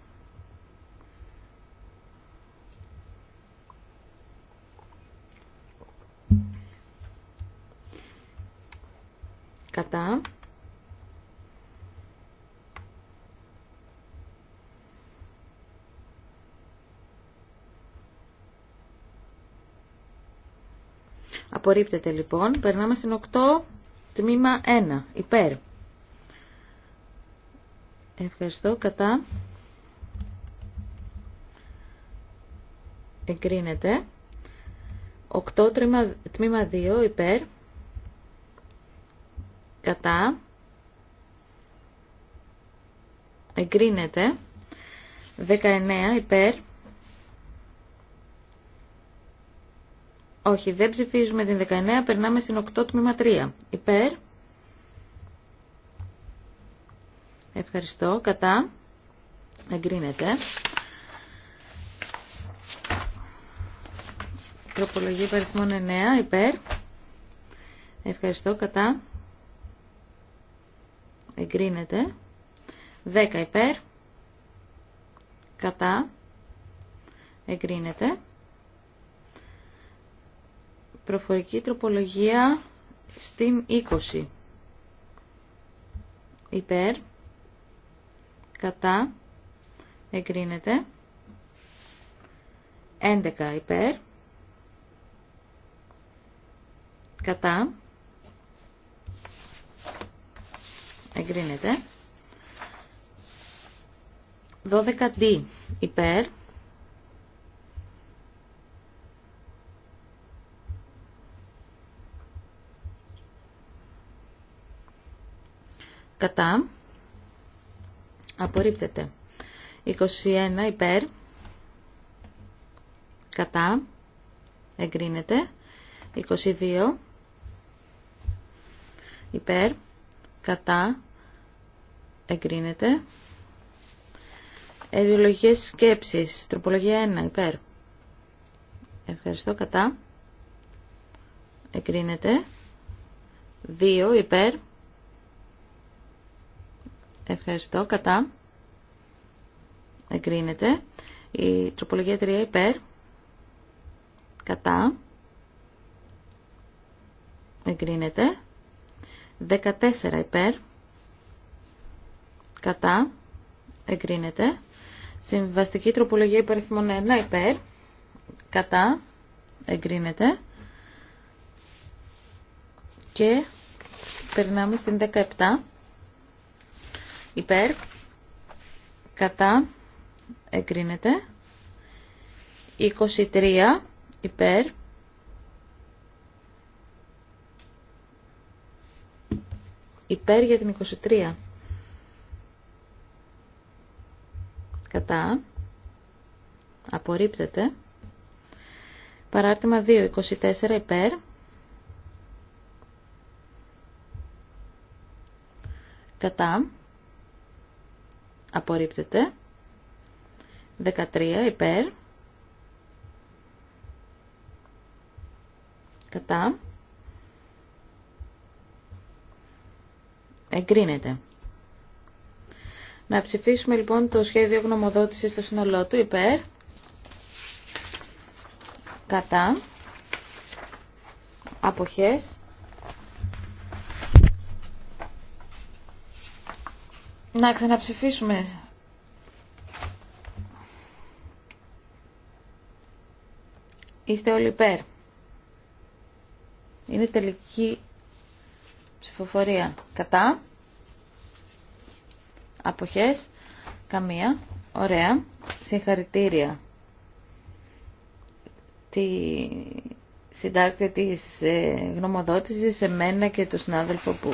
Speaker 1: Απορρίπτεται λοιπόν. Περνάμε στην 8, τμήμα 1, υπέρ. Ευχαριστώ, κατά. Εγκρίνεται. 8, τμήμα, τμήμα 2, υπέρ. Κατά. Εγκρίνεται. 19, υπέρ. Όχι, δεν ψηφίζουμε την 19, περνάμε στην 8 τμήμα 3. Υπέρ. Ευχαριστώ. Κατά. Εγκρίνεται. Τροπολογία παριθμών 9. Υπέρ. Ευχαριστώ. Κατά. Εγκρίνεται. 10 υπέρ. Κατά. Εγκρίνεται προφορική τροπολογία στην 20. Υπέρ, κατά, εγκρίνεται. 11 υπέρ, κατά, εγκρίνεται. 12 δι υπέρ, κατά, απορρίπτεται. 21 υπέρ, κατά, εγκρίνεται. 22 υπέρ, κατά, εγκρίνεται. Εδιολογικές σκέψεις, τροπολογία 1 υπέρ. Ευχαριστώ, κατά. Εγκρίνεται. 2 υπέρ. Ευχαριστώ. Κατά. Εγκρίνεται. Η τροπολογία 3 υπέρ. Κατά. Εγκρίνεται. 14 υπέρ. Κατά. Εγκρίνεται. Συμβαστική τροπολογία υπερθυμών 1 υπέρ. Κατά. Εγκρίνεται. Και περνάμε στην 17 Υπέρ. Κατά. Εγκρίνεται. 23. Υπέρ. Υπέρ για την 23. Κατά. Απορρίπτεται. Παράρτημα 2. 24 υπέρ. Κατά απορρίπτεται. 13 υπέρ. Κατά. Εγκρίνεται. Να ψηφίσουμε λοιπόν το σχέδιο γνωμοδότησης στο σύνολό του υπέρ. Κατά. Αποχές. Να ξαναψηφίσουμε. Είστε όλοι υπέρ. Είναι τελική ψηφοφορία. Κατά. Αποχές. Καμία. Ωραία. Συγχαρητήρια. Τη συντάκτη της ε, γνωμοδότησης, εμένα και τον συνάδελφο που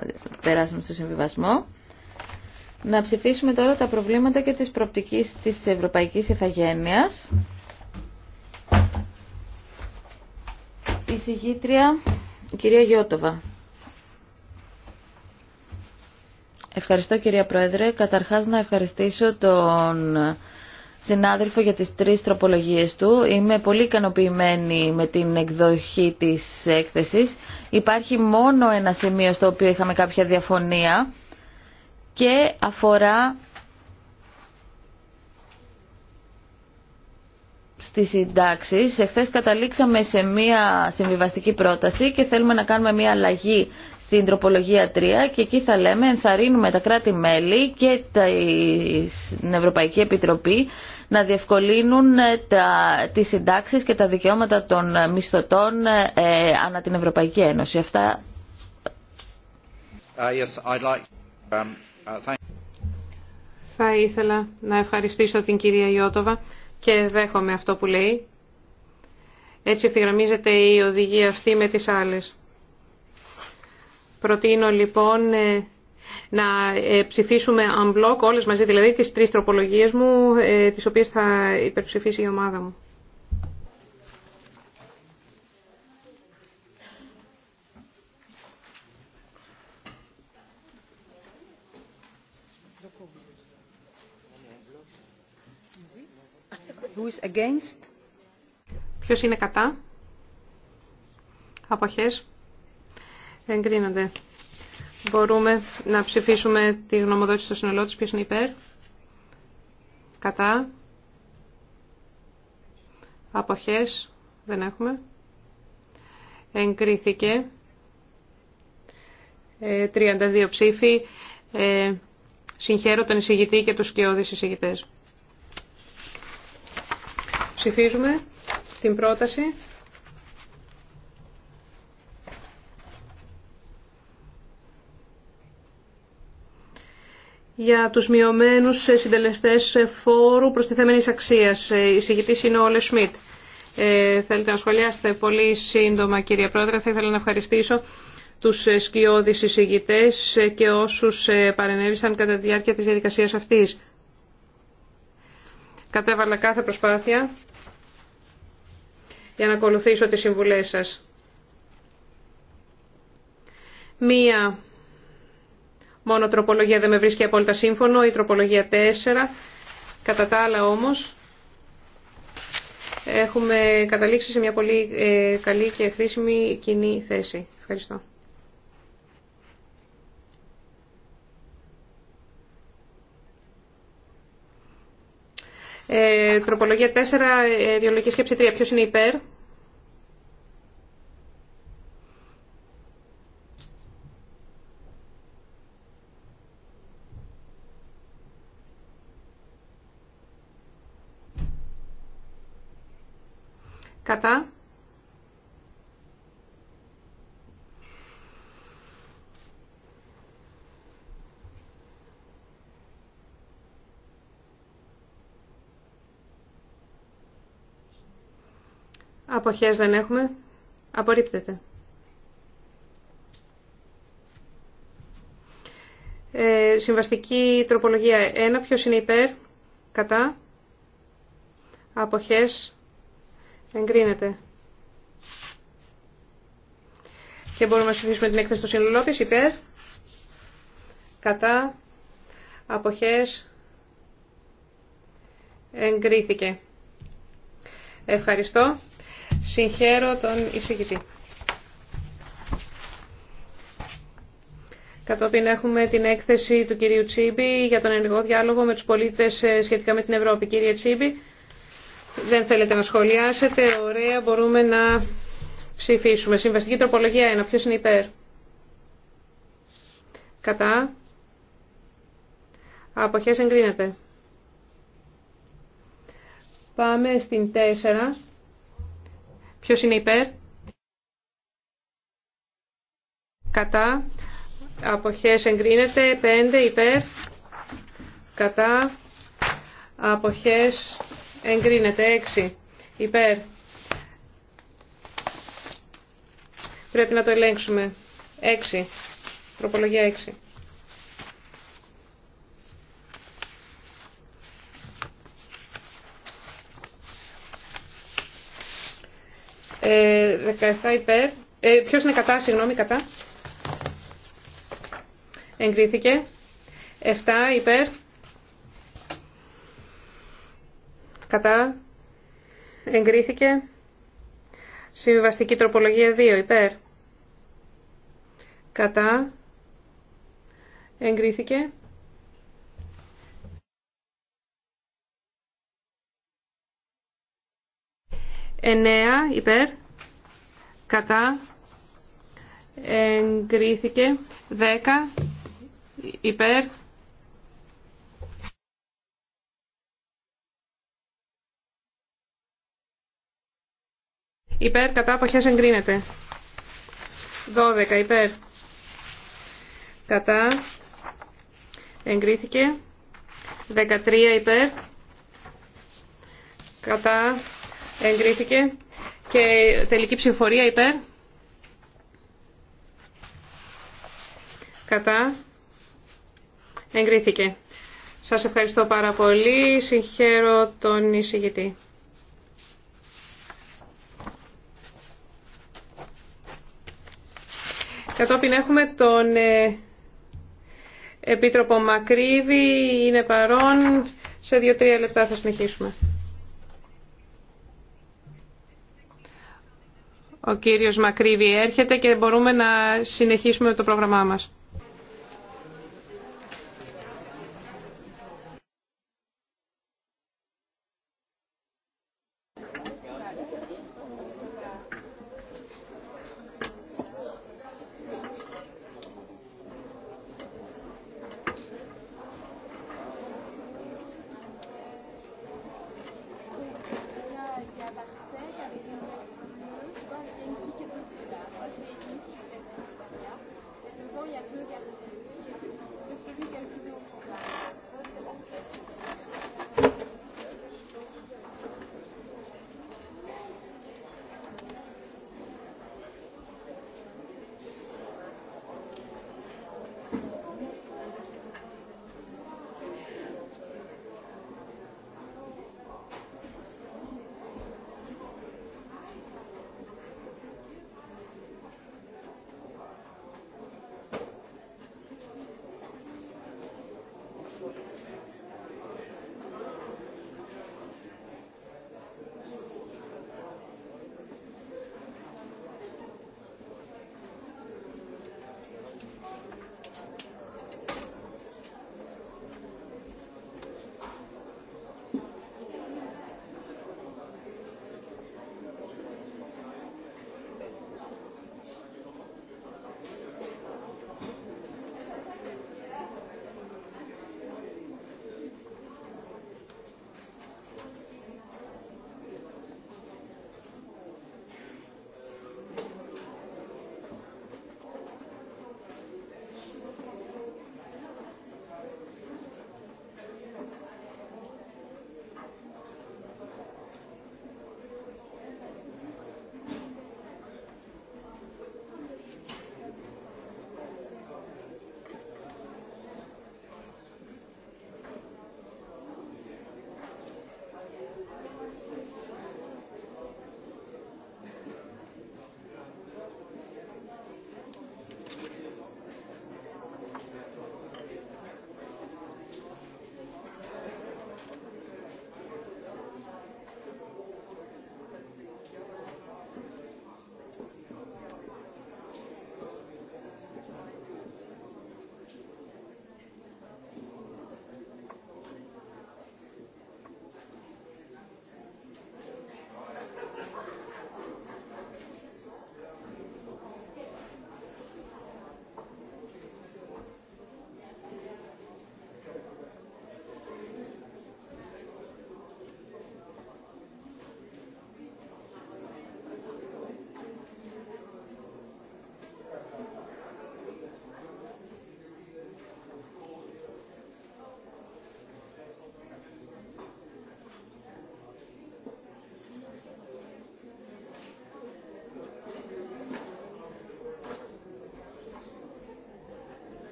Speaker 1: ε, περάσαμε στο συμβιβασμό. Να ψηφίσουμε τώρα τα προβλήματα και τις προπτικές της Ευρωπαϊκής Εφαγένειας. Η συγγήτρια, κυρία Γιώτοβα. Ευχαριστώ κυρία Πρόεδρε. Καταρχάς να ευχαριστήσω τον συνάδελφο για τις τρεις τροπολογίες του. Είμαι πολύ ικανοποιημένη με την εκδοχή της έκθεσης. Υπάρχει μόνο ένα σημείο στο οποίο είχαμε κάποια διαφωνία και αφορά στις συντάξεις. Εχθές καταλήξαμε σε μία συμβιβαστική πρόταση και θέλουμε να κάνουμε μία αλλαγή στην τροπολογία 3 και εκεί θα λέμε ενθαρρύνουμε τα κράτη-μέλη και την Ευρωπαϊκή Επιτροπή να διευκολύνουν ε, τα, τις συντάξεις και τα δικαιώματα των μισθωτών ε, ανά την Ευρωπαϊκή Ένωση. Αυτά...
Speaker 5: Uh, um,
Speaker 3: θα ήθελα να ευχαριστήσω την κυρία Ιώτοβα και δέχομαι αυτό που λέει. Έτσι ευθυγραμμίζεται η οδηγία αυτή με τις άλλες. Προτείνω λοιπόν ε, να ε, ψηφίσουμε unblock όλες μαζί, δηλαδή τις τρεις τροπολογίες μου, ε, τις οποίες θα υπερψηφίσει η ομάδα μου. Ποιο Ποιος είναι κατά. Αποχές. Εγκρίνονται. Μπορούμε να ψηφίσουμε τη γνωμοδότηση στο συνολό της. Ποιος είναι υπέρ. Κατά. Αποχές. Δεν έχουμε. Εγκρίθηκε. 32 ε, ψήφοι. Ε, συγχαίρω τον εισηγητή και τους σκιώδεις εισηγητές. Ψηφίζουμε την πρόταση. για τους μειωμένους συντελεστές φόρου θέμενη αξίας. Ε, η συγκητής είναι ο Όλε Σμιτ. Ε, θέλετε να σχολιάσετε πολύ σύντομα κύριε Πρόεδρε. Θα ήθελα να ευχαριστήσω τους σκιώδεις εισηγητές και όσους ε, παρενέβησαν κατά τη διάρκεια της διαδικασίας αυτής. Κατέβαλα κάθε προσπάθεια για να ακολουθήσω τις συμβουλές σας. Μία μόνο τροπολογία δεν με βρίσκει απόλυτα σύμφωνο, η τροπολογία 4. Κατά τα άλλα όμως έχουμε καταλήξει σε μια πολύ ε, καλή και χρήσιμη κοινή θέση. Ευχαριστώ. Ε, τροπολογία 4, ε, διολογική σκέψη 3. Ποιος είναι υπέρ. Κατά. Αποχές δεν έχουμε. Απορρίπτεται. Ε, συμβαστική τροπολογία 1. Ποιος είναι υπέρ. Κατά. Αποχές. Εγκρίνεται. Και μπορούμε να συμφίσουμε την έκθεση στο σύνολό Υπέρ. Κατά. Αποχές. Εγκρίθηκε. Ευχαριστώ. Συγχαίρω τον εισηγητή. Κατόπιν έχουμε την έκθεση του κυρίου Τσίμπη για τον ενεργό διάλογο με τους πολίτες ε, σχετικά με την Ευρώπη. Κύριε Τσίμπη, δεν θέλετε να σχολιάσετε. Ωραία, μπορούμε να ψηφίσουμε. Συμβαστική τροπολογία 1. Ποιος είναι υπέρ. Κατά. Αποχές εγκρίνεται. Πάμε στην 4. Ποιος είναι υπέρ. Κατά. Αποχές εγκρίνεται. 5 υπέρ. Κατά. Αποχές εγκρίνεται. 6 υπέρ. Πρέπει να το ελέγξουμε. 6. Τροπολογία 6. Ε, 17 υπέρ. Ε, ποιος είναι κατά, συγγνώμη, κατά. Εγκρίθηκε. 7 υπέρ. Κατά. Εγκρίθηκε. Συμβιβαστική τροπολογία 2 υπέρ. Κατά. Εγκρίθηκε. 9 υπέρ κατά εγκρίθηκε 10 υπέρ Υπέρ κατά αποχές εγκρίνεται. 12 υπέρ κατά εγκρίθηκε. 13 υπέρ κατά εγκρίθηκε και τελική ψηφοφορία υπέρ. Κατά. Εγκρίθηκε. Σας ευχαριστώ πάρα πολύ. Συγχαίρω τον εισηγητή. Κατόπιν έχουμε τον ε, Επίτροπο Μακρύβη. Είναι παρόν. Σε δύο-τρία λεπτά θα συνεχίσουμε. Ο κύριος Μακρύβη έρχεται και μπορούμε να συνεχίσουμε το πρόγραμμά μας.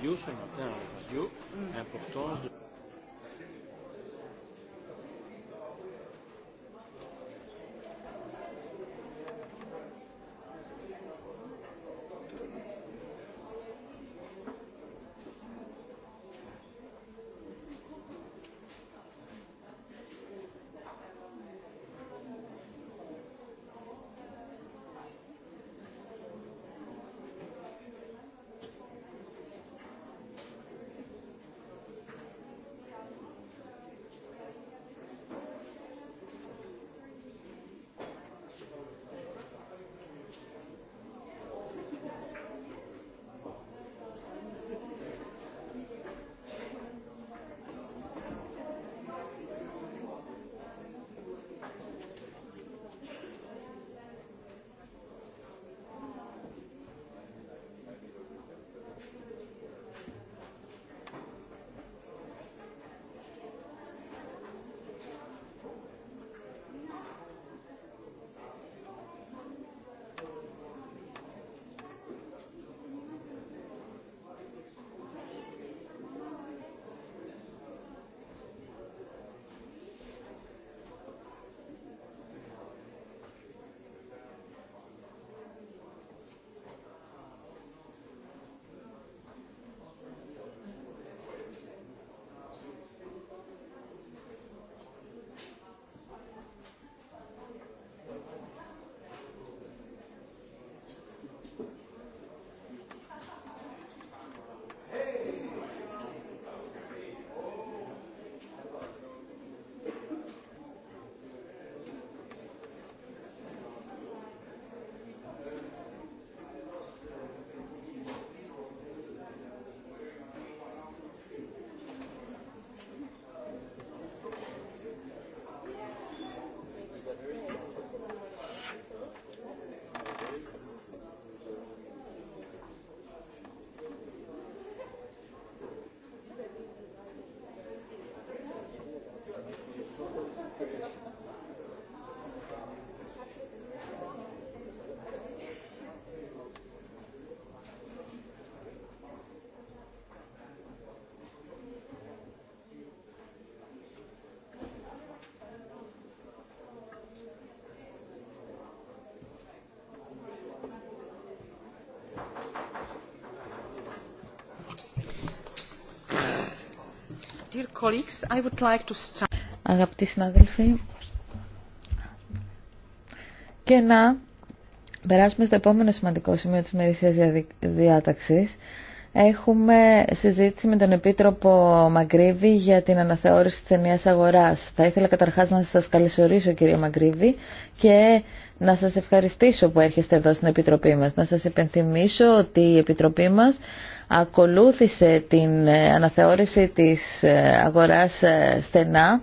Speaker 5: review ce matin en radio l'importance de
Speaker 1: Αγαπητοί συναδελφοί, και να περάσουμε στο επόμενο σημαντικό σημείο της Μερίσιας διάταξης. Έχουμε συζήτηση με τον Επίτροπο Μαγκρίβη για την αναθεώρηση της ενιαίας αγοράς. Θα ήθελα καταρχάς να σας καλωσορίσω κύριε Μαγκρίβη και να σας ευχαριστήσω που έρχεστε εδώ στην Επιτροπή μας. Να σας υπενθυμίσω ότι η Επιτροπή μας ακολούθησε την ε, αναθεώρηση της ε, αγοράς ε, στενά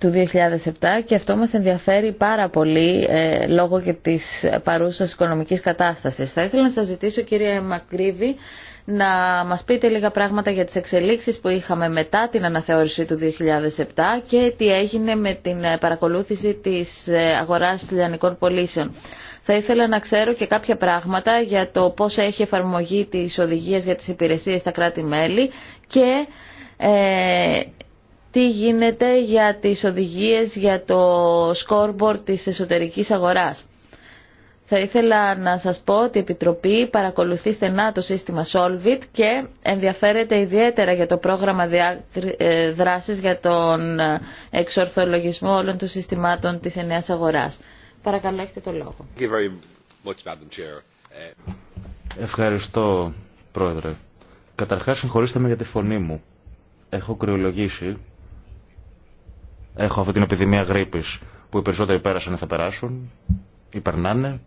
Speaker 1: του 2007 και αυτό μας ενδιαφέρει πάρα πολύ ε, λόγω και της παρούσας οικονομικής κατάστασης. Θα ήθελα να σας ζητήσω κύριε Μακρύβη να μας πείτε λίγα πράγματα για τις εξελίξεις που είχαμε μετά την αναθεώρηση του 2007 και τι έγινε με την ε, παρακολούθηση της ε, αγοράς λιανικών πωλήσεων. Θα ήθελα να ξέρω και κάποια πράγματα για το πώς έχει εφαρμογή τις οδηγίες για τις υπηρεσίες στα κράτη-μέλη και ε, τι γίνεται για τις οδηγίες για το scoreboard της εσωτερικής αγοράς. Θα ήθελα να σας πω ότι η Επιτροπή παρακολουθεί στενά το σύστημα Solvit και ενδιαφέρεται ιδιαίτερα για το πρόγραμμα ε, δράσης για τον εξορθολογισμό όλων των συστημάτων της εννέας αγοράς. Παρακαλώ, έχετε το λόγο.
Speaker 5: Ε,
Speaker 2: Ευχαριστώ, Πρόεδρε. Καταρχάς, συγχωρήστε με για τη φωνή μου. Έχω κρυολογήσει Έχω αυτή την επιδημία γρήπης που οι περισσότεροι πέρασαν θα περάσουν ή περνάνε.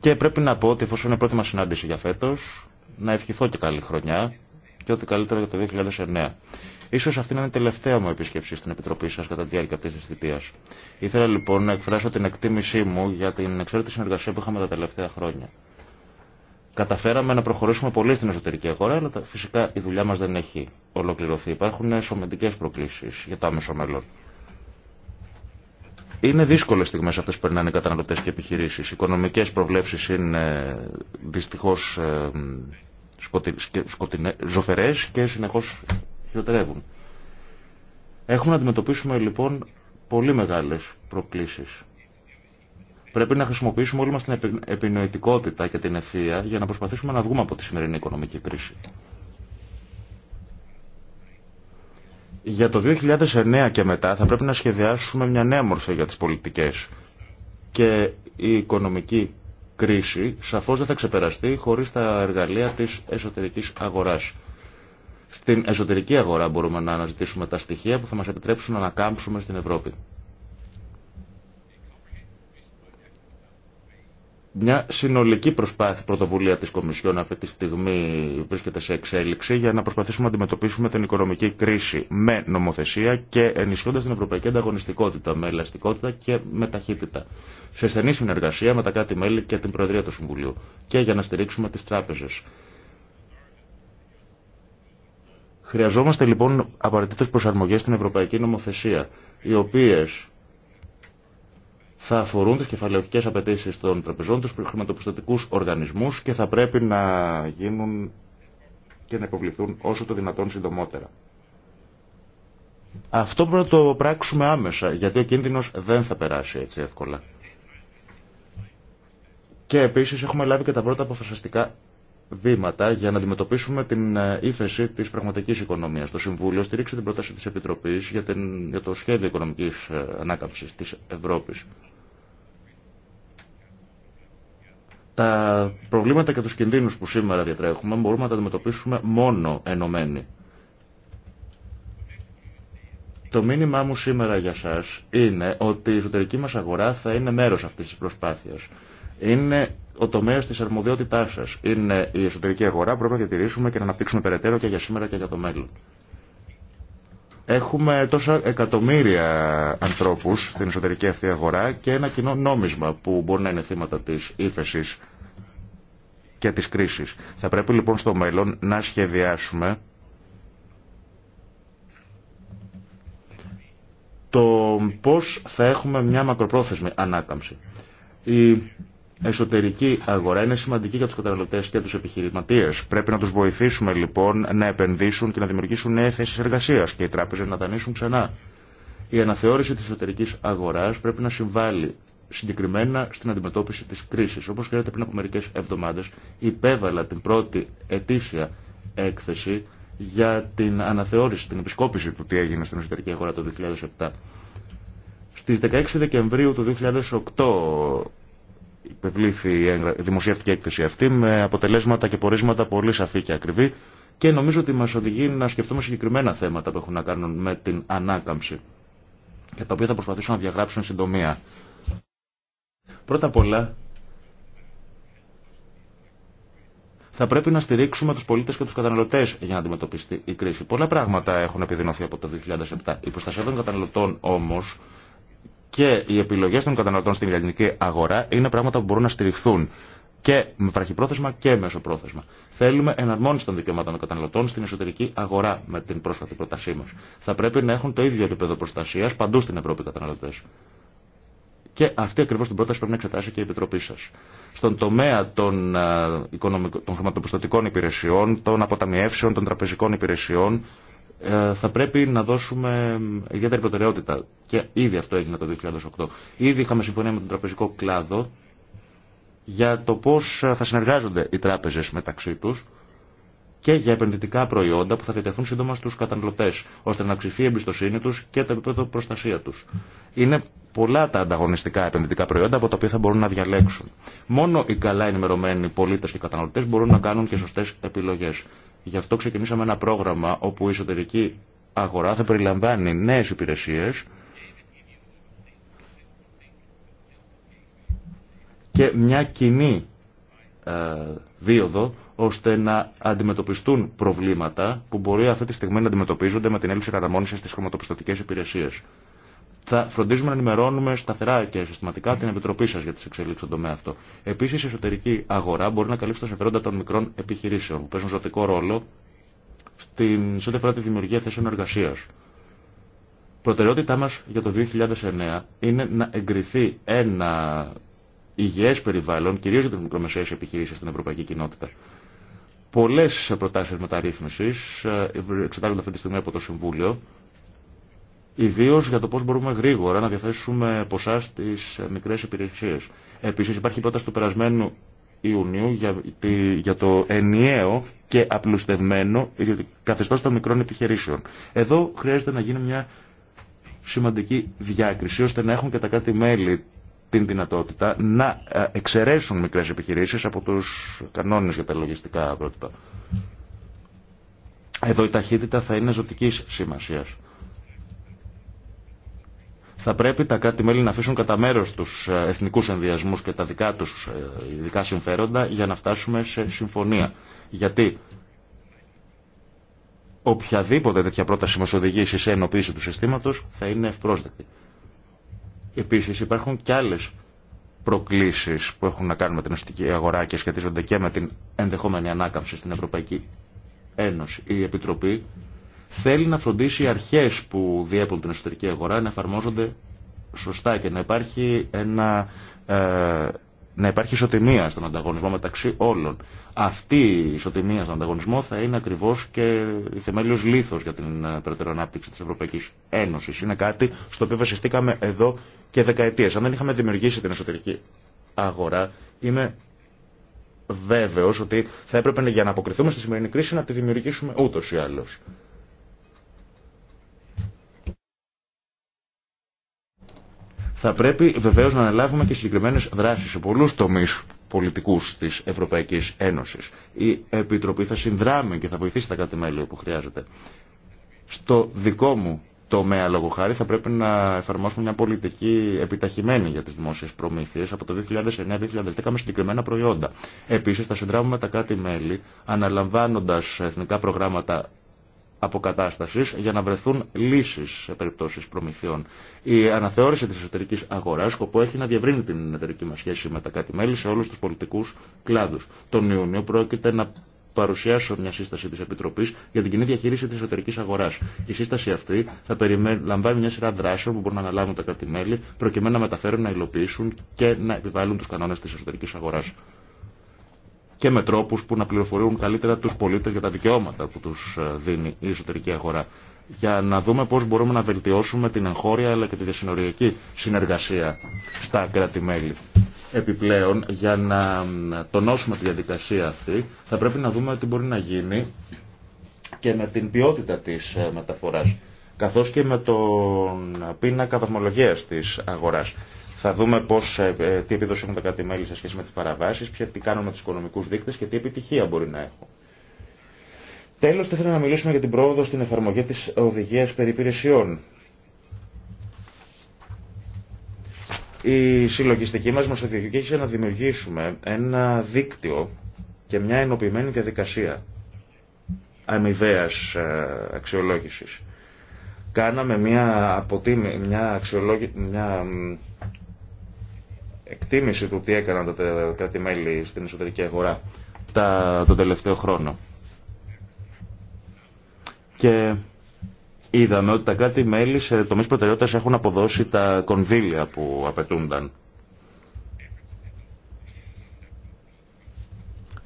Speaker 2: Και πρέπει να πω ότι εφόσον είναι πρώτη μας συνάντηση για φέτος, να ευχηθώ και καλή χρονιά και ό,τι καλύτερο για το 2009. Ίσως αυτή να είναι η τελευταία μου επίσκεψη στην Επιτροπή σας κατά τη διάρκεια αυτής της θητείας. Ήθελα λοιπόν να εκφράσω την εκτίμησή μου για την εξαίρετη συνεργασία που είχαμε τα τελευταία χρόνια. Καταφέραμε να προχωρήσουμε πολύ στην εσωτερική αγορά, αλλά φυσικά η δουλειά μας δεν έχει ολοκληρωθεί. Υπάρχουν ε, σωματικές προκλήσεις για το άμεσο μέλλον. Είναι δύσκολες στιγμές αυτές που περνάνε οι καταναλωτές και επιχειρήσεις. Οι οικονομικές προβλέψεις είναι ε, δυστυχώς ε, σκοτεινέ, ζωφερές και συνεχώς χειροτερεύουν. Έχουμε να αντιμετωπίσουμε λοιπόν πολύ μεγάλες προκλήσεις Πρέπει να χρησιμοποιήσουμε όλη μας την επινοητικότητα και την ευθεία για να προσπαθήσουμε να βγούμε από τη σημερινή οικονομική κρίση. Για το 2009 και μετά θα πρέπει να σχεδιάσουμε μια νέα μορφή για τις πολιτικές. Και η οικονομική κρίση σαφώς δεν θα ξεπεραστεί χωρίς τα εργαλεία της εσωτερικής αγοράς. Στην εσωτερική αγορά μπορούμε να αναζητήσουμε τα στοιχεία που θα μας επιτρέψουν να ανακάμψουμε στην Ευρώπη. Μια συνολική προσπάθεια πρωτοβουλία της Κομισιόν αυτή τη στιγμή βρίσκεται σε εξέλιξη για να προσπαθήσουμε να αντιμετωπίσουμε την οικονομική κρίση με νομοθεσία και ενισχύοντας την ευρωπαϊκή ανταγωνιστικότητα με ελαστικότητα και με ταχύτητα. Σε στενή συνεργασία με τα κράτη-μέλη και την Προεδρία του Συμβουλίου και για να στηρίξουμε τις τράπεζες. Χρειαζόμαστε λοιπόν απαραίτητε προσαρμογέ στην ευρωπαϊκή νομοθεσία, οι οποίε θα αφορούν τι κεφαλαιοχικές απαιτήσει των τραπεζών, του χρηματοπιστωτικού οργανισμού και θα πρέπει να γίνουν και να υποβληθούν όσο το δυνατόν συντομότερα. Αυτό πρέπει να το πράξουμε άμεσα, γιατί ο κίνδυνο δεν θα περάσει έτσι εύκολα. Και επίση έχουμε λάβει και τα πρώτα αποφασιστικά βήματα για να αντιμετωπίσουμε την ε, ύφεση τη πραγματική οικονομία. Το Συμβούλιο στηρίξει την πρόταση τη Επιτροπής για, για το σχέδιο οικονομική ε, ανάκαμψη τη Ευρώπη. Τα προβλήματα και τους κινδύνους που σήμερα διατρέχουμε μπορούμε να τα αντιμετωπίσουμε μόνο ενωμένοι. Το μήνυμά μου σήμερα για σας είναι ότι η εσωτερική μας αγορά θα είναι μέρος αυτής της προσπάθειας. Είναι ο τομέας της αρμοδιότητάς σας. Είναι η εσωτερική αγορά που πρέπει να διατηρήσουμε και να αναπτύξουμε περαιτέρω και για σήμερα και για το μέλλον. Έχουμε τόσα εκατομμύρια ανθρώπους στην εσωτερική αυτή αγορά και ένα κοινό νόμισμα που μπορεί να είναι θύματα της ύφεση και της κρίσης. Θα πρέπει λοιπόν στο μέλλον να σχεδιάσουμε το πώς θα έχουμε μια μακροπρόθεσμη ανάκαμψη. Η εσωτερική αγορά είναι σημαντική για τους καταναλωτές και τους επιχειρηματίες. Πρέπει να τους βοηθήσουμε λοιπόν να επενδύσουν και να δημιουργήσουν νέες θέσεις εργασίας και οι τράπεζες να δανείσουν ξανά. Η αναθεώρηση της εσωτερικής αγοράς πρέπει να συμβάλλει συγκεκριμένα στην αντιμετώπιση της κρίσης. Όπως ξέρετε πριν από μερικές εβδομάδες υπέβαλα την πρώτη ετήσια έκθεση για την αναθεώρηση, την επισκόπηση του τι έγινε στην εσωτερική αγορά το 2007. Στις 16 Δεκεμβρίου του 2008 υπευλήθη, δημοσιεύτηκε η έκθεση αυτή με αποτελέσματα και πορίσματα πολύ σαφή και ακριβή και νομίζω ότι μας οδηγεί να σκεφτούμε συγκεκριμένα θέματα που έχουν να κάνουν με την ανάκαμψη και τα οποία θα προσπαθήσω να διαγράψω εν συντομία. Πρώτα απ' όλα, θα πρέπει να στηρίξουμε τους πολίτες και τους καταναλωτές για να αντιμετωπιστεί η κρίση. Πολλά πράγματα έχουν επιδεινωθεί από το 2007. Η προστασία των καταναλωτών όμως και οι επιλογέ των καταναλωτών στην ελληνική αγορά είναι πράγματα που μπορούν να στηριχθούν και με βραχυπρόθεσμα και μεσοπρόθεσμα. Θέλουμε εναρμόνιση των δικαιωμάτων των καταναλωτών στην εσωτερική αγορά με την πρόσφατη πρότασή μα. Θα πρέπει να έχουν το ίδιο επίπεδο προστασία παντού στην Ευρώπη οι καταναλωτέ. Και αυτή ακριβώ την πρόταση πρέπει να εξετάσει και η Επιτροπή σα. Στον τομέα των, ε, των χρηματοπιστωτικών υπηρεσιών, των αποταμιεύσεων, των τραπεζικών υπηρεσιών, ε, θα πρέπει να δώσουμε ιδιαίτερη προτεραιότητα. Και ήδη αυτό έγινε το 2008. Ήδη είχαμε συμφωνία με τον τραπεζικό κλάδο για το πώς θα συνεργάζονται οι τράπεζες μεταξύ τους και για επενδυτικά προϊόντα που θα διατεθούν σύντομα στους καταναλωτές, ώστε να αυξηθεί η εμπιστοσύνη τους και το επίπεδο προστασία τους. Είναι πολλά τα ανταγωνιστικά επενδυτικά προϊόντα από τα οποία θα μπορούν να διαλέξουν. Μόνο οι καλά ενημερωμένοι πολίτες και καταναλωτές μπορούν να κάνουν και σωστές επιλογές. Γι' αυτό ξεκινήσαμε ένα πρόγραμμα όπου η εσωτερική αγορά θα περιλαμβάνει νέες υπηρεσίες και μια κοινή ε, δίωδο ώστε να αντιμετωπιστούν προβλήματα που μπορεί αυτή τη στιγμή να αντιμετωπίζονται με την έλλειψη καταμόνησης στις χρηματοπιστωτικές υπηρεσίες θα φροντίζουμε να ενημερώνουμε σταθερά και συστηματικά την Επιτροπή σα για τι εξελίξει στον τομέα αυτό. Επίση, η εσωτερική αγορά μπορεί να καλύψει τα συμφέροντα των μικρών επιχειρήσεων που παίζουν ζωτικό ρόλο σε ό,τι αφορά τη δημιουργία θέσεων εργασία. Προτεραιότητά μα για το 2009 είναι να εγκριθεί ένα υγιέ περιβάλλον, κυρίω για τι μικρομεσαίε επιχειρήσει στην Ευρωπαϊκή Κοινότητα. Πολλέ προτάσει μεταρρύθμιση ε, εξετάζονται αυτή τη στιγμή από το Συμβούλιο Ιδίω για το πώ μπορούμε γρήγορα να διαθέσουμε ποσά στι μικρέ υπηρεσίε. Επίση υπάρχει πρόταση του περασμένου Ιουνίου για, το ενιαίο και απλουστευμένο καθεστώ των μικρών επιχειρήσεων. Εδώ χρειάζεται να γίνει μια σημαντική διάκριση ώστε να έχουν και τα κράτη-μέλη την δυνατότητα να ε, εξαιρέσουν μικρές επιχειρήσεις από τους κανόνες για τα λογιστικά πρότυπα. Εδώ η ταχύτητα θα είναι ζωτικής σημασίας θα πρέπει τα κράτη-μέλη να αφήσουν κατά μέρο του ε, εθνικού ενδιασμού και τα δικά του ε, ειδικά συμφέροντα για να φτάσουμε σε συμφωνία. Γιατί οποιαδήποτε τέτοια πρόταση μα οδηγήσει σε ενοποίηση του συστήματο θα είναι ευπρόσδεκτη. Επίση υπάρχουν και άλλε προκλήσει που έχουν να κάνουν με την ουστική αγορά και σχετίζονται και με την ενδεχόμενη ανάκαμψη στην Ευρωπαϊκή Ένωση. Η Επιτροπή θέλει να φροντίσει οι αρχές που διέπουν την εσωτερική αγορά να εφαρμόζονται σωστά και να υπάρχει ένα ε, να υπάρχει ισοτιμία στον ανταγωνισμό μεταξύ όλων. Αυτή η ισοτιμία στον ανταγωνισμό θα είναι ακριβώ και η θεμέλιο λήθο για την ε, περαιτέρω ανάπτυξη τη Ευρωπαϊκή Ένωση. Είναι κάτι στο οποίο βασιστήκαμε εδώ και δεκαετίε. Αν δεν είχαμε δημιουργήσει την εσωτερική αγορά, είμαι βέβαιο ότι θα έπρεπε για να αποκριθούμε στη σημερινή κρίση να τη δημιουργήσουμε ούτω ή άλλω. Θα πρέπει βεβαίω να αναλάβουμε και συγκεκριμένε δράσει σε πολλού τομεί πολιτικού τη Ευρωπαϊκή Ένωση. Η Επιτροπή θα συνδράμει και θα βοηθήσει τα κράτη-μέλη όπου χρειάζεται. Στο δικό μου τομέα λόγω χάρη θα πρέπει να εφαρμόσουμε μια πολιτική επιταχυμένη για τι δημόσιες προμήθειε από το 2009-2010 με συγκεκριμένα προϊόντα. Επίση, θα συνδράμουμε τα κράτη-μέλη αναλαμβάνοντα εθνικά προγράμματα αποκατάστασης για να βρεθούν λύσεις σε περιπτώσεις προμηθειών. Η αναθεώρηση της εσωτερικής αγοράς σκοπό έχει να διευρύνει την εταιρική μας σχέση με τα κράτη-μέλη σε όλους τους πολιτικούς κλάδους. Τον Ιούνιο πρόκειται να παρουσιάσω μια σύσταση τη Επιτροπή για την κοινή διαχείριση τη εσωτερική αγορά. Η σύσταση αυτή θα λαμβάνει μια σειρά δράσεων που μπορούν να αναλάβουν τα κράτη-μέλη προκειμένου να μεταφέρουν, να υλοποιήσουν και να επιβάλλουν του κανόνε τη εσωτερική αγορά και με τρόπου που να πληροφορούν καλύτερα του πολίτε για τα δικαιώματα που του ε, δίνει η εσωτερική αγορά. Για να δούμε πώ μπορούμε να βελτιώσουμε την εγχώρια αλλά και τη διασυνοριακή συνεργασία στα κράτη-μέλη. Επιπλέον, για να τονώσουμε τη διαδικασία αυτή, θα πρέπει να δούμε τι μπορεί να γίνει και με την ποιότητα τη ε, μεταφορά, καθώς και με τον πίνακα βαθμολογίας της αγοράς. Θα δούμε πώς, ε, ε, τι επίδοση έχουν τα κράτη-μέλη σε σχέση με τις παραβάσεις, ποια, τι κάνουν με τους οικονομικούς δείκτες και τι επιτυχία μπορεί να έχουν. Τέλος, θέλω να μιλήσουμε για την πρόοδο στην εφαρμογή της οδηγίας περιπηρεσιών. Η συλλογιστική μας μας έχει να δημιουργήσουμε ένα δίκτυο και μια ενοποιημένη διαδικασία αμοιβαίας ε, αξιολόγησης. Κάναμε μια, αποτίμη, μια, αξιολόγη, μια εκτίμηση του τι έκαναν τα κράτη-μέλη στην εσωτερική αγορά τα, τον τελευταίο χρόνο. Και είδαμε ότι τα κράτη-μέλη σε τομείς προτεραιότητας έχουν αποδώσει τα κονδύλια που απαιτούνταν.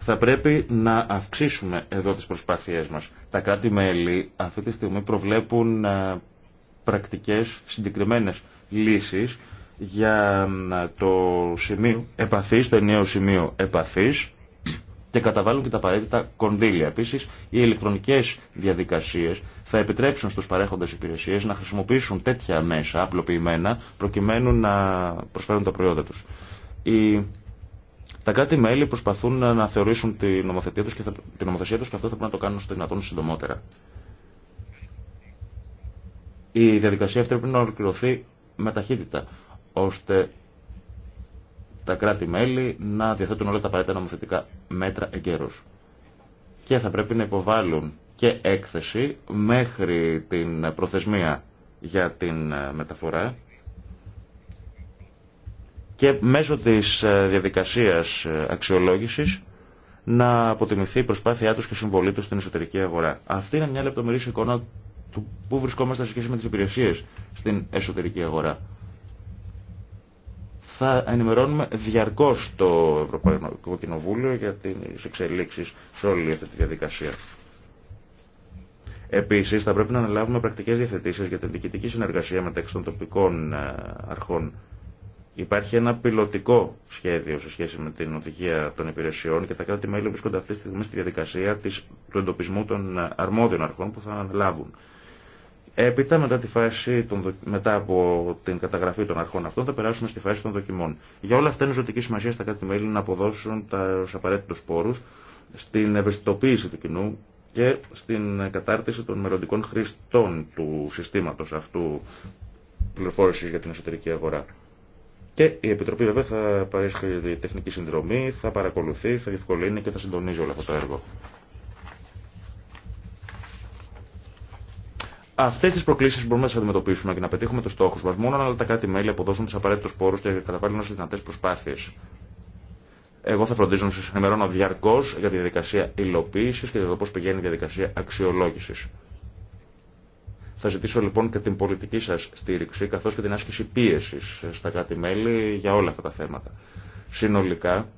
Speaker 2: θα πρέπει να αυξήσουμε εδώ τις προσπάθειές μας. Τα κράτη-μέλη αυτή τη στιγμή προβλέπουν ε, πρακτικές συγκεκριμένες λύσεις για το σημείο επαφής, το ενιαίο σημείο επαφής και καταβάλουν και τα απαραίτητα κονδύλια. Επίσης, οι ηλεκτρονικές διαδικασίες θα επιτρέψουν στους παρέχοντες υπηρεσίες να χρησιμοποιήσουν τέτοια μέσα απλοποιημένα προκειμένου να προσφέρουν τα προϊόντα τους. Οι... Τα κράτη-μέλη προσπαθούν να θεωρήσουν την νομοθεσία τους και, την νομοθεσία τους και αυτό θα πρέπει να το κάνουν στο δυνατόν συντομότερα. Η διαδικασία αυτή πρέπει να ολοκληρωθεί με ταχύτητα ώστε τα κράτη-μέλη να διαθέτουν όλα τα απαραίτητα νομοθετικά μέτρα εγκαίρως. Και θα πρέπει να υποβάλουν και έκθεση μέχρι την προθεσμία για την ε, μεταφορά και μέσω της ε, διαδικασίας ε, αξιολόγησης να αποτιμηθεί η προσπάθειά τους και συμβολή τους στην εσωτερική αγορά. Αυτή είναι μια λεπτομερής εικόνα του πού βρισκόμαστε σε σχέση με τις υπηρεσίες στην εσωτερική αγορά θα ενημερώνουμε διαρκώς το Ευρωπαϊκό Κοινοβούλιο για τις εξελίξεις σε όλη αυτή τη διαδικασία. Επίσης θα πρέπει να αναλάβουμε πρακτικές διαθετήσεις για την διοικητική συνεργασία μεταξύ των τοπικών ε, αρχών. Υπάρχει ένα πιλωτικό σχέδιο σε σχέση με την οδηγία των υπηρεσιών και τα κράτη-μέλη βρίσκονται αυτή τη στιγμή στη διαδικασία του εντοπισμού των ε, αρμόδιων αρχών που θα αναλάβουν Έπειτα, μετά, τη φάση των, μετά από την καταγραφή των αρχών αυτών, θα περάσουμε στη φάση των δοκιμών. Για όλα αυτά είναι ζωτική σημασία στα κάτι μελη να αποδώσουν του απαραίτητου πόρου στην ευαισθητοποίηση του κοινού και στην κατάρτιση των μελλοντικών χρηστών του συστήματο, αυτού πληροφόρηση για την εσωτερική αγορά. Και η Επιτροπή βέβαια θα παρέσχει τεχνική συνδρομή, θα παρακολουθεί, θα διευκολύνει και θα συντονίζει όλο αυτό το έργο. Αυτέ τι προκλήσει μπορούμε να τι αντιμετωπίσουμε και να πετύχουμε του στόχου μα μόνο αν τα κράτη-μέλη αποδώσουν του απαραίτητου πόρου και καταβάλουν όσε δυνατέ προσπάθειε. Εγώ θα φροντίζω να σα ενημερώνω διαρκώ για τη διαδικασία υλοποίηση και για το πώ πηγαίνει η διαδικασία αξιολόγηση. Θα ζητήσω λοιπόν και την πολιτική σα στήριξη καθώ και την άσκηση πίεση στα κράτη-μέλη για όλα αυτά τα θέματα. Συνολικά,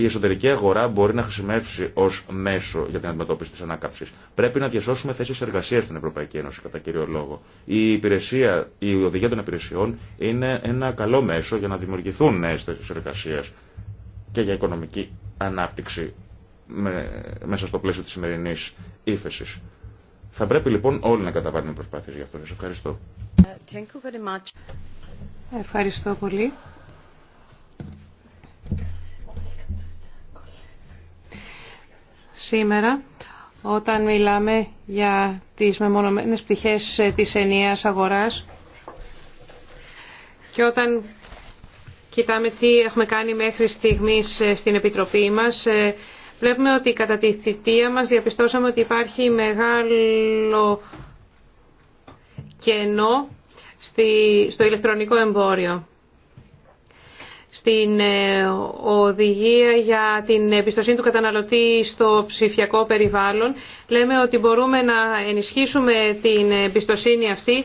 Speaker 2: η εσωτερική αγορά μπορεί να χρησιμεύσει ω μέσο για την αντιμετώπιση τη ανάκαμψη. Πρέπει να διασώσουμε θέσει εργασία στην Ευρωπαϊκή Ένωση, κατά κύριο λόγο. Η, υπηρεσία, η οδηγία των υπηρεσιών είναι ένα καλό μέσο για να δημιουργηθούν νέε θέσει εργασία και για οικονομική ανάπτυξη μέσα στο πλαίσιο τη σημερινή ύφεση. Θα πρέπει λοιπόν όλοι να καταβάλουμε προσπάθειες για αυτό. Σα ευχαριστώ.
Speaker 4: Ευχαριστώ πολύ.
Speaker 3: Σήμερα, όταν μιλάμε για τις μεμονωμένες πτυχές ε, της ενιαίας αγοράς και όταν κοιτάμε τι έχουμε κάνει μέχρι στιγμής ε, στην Επιτροπή μας, ε, βλέπουμε ότι κατά τη θητεία μας διαπιστώσαμε ότι υπάρχει μεγάλο κενό στο ηλεκτρονικό εμπόριο στην ε, οδηγία για την εμπιστοσύνη του καταναλωτή στο ψηφιακό περιβάλλον. Λέμε ότι μπορούμε να ενισχύσουμε την εμπιστοσύνη αυτή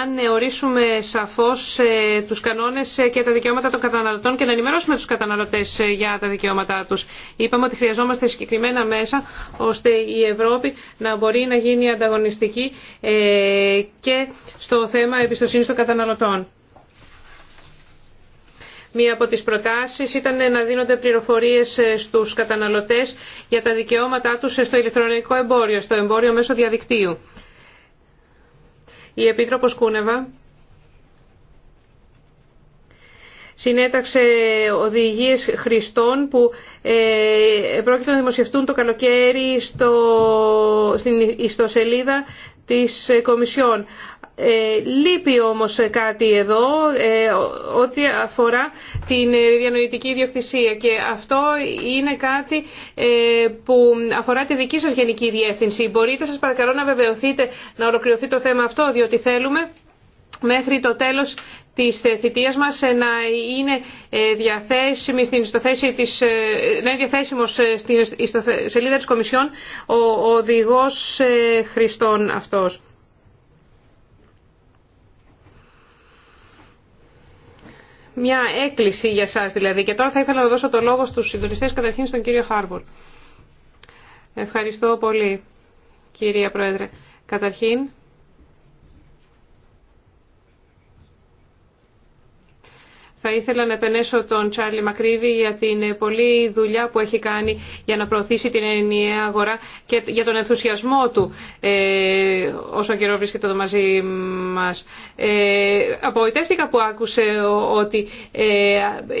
Speaker 3: αν ορίσουμε σαφώς ε, τους κανόνες ε, και τα δικαιώματα των καταναλωτών και να ενημερώσουμε τους καταναλωτές για τα δικαιώματά τους. Είπαμε ότι χρειαζόμαστε συγκεκριμένα μέσα ώστε η Ευρώπη να μπορεί να γίνει ανταγωνιστική και στο θέμα εμπιστοσύνη των καταναλωτών. Μία από τις προτάσεις ήταν να δίνονται πληροφορίες ε, στους καταναλωτές για τα δικαιώματά τους ε, στο ηλεκτρονικό εμπόριο, στο εμπόριο μέσω διαδικτύου. Η Επίτροπος Κούνεβα συνέταξε οδηγίες χρηστών που ε, πρόκειται να δημοσιευτούν το καλοκαίρι στο, στην ιστοσελίδα της ε, Κομισιόν. Ε, λείπει όμως κάτι εδώ ε, ό,τι αφορά την διανοητική ιδιοκτησία και αυτό είναι κάτι ε, που αφορά τη δική σας γενική διεύθυνση. Μπορείτε σας παρακαλώ να βεβαιωθείτε να ολοκληρωθεί το θέμα αυτό διότι θέλουμε μέχρι το τέλος της θητείας μας να είναι διαθέσιμη στην ιστοθέση της, να διαθέσιμος στην σελίδα της Κομισιόν ο οδηγός Χριστών αυτός. μια έκκληση για σας δηλαδή. Και τώρα θα ήθελα να δώσω το λόγο στους συντονιστές καταρχήν στον κύριο Χάρμπορ. Ευχαριστώ πολύ κυρία Πρόεδρε. Καταρχήν Θα ήθελα να επενέσω τον Τσάρλι Μακρύβη για την πολλή δουλειά που έχει κάνει για να προωθήσει την ενιαία αγορά και για τον ενθουσιασμό του ε, όσο καιρό βρίσκεται εδώ μαζί μας. Ε, απογοητεύτηκα που άκουσε ότι ε,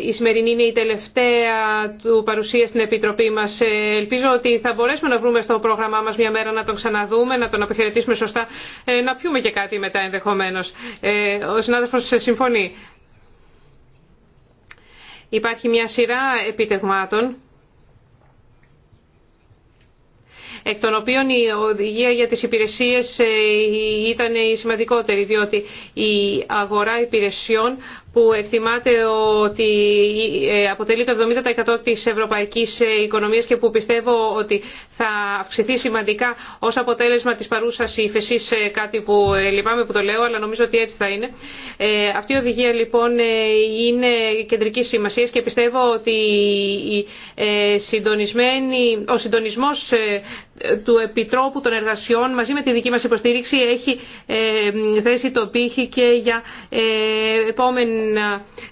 Speaker 3: η σημερινή είναι η τελευταία του παρουσία στην Επιτροπή μας. Ε, ελπίζω ότι θα μπορέσουμε να βρούμε στο πρόγραμμά μας μια μέρα να τον ξαναδούμε, να τον αποχαιρετήσουμε σωστά, ε, να πιούμε και κάτι μετά ενδεχομένως. Ε, ο συνάδελφος συμφωνεί. Υπάρχει μια σειρά επιτευγμάτων, εκ των οποίων η οδηγία για τις υπηρεσίες ε, ήταν η σημαντικότερη, διότι η αγορά υπηρεσιών που εκτιμάται ότι ε, αποτελεί το 70% της ευρωπαϊκής ε, οικονομίας και που πιστεύω ότι θα αυξηθεί σημαντικά ως αποτέλεσμα της παρούσας ύφεσης, ε, κάτι που λυπάμαι που το λέω, αλλά νομίζω ότι έτσι θα είναι. Αυτή η οδηγία λοιπόν είναι κεντρική σημασία και πιστεύω ότι ο συντονισμός του Επιτρόπου των Εργασιών μαζί με τη δική μας υποστήριξη έχει θέσει το πύχη και για επόμενη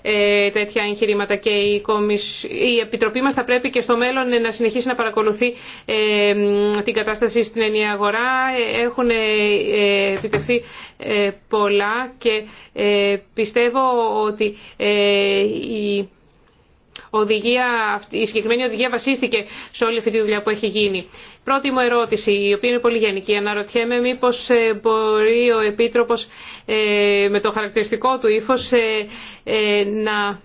Speaker 3: ε, τέτοια εγχειρήματα και η Επιτροπή μας θα πρέπει και στο μέλλον να συνεχίσει να παρακολουθεί ε, την κατάσταση στην ενιαία αγορά. Έχουν ε, επιτευχθεί ε, πολλά και πιστεύω ότι η οδηγία, η συγκεκριμένη οδηγία βασίστηκε σε όλη αυτή τη δουλειά που έχει γίνει. Πρώτη μου ερώτηση, η οποία είναι πολύ γενική. Αναρωτιέμαι μήπως ε, μπορεί ο Επίτροπος ε, με το χαρακτηριστικό του ύφος ε, να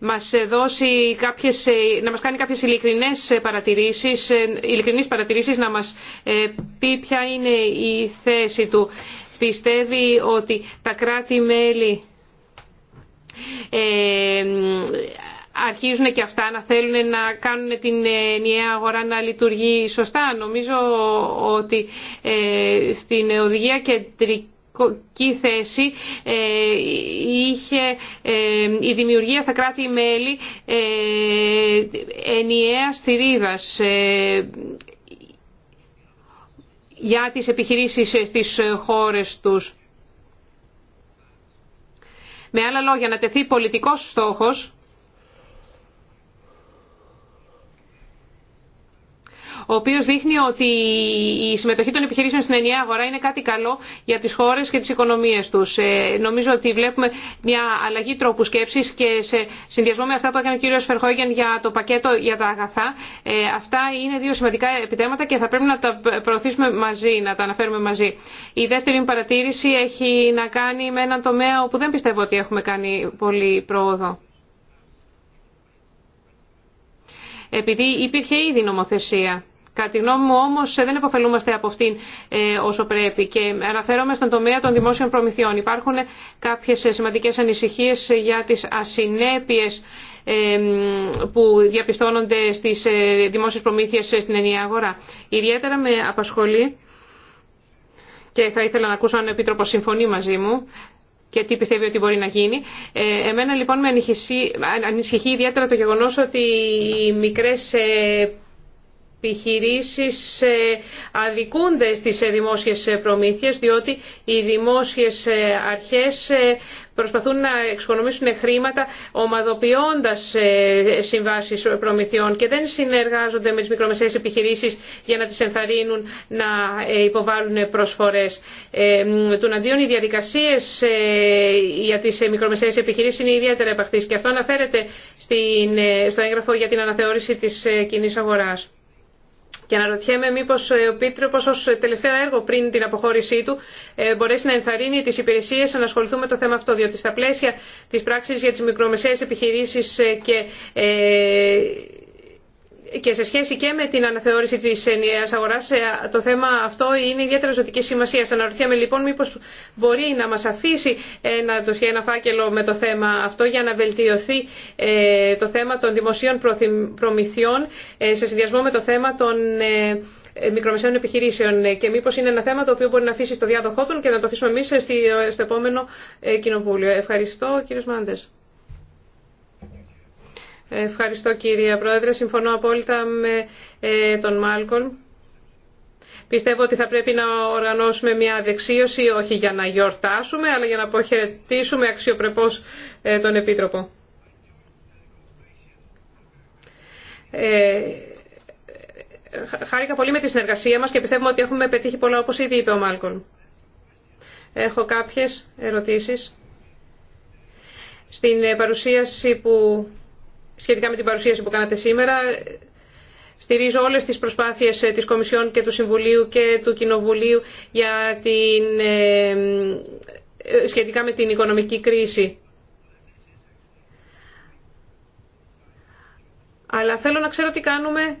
Speaker 3: μας δώσει κάποιες, να μας κάνει κάποιες ειλικρινές παρατηρήσεις, παρατηρήσεις, να μας πει ποια είναι η θέση του. Πιστεύει ότι τα κράτη-μέλη αρχίζουν και αυτά να θέλουν να κάνουν την ενιαία αγορά να λειτουργεί σωστά. Νομίζω ότι ε, στην οδηγία κεντρική θέση ε, είχε ε, η δημιουργία στα κράτη-μέλη ενιαία θηρίδας για τις επιχειρήσεις στις χώρες τους. Με άλλα λόγια, να τεθεί πολιτικός στόχος ο οποίο δείχνει ότι η συμμετοχή των επιχειρήσεων στην ενιαία αγορά είναι κάτι καλό για τι χώρε και τις οικονομίες τους. Ε, νομίζω ότι βλέπουμε μια αλλαγή τρόπου σκέψη και σε συνδυασμό με αυτά που έκανε ο κύριο Φερχόγεν για το πακέτο για τα αγαθά. Ε, αυτά είναι δύο σημαντικά επιτέματα και θα πρέπει να τα προωθήσουμε μαζί, να τα αναφέρουμε μαζί. Η δεύτερη παρατήρηση έχει να κάνει με έναν τομέα όπου δεν πιστεύω ότι έχουμε κάνει πολύ πρόοδο. Επειδή υπήρχε ήδη νομοθεσία. Κατά τη γνώμη μου όμως ε, δεν επωφελούμαστε από αυτήν ε, όσο πρέπει και αναφέρομαι στον τομέα των δημόσιων προμηθειών. Υπάρχουν κάποιες σημαντικές ανησυχίες για τις ασυνέπειες ε, που διαπιστώνονται στις δημόσιες προμήθειες στην ενιαία αγορά. Ιδιαίτερα με απασχολεί και θα ήθελα να ακούσω αν ο Επίτροπος συμφωνεί μαζί μου και τι πιστεύει ότι μπορεί να γίνει. εμένα λοιπόν με ανησυχεί, ιδιαίτερα το γεγονός ότι οι μικρές επιχειρήσεις ε, αδικούνται στις ε, δημόσιες ε, προμήθειες διότι οι δημόσιες αρχές προσπαθούν να εξοικονομήσουν χρήματα ομαδοποιώντας συμβάσεις προμηθειών και δεν συνεργάζονται με τις μικρομεσαίες επιχειρήσεις για να τις ενθαρρύνουν να υποβάλουν προσφορές. Τουναντίον οι διαδικασίες για τις μικρομεσαίες επιχειρήσεις είναι ιδιαίτερα επαχθείς και αυτό αναφέρεται στο έγγραφο για την αναθεώρηση της κοινή αγοράς. Και αναρωτιέμαι μήπως ε, ο Πίτροπο ως τελευταίο έργο πριν την αποχώρησή του ε, μπορέσει να ενθαρρύνει τις υπηρεσίες να ασχοληθούν με το θέμα αυτό, διότι στα πλαίσια της πράξη για τι μικρομεσαίε επιχειρήσεις ε, και και σε σχέση και με την αναθεώρηση τη ενιαία αγορά, ε, το θέμα αυτό είναι ιδιαίτερα ζωτική σημασία. Αναρωτιέμαι λοιπόν μήπω μπορεί να μα αφήσει ένα ένα φάκελο με το θέμα αυτό για να βελτιωθεί ε, το θέμα των δημοσίων προμηθειών ε, σε συνδυασμό με το θέμα των μικρομεσαίων επιχειρήσεων και μήπω είναι ένα θέμα το οποίο μπορεί να αφήσει στο διάδοχό του και να το αφήσουμε εμεί στο επόμενο κοινοβούλιο. Ευχαριστώ κύριε Μάντες. Ευχαριστώ κυρία Πρόεδρε. Συμφωνώ απόλυτα με ε, τον Μάλκολ. Πιστεύω ότι θα πρέπει να οργανώσουμε μια δεξίωση όχι για να γιορτάσουμε αλλά για να αποχαιρετήσουμε αξιοπρεπώς ε, τον Επίτροπο. Ε, χάρηκα πολύ με τη συνεργασία μας και πιστεύουμε ότι έχουμε πετύχει πολλά όπως ήδη είπε ο Μάλκολ. Έχω κάποιες ερωτήσεις. Στην ε, παρουσίαση που σχετικά με την παρουσίαση που κάνατε σήμερα. Στηρίζω όλες τις προσπάθειες ε, της Κομισιόν και του Συμβουλίου και του Κοινοβουλίου για την, ε, ε, σχετικά με την οικονομική κρίση. Αλλά θέλω να ξέρω τι κάνουμε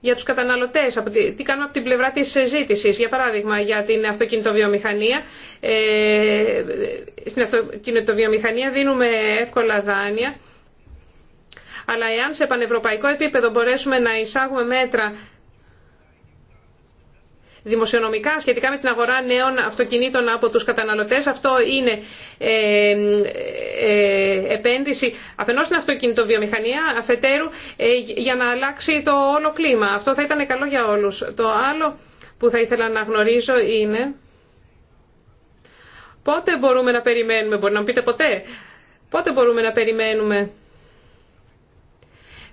Speaker 3: για τους καταναλωτές, από τι, τι κάνουμε από την πλευρά της συζήτηση, Για παράδειγμα, για την αυτοκινητοβιομηχανία. Ε, στην αυτοκινητοβιομηχανία δίνουμε εύκολα δάνεια αλλά εάν σε πανευρωπαϊκό επίπεδο μπορέσουμε να εισάγουμε μέτρα δημοσιονομικά σχετικά με την αγορά νέων αυτοκινήτων από τους καταναλωτές. Αυτό είναι ε, ε, επένδυση αφενός στην αυτοκινητοβιομηχανία, αφετέρου ε, για να αλλάξει το όλο κλίμα. Αυτό θα ήταν καλό για όλους. Το άλλο που θα ήθελα να γνωρίζω είναι πότε μπορούμε να περιμένουμε, μπορεί να μου πείτε ποτέ, πότε μπορούμε να περιμένουμε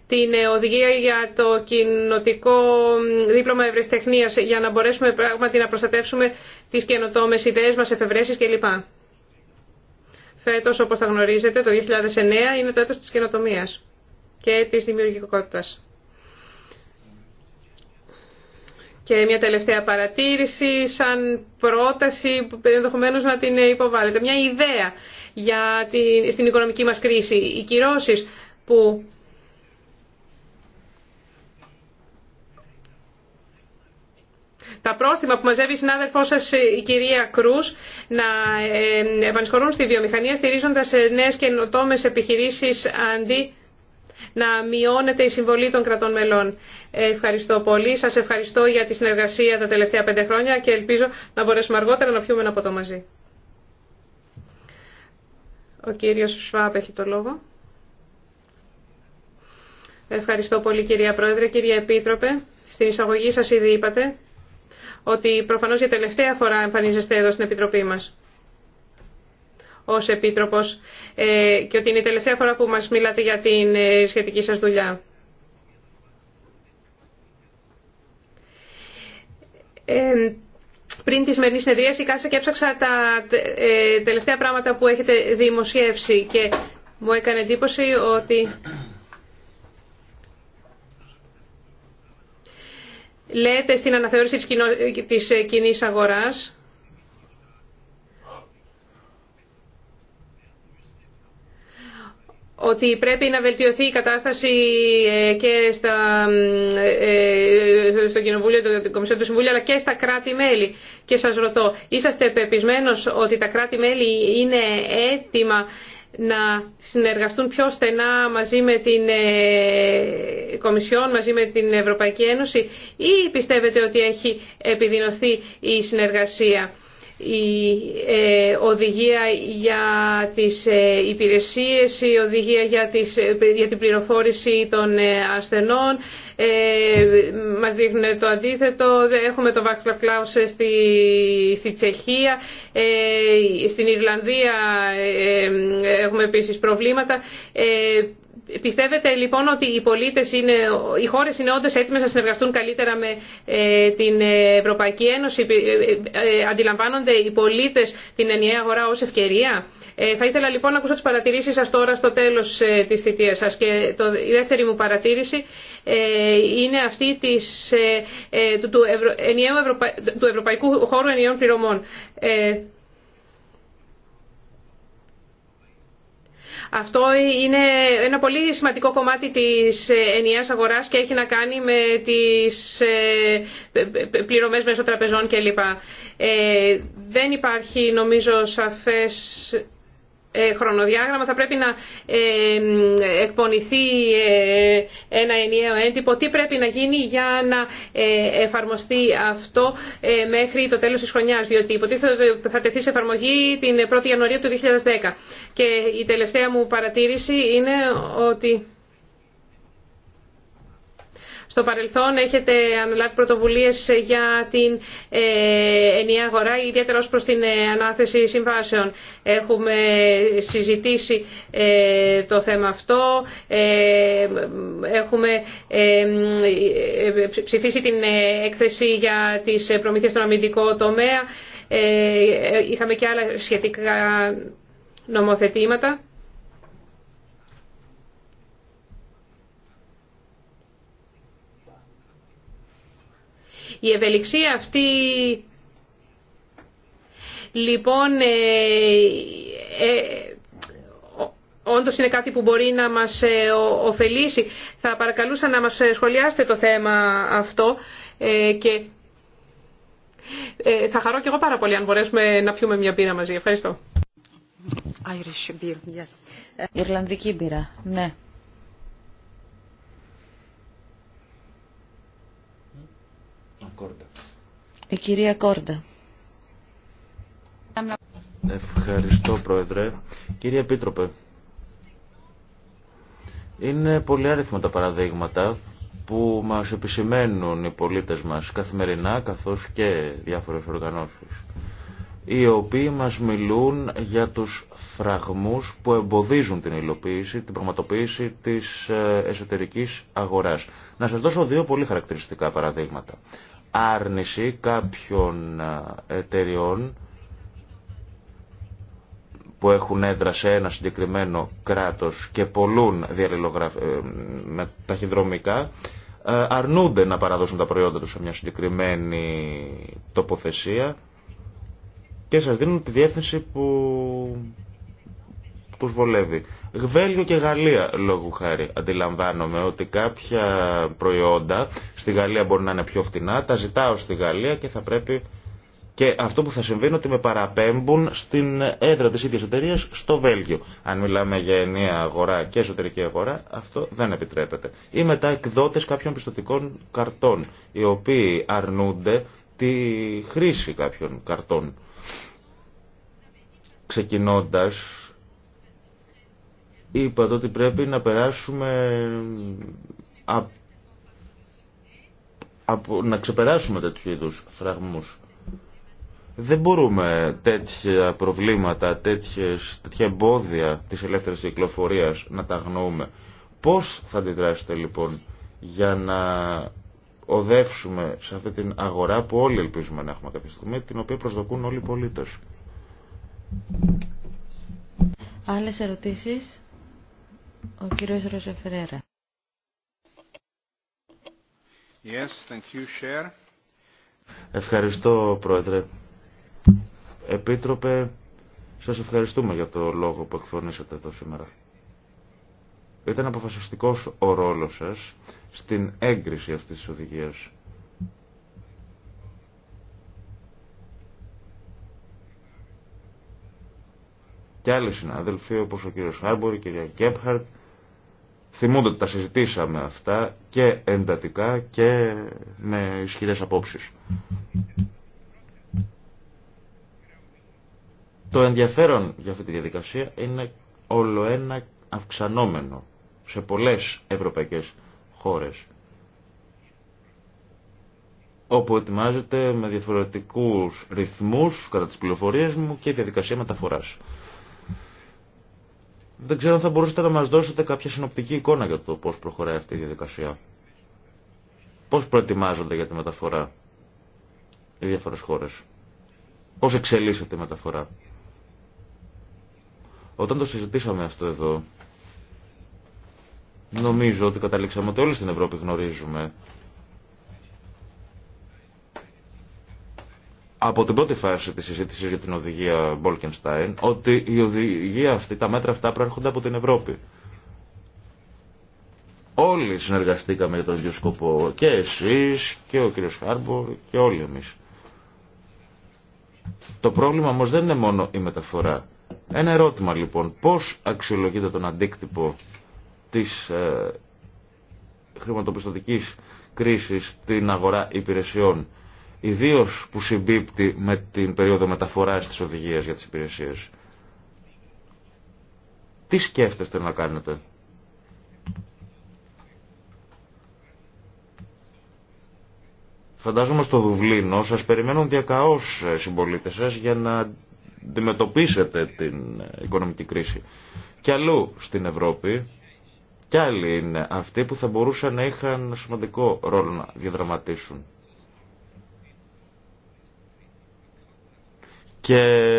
Speaker 3: την οδηγία για το κοινοτικό δίπλωμα ευρεσιτεχνία για να μπορέσουμε πράγματι να προστατεύσουμε τις καινοτόμε ιδέε μας, εφευρέσεις κλπ. Φέτος, όπως θα γνωρίζετε, το 2009 είναι το έτος της καινοτομία και της δημιουργικότητα. Και μια τελευταία παρατήρηση, σαν πρόταση που ενδεχομένω να την υποβάλλετε. Μια ιδέα για την, στην οικονομική μας κρίση. Οι κυρώσεις που τα πρόστιμα που μαζεύει η συνάδελφό σας η κυρία Κρού, να ε, επανισχωρούν στη βιομηχανία στηρίζοντα ε, νέε καινοτόμε επιχειρήσει αντί να μειώνεται η συμβολή των κρατών μελών. Ε, ευχαριστώ πολύ. σα ευχαριστώ για τη συνεργασία τα τελευταία πέντε χρόνια και ελπίζω να μπορέσουμε αργότερα να φύγουμε από ποτό μαζί. Ο κύριος Σουάπ έχει το λόγο. Ευχαριστώ πολύ κυρία Πρόεδρε, κυρία Επίτροπε. Στην εισαγωγή σας ήδη είπατε ότι προφανώς για τελευταία φορά εμφανίζεστε εδώ στην Επιτροπή μας ως Επίτροπος ε, και ότι είναι η τελευταία φορά που μας μιλάτε για την ε, σχετική σας δουλειά. Ε, πριν τη σημερινή συνεδρία, κάσα και έψαξα τα ε, τελευταία πράγματα που έχετε δημοσιεύσει και μου έκανε εντύπωση ότι λέτε στην αναθεώρηση της, κοινο... της ε, κοινή αγοράς ότι πρέπει να βελτιωθεί η κατάσταση ε, και στα, ε, στο Κοινοβούλιο, το Κομισιό του Συμβούλιο, αλλά και στα κράτη-μέλη. Και σας ρωτώ, είσαστε πεπισμένος ότι τα κράτη-μέλη είναι έτοιμα να συνεργαστούν πιο στενά μαζί με την ε, Κομισιόν, μαζί με την Ευρωπαϊκή Ένωση ή πιστεύετε ότι έχει επιδεινωθεί η συνεργασία. Η ε, οδηγία για τις ε, υπηρεσίες, η οδηγία για την πληροφόρηση των ασθενών, ε, μας δείχνουν το αντίθετο. Έχουμε το Βάξλα Κλάους στη, στη Τσεχία, ε, στην Ιρλανδία ε, έχουμε επίσης προβλήματα. Πιστεύετε λοιπόν ότι οι, πολίτες είναι, οι χώρες είναι όντως έτοιμες να συνεργαστούν καλύτερα με ε, την Ευρωπαϊκή Ένωση. Ε, ε, αντιλαμβάνονται οι πολίτες την ενιαία αγορά ως ευκαιρία. θα ήθελα λοιπόν να ακούσω τις παρατηρήσεις σας τώρα στο τέλος της θητείας σας. Και το, η δεύτερη μου παρατήρηση είναι αυτή της, του, ενιαίου του Ευρωπαϊκού Χώρου Ενιαίων Πληρωμών. Αυτό είναι ένα πολύ σημαντικό κομμάτι της ε, ενιαίας αγοράς και έχει να κάνει με τις ε, πληρωμές μέσω τραπεζών κλπ. Ε, δεν υπάρχει νομίζω σαφές ε, χρονοδιάγραμμα θα πρέπει να ε, εκπονηθεί ε, ένα ενιαίο έντυπο. Τι πρέπει να γίνει για να εφαρμοστεί αυτό μέχρι το τέλος της χρονιάς, διότι υποτίθεται ότι θα τεθεί σε εφαρμογή την 1η Ιανουαρίου του 2010. Και η τελευταία μου παρατήρηση είναι ότι στο παρελθόν έχετε αναλάβει πρωτοβουλίες για την ε, ενιαία αγορά, ιδιαίτερα ως προς την ε, ανάθεση συμβάσεων. Έχουμε συζητήσει ε, το θέμα αυτό, έχουμε ψηφίσει την έκθεση για τις προμήθειες στον αμυντικό τομέα, είχαμε και άλλα σχετικά νομοθετήματα. Η ευελιξία αυτή λοιπόν ε, ε, όντως είναι κάτι που μπορεί να μας ε, ωφελήσει. Θα παρακαλούσα να μας σχολιάσετε το θέμα αυτό και θα χαρώ κι εγώ πάρα πολύ αν μπορέσουμε να πιούμε μια πίρα μαζί. Ευχαριστώ.
Speaker 1: Irish beer, yes. Ιρλανδική μπύρα, ναι. Κόρντα. Η κυρία Κόρντα.
Speaker 2: Ευχαριστώ, Πρόεδρε. Κύριε Επίτροπε, είναι πολύ άριθμα τα παραδείγματα που μας επισημαίνουν οι πολίτες μας καθημερινά καθώς και διάφορες οργανώσεις οι οποίοι μας μιλούν για τους φραγμούς που εμποδίζουν την υλοποίηση, την πραγματοποίηση της ε, εσωτερικής αγοράς. Να σας δώσω δύο πολύ χαρακτηριστικά παραδείγματα άρνηση κάποιων εταιριών που έχουν έδρα σε ένα συγκεκριμένο κράτος και πολλούν ε, με ταχυδρομικά ε, αρνούνται να παραδώσουν τα προϊόντα τους σε μια συγκεκριμένη τοποθεσία και σας δίνουν τη διεύθυνση που τους βολεύει. Βέλγιο και Γαλλία λόγου χάρη. Αντιλαμβάνομαι ότι κάποια προϊόντα στη Γαλλία μπορεί να είναι πιο φτηνά, τα ζητάω στη Γαλλία και θα πρέπει και αυτό που θα συμβεί είναι ότι με παραπέμπουν στην έδρα της ίδιας εταιρεία στο Βέλγιο. Αν μιλάμε για ενιαία αγορά και εσωτερική αγορά, αυτό δεν επιτρέπεται. Ή μετά εκδότες κάποιων πιστοτικών καρτών, οι οποίοι αρνούνται τη χρήση κάποιων καρτών. Ξεκινώντας είπατε ότι πρέπει να περάσουμε από, να ξεπεράσουμε τέτοιου είδους φραγμούς. Δεν μπορούμε τέτοια προβλήματα, τέτοιες, τέτοια εμπόδια της ελεύθερης κυκλοφορίας να τα αγνοούμε. Πώς θα αντιδράσετε λοιπόν για να οδεύσουμε σε αυτή την αγορά που όλοι ελπίζουμε να έχουμε κάποια στιγμή, την οποία προσδοκούν όλοι οι πολίτες.
Speaker 1: Άλλες ερωτήσεις. Ο κύριος Ροζεφερέρα.
Speaker 5: you, Chair.
Speaker 2: Ευχαριστώ, Πρόεδρε. Επίτροπε, σας ευχαριστούμε για το λόγο που εκφωνήσατε εδώ σήμερα. Ήταν αποφασιστικός ο ρόλος σας στην έγκριση αυτής της οδηγίας. και άλλοι συνάδελφοι όπως ο κύριος και η κυρία θυμούνται ότι τα συζητήσαμε αυτά και εντατικά και με ισχυρές απόψεις. Το ενδιαφέρον για αυτή τη διαδικασία είναι όλο ένα αυξανόμενο σε πολλές ευρωπαϊκές χώρες όπου ετοιμάζεται με διαφορετικούς ρυθμούς κατά τις πληροφορίες μου και διαδικασία μεταφοράς. Δεν ξέρω αν θα μπορούσατε να μας δώσετε κάποια συνοπτική εικόνα για το πώς προχωράει αυτή η διαδικασία. Πώς προετοιμάζονται για τη μεταφορά οι διάφορες χώρες. Πώς εξελίσσεται η μεταφορά. Όταν το συζητήσαμε αυτό εδώ, νομίζω ότι καταλήξαμε ότι όλοι στην Ευρώπη γνωρίζουμε από την πρώτη φάση της συζήτηση για την οδηγία Μπόλκενστάιν ότι η οδηγία αυτή, τα μέτρα αυτά προέρχονται από την Ευρώπη. Όλοι συνεργαστήκαμε για τον ίδιο σκοπό και εσείς και ο κύριος Χάρμπορ και όλοι εμείς. Το πρόβλημα όμως δεν είναι μόνο η μεταφορά. Ένα ερώτημα λοιπόν, πώς αξιολογείται τον αντίκτυπο της ε, χρηματοπιστωτικής κρίσης στην αγορά υπηρεσιών ιδίω που συμπίπτει με την περίοδο μεταφοράς της οδηγίας για τις υπηρεσίες. Τι σκέφτεστε να κάνετε. Φαντάζομαι στο Δουβλίνο σας περιμένουν διακαώς ε, συμπολίτες σας για να αντιμετωπίσετε την ε, οικονομική κρίση. Και αλλού στην Ευρώπη, κι άλλοι είναι αυτοί που θα μπορούσαν να είχαν σημαντικό ρόλο να διαδραματίσουν. Και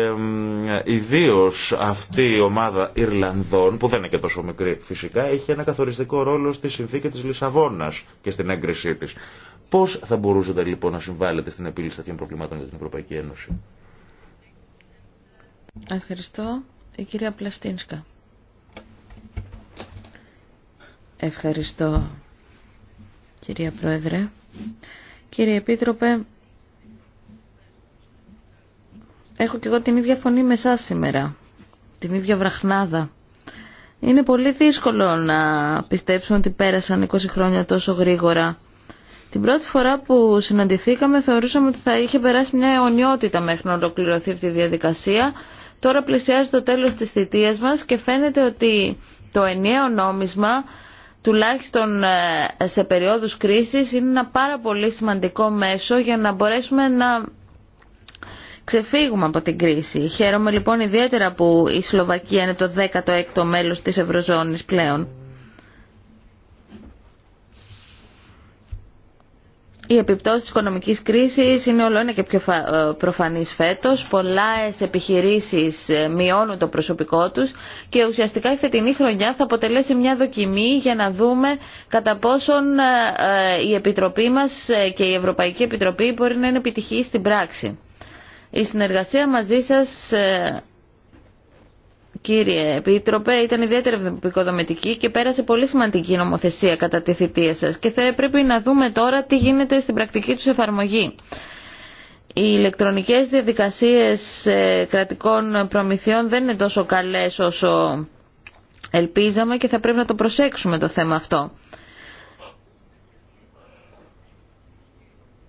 Speaker 2: ιδίω αυτή η ομάδα Ιρλανδών, που δεν είναι και τόσο μικρή φυσικά, έχει ένα καθοριστικό ρόλο στη συνθήκη της Λισαβόνας και στην έγκρισή τη. Πώς θα μπορούσατε λοιπόν να συμβάλλετε στην επίλυση τέτοιων προβλημάτων για την Ευρωπαϊκή Ένωση.
Speaker 1: Ευχαριστώ. Η κυρία Πλαστίνσκα. Ευχαριστώ κυρία Πρόεδρε. Κύριε Επίτροπε, Έχω και εγώ την ίδια φωνή με εσάς σήμερα, την ίδια βραχνάδα. Είναι πολύ δύσκολο να πιστέψουμε ότι πέρασαν 20 χρόνια τόσο γρήγορα. Την πρώτη φορά που συναντηθήκαμε θεωρούσαμε ότι θα είχε περάσει μια αιωνιότητα μέχρι να ολοκληρωθεί αυτή η διαδικασία. Τώρα πλησιάζει το τέλος της θητείας μας και φαίνεται ότι το ενιαίο νόμισμα τουλάχιστον ε, σε περίοδους κρίσης είναι ένα πάρα πολύ σημαντικό μέσο για να μπορέσουμε να ξεφύγουμε από την κρίση. Χαίρομαι λοιπόν ιδιαίτερα που η Σλοβακία είναι το 16ο μέλος της Ευρωζώνης πλέον. Οι επιπτώσεις της οικονομικής κρίσης είναι όλο ένα και πιο ε, προφανής φέτος. Πολλές επιχειρήσεις ε, μειώνουν το προσωπικό τους και ουσιαστικά η φετινή χρονιά θα αποτελέσει μια δοκιμή για να δούμε κατά πόσον ε, η Επιτροπή μας και η Ευρωπαϊκή Επιτροπή μπορεί να είναι επιτυχή στην πράξη. Η συνεργασία μαζί σας, ε, κύριε Επίτροπε, ήταν ιδιαίτερα επικοδομητική και πέρασε πολύ σημαντική νομοθεσία κατά τη θητεία σας και θα πρέπει να δούμε τώρα τι γίνεται στην πρακτική τους εφαρμογή. Οι ηλεκτρονικές διαδικασίες ε, κρατικών προμηθειών δεν είναι τόσο καλές όσο ελπίζαμε και θα πρέπει να το προσέξουμε το θέμα αυτό.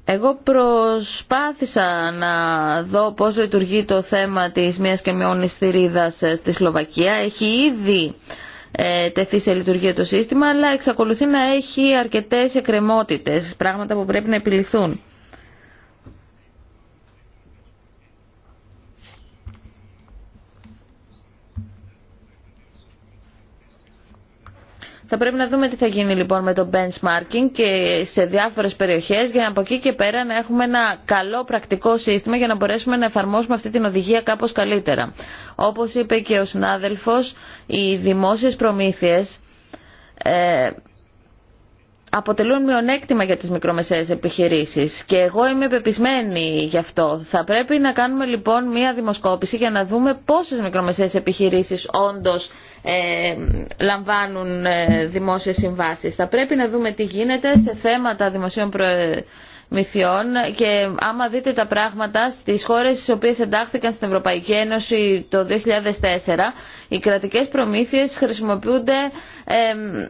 Speaker 1: Εγώ προσπάθησα να δω πώς λειτουργεί το θέμα της μίας και μειώνης θηρίδας ε, στη Σλοβακία. Έχει ήδη ε, τεθεί σε λειτουργία το σύστημα, αλλά εξακολουθεί να έχει αρκετές εκκρεμότητες, πράγματα που πρέπει να επιληθούν. Θα πρέπει να δούμε τι θα γίνει λοιπόν με το benchmarking και σε διάφορες περιοχές για από εκεί και πέρα να έχουμε ένα καλό πρακτικό σύστημα για να μπορέσουμε να εφαρμόσουμε αυτή την οδηγία κάπως καλύτερα. Όπως είπε και ο συνάδελφος, οι δημόσιες προμήθειες ε, αποτελούν μειονέκτημα για τις μικρομεσαίες επιχειρήσεις και εγώ είμαι πεπισμένη γι' αυτό. Θα πρέπει να κάνουμε λοιπόν μία δημοσκόπηση για να δούμε πόσες μικρομεσαίες επιχειρήσεις όντως ε, λαμβάνουν ε, δημόσιες συμβάσεις. Θα πρέπει να δούμε τι γίνεται σε θέματα δημοσίων προμηθειών και άμα δείτε τα πράγματα στις χώρες στις οποίες εντάχθηκαν στην Ευρωπαϊκή Ένωση το 2004 οι κρατικές προμήθειες χρησιμοποιούνται ε,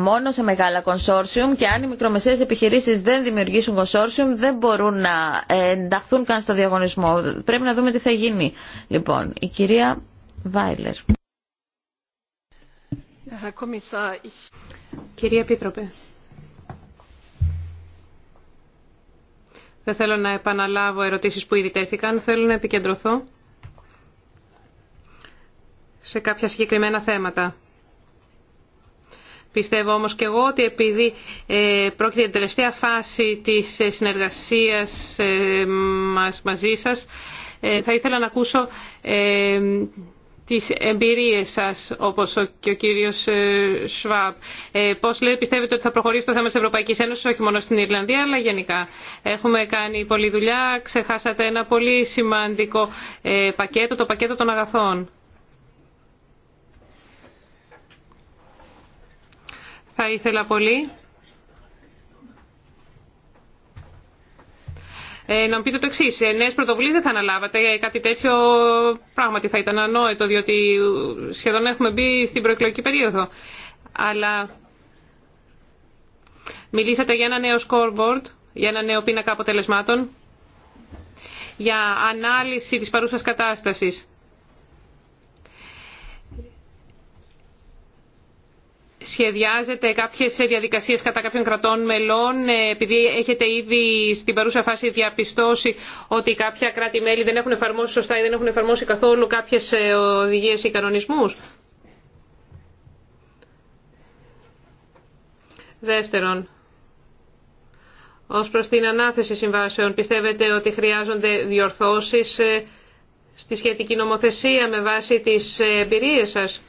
Speaker 1: μόνο σε μεγάλα κονσόρσιουμ και αν οι μικρομεσαίες επιχειρήσεις δεν δημιουργήσουν κονσόρσιουμ δεν μπορούν να ε, ενταχθούν καν στο διαγωνισμό. Πρέπει να δούμε τι θα γίνει. Λοιπόν, η κυρία
Speaker 3: Βάιλερ. Κυρία Επίτροπε, δεν θέλω να επαναλάβω ερωτήσεις που ήδη τέθηκαν, θέλω να επικεντρωθώ σε κάποια συγκεκριμένα θέματα. Πιστεύω όμως και εγώ ότι επειδή ε, πρόκειται για την τελευταία φάση της ε, συνεργασίας ε, μας μαζί σας, θα ήθελα να ακούσω τις εμπειρίες σας, όπως και ο κύριος Σβάμπ. Πώς λέει, πιστεύετε ότι θα προχωρήσει το θέμα της Ευρωπαϊκής Ένωσης, όχι μόνο στην Ιρλανδία, αλλά γενικά. Έχουμε κάνει πολλή δουλειά, ξεχάσατε ένα πολύ σημαντικό πακέτο, το πακέτο των αγαθών. Θα ήθελα πολύ ε, να μου πείτε το εξή. Ε, Νέε πρωτοβουλίε δεν θα αναλάβατε. Ε, κάτι τέτοιο πράγματι θα ήταν ανόητο, διότι σχεδόν έχουμε μπει στην προεκλογική περίοδο. Αλλά μιλήσατε για ένα νέο scoreboard, για ένα νέο πίνακα αποτελεσμάτων, για ανάλυση της παρούσας κατάστασης. σχεδιάζετε κάποιες διαδικασίες κατά κάποιων κρατών μελών ε, επειδή έχετε ήδη στην παρούσα φάση διαπιστώσει ότι κάποια κράτη-μέλη δεν έχουν εφαρμόσει σωστά ή δεν έχουν εφαρμόσει καθόλου κάποιες ε, οδηγίες ή κανονισμούς. Δεύτερον, ως προς την ανάθεση συμβάσεων πιστεύετε ότι χρειάζονται διορθώσεις ε, στη σχετική νομοθεσία με βάση τις εμπειρίες σας.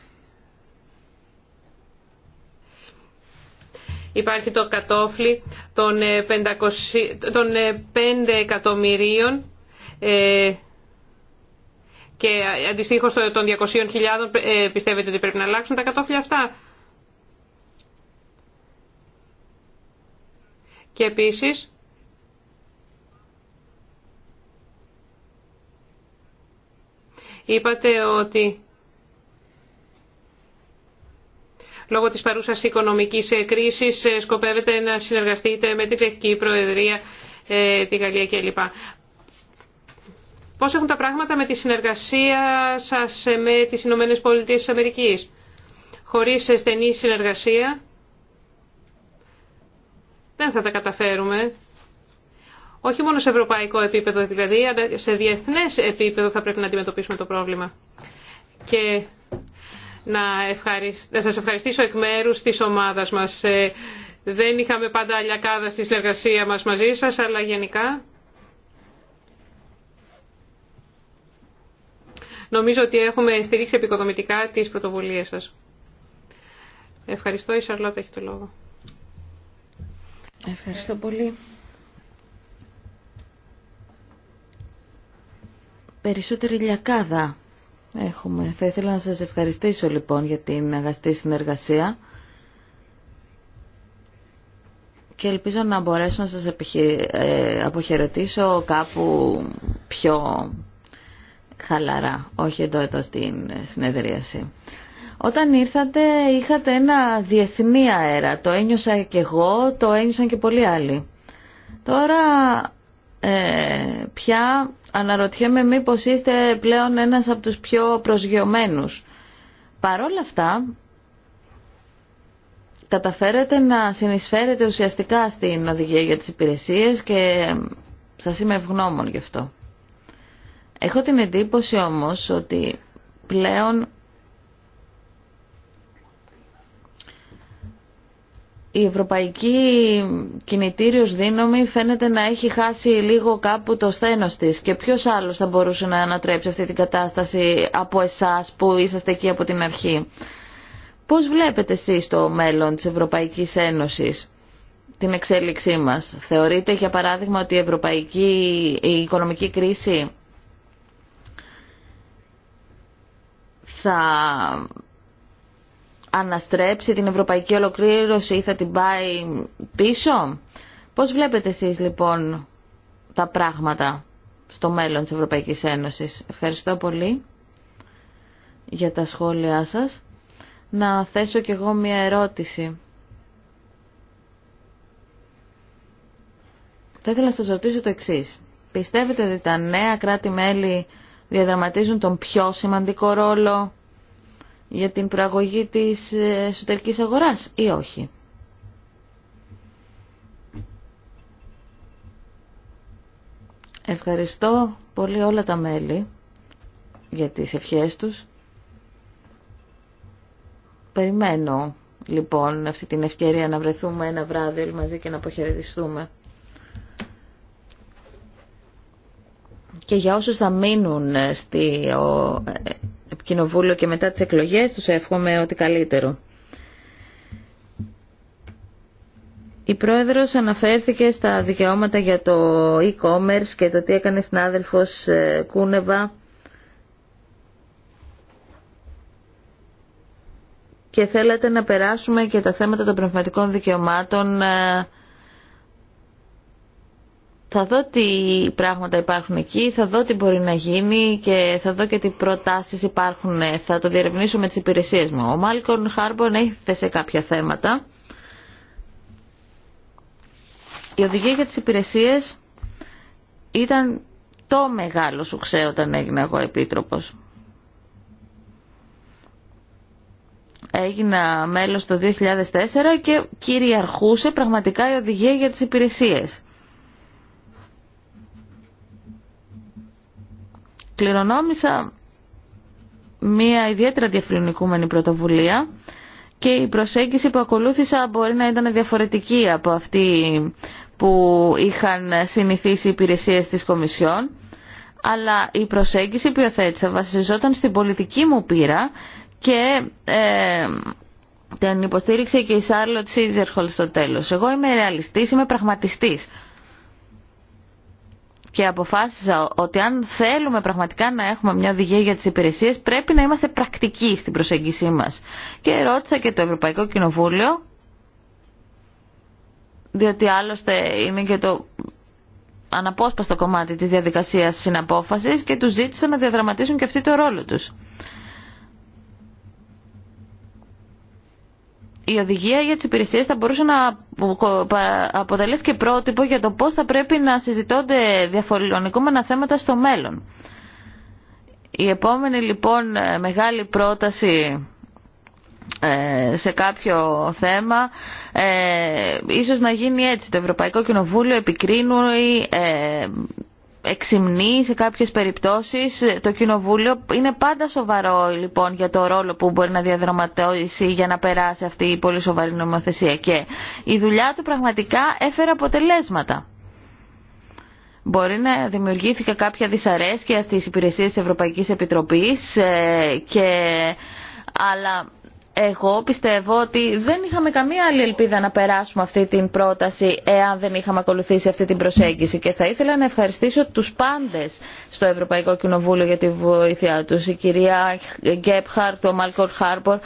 Speaker 3: Υπάρχει το κατόφλι των 5 ε, ε, εκατομμυρίων ε, και αντιστοίχω των 200.000 πιστεύετε ότι πρέπει να αλλάξουν τα κατόφλια αυτά. Και επίσης είπατε ότι λόγω της παρούσας οικονομικής ε, κρίσης ε, σκοπεύετε να συνεργαστείτε με την Τσεχική Προεδρία, ε, τη Γαλλία κλπ. Πώς έχουν τα πράγματα με τη συνεργασία σας με τις Ηνωμένες Πολιτείες της Αμερικής. Χωρίς στενή συνεργασία δεν θα τα καταφέρουμε. Όχι μόνο σε ευρωπαϊκό επίπεδο δηλαδή, αλλά σε διεθνές επίπεδο θα πρέπει να αντιμετωπίσουμε το πρόβλημα. Και να, ευχαρισ... σας ευχαριστήσω εκ μέρους της ομάδας μας. Ε, δεν είχαμε πάντα αλιακάδα στη συνεργασία μας μαζί σας, αλλά γενικά... Νομίζω ότι έχουμε στηρίξει επικοδομητικά τις πρωτοβουλίες σας. Ευχαριστώ. Η Σαρλότα έχει το λόγο.
Speaker 4: Ευχαριστώ πολύ.
Speaker 1: Περισσότερη λιακάδα Έχουμε. Θα ήθελα να σας ευχαριστήσω λοιπόν για την αγαστή συνεργασία και ελπίζω να μπορέσω να σας ε, αποχαιρετήσω κάπου πιο χαλαρά, όχι εδώ εδώ στην συνεδρίαση. Όταν ήρθατε είχατε ένα διεθνή αέρα, το ένιωσα και εγώ, το ένιωσαν και πολλοί άλλοι. Τώρα ε, πια αναρωτιέμαι μήπως είστε πλέον ένας από τους πιο προσγειωμένους. Παρόλα αυτά, καταφέρετε να συνεισφέρετε ουσιαστικά στην οδηγία για τις υπηρεσίες και σας είμαι ευγνώμων γι' αυτό. Έχω την εντύπωση όμως ότι πλέον η ευρωπαϊκή κινητήριος δύναμη φαίνεται να έχει χάσει λίγο κάπου το σθένος της και ποιος άλλος θα μπορούσε να ανατρέψει αυτή την κατάσταση από εσάς που είσαστε εκεί από την αρχή. Πώς βλέπετε εσείς το μέλλον της Ευρωπαϊκής Ένωσης, την εξέλιξή μας. Θεωρείτε για παράδειγμα ότι η ευρωπαϊκή οικονομική κρίση θα αναστρέψει την ευρωπαϊκή ολοκλήρωση ή θα την πάει πίσω. Πώς βλέπετε εσείς λοιπόν τα πράγματα στο μέλλον της Ευρωπαϊκής Ένωσης. Ευχαριστώ πολύ για τα σχόλιά σας. Να θέσω κι εγώ μια ερώτηση. Θα ήθελα να σας ρωτήσω το εξής. Πιστεύετε ότι τα νέα κράτη-μέλη διαδραματίζουν τον πιο σημαντικό ρόλο για την προαγωγή της εσωτερικής αγοράς ή όχι. Ευχαριστώ πολύ όλα τα μέλη για τις ευχές τους. Περιμένω λοιπόν αυτή την ευκαιρία να βρεθούμε ένα βράδυ όλοι μαζί και να αποχαιρετιστούμε. Και για όσους θα μείνουν στη κοινοβούλιο και μετά τις εκλογές τους εύχομαι ότι καλύτερο. Η πρόεδρος αναφέρθηκε στα δικαιώματα για το e-commerce και το τι έκανε συνάδελφος ε, Κούνεβα και θέλατε να περάσουμε και τα θέματα των πνευματικών δικαιωμάτων ε, θα δω τι πράγματα υπάρχουν εκεί, θα δω τι μπορεί να γίνει και θα δω και τι προτάσεις υπάρχουν. Ε, θα το διερευνήσω με τις υπηρεσίες μου. Ο Μάλκον Χάρμπον έχει σε κάποια θέματα. Η οδηγία για τις υπηρεσίες ήταν το μεγάλο σου ξέρω όταν έγινα εγώ επίτροπος. Έγινα μέλος το 2004 και κυριαρχούσε πραγματικά η οδηγία για τις υπηρεσίες. κληρονόμησα μία ιδιαίτερα διαφιλονικούμενη πρωτοβουλία και η προσέγγιση που ακολούθησα μπορεί να ήταν διαφορετική από αυτή που είχαν συνηθίσει οι υπηρεσίες της Κομισιόν αλλά η προσέγγιση που υιοθέτησα βασιζόταν στην πολιτική μου πείρα και ε, την υποστήριξε και η Σάρλοτ Σίτζερχολ στο τέλος. Εγώ είμαι ρεαλιστής, είμαι πραγματιστής και αποφάσισα ότι αν θέλουμε πραγματικά να έχουμε μια οδηγία για τις υπηρεσίες πρέπει να είμαστε πρακτικοί στην προσέγγισή μας. Και ρώτησα και το Ευρωπαϊκό Κοινοβούλιο, διότι άλλωστε είναι και το αναπόσπαστο κομμάτι της διαδικασίας συναπόφασης και τους ζήτησα να διαδραματίσουν και αυτοί το ρόλο τους. η οδηγία για τις υπηρεσίε θα μπορούσε να αποτελέσει και πρότυπο για το πώς θα πρέπει να συζητώνται διαφορετικόμενα θέματα στο μέλλον. Η επόμενη λοιπόν ε, μεγάλη πρόταση ε, σε κάποιο θέμα ε, ίσως να γίνει έτσι το Ευρωπαϊκό Κοινοβούλιο επικρίνουν ε, εξυμνεί σε κάποιες περιπτώσεις το κοινοβούλιο. Είναι πάντα σοβαρό λοιπόν για το ρόλο που μπορεί να διαδραματίσει για να περάσει αυτή η πολύ σοβαρή νομοθεσία και η δουλειά του πραγματικά έφερε αποτελέσματα. Μπορεί να δημιουργήθηκε κάποια δυσαρέσκεια στις υπηρεσίες της Ευρωπαϊκής Επιτροπής ε, και... αλλά εγώ πιστεύω ότι δεν είχαμε καμία άλλη ελπίδα να περάσουμε αυτή την πρόταση εάν δεν είχαμε ακολουθήσει αυτή την προσέγγιση και θα ήθελα να ευχαριστήσω τους πάντες στο Ευρωπαϊκό Κοινοβούλιο για τη βοήθειά τους. Η κυρία Γκέπχαρτ, ο Μάλκορ Χάρπορ,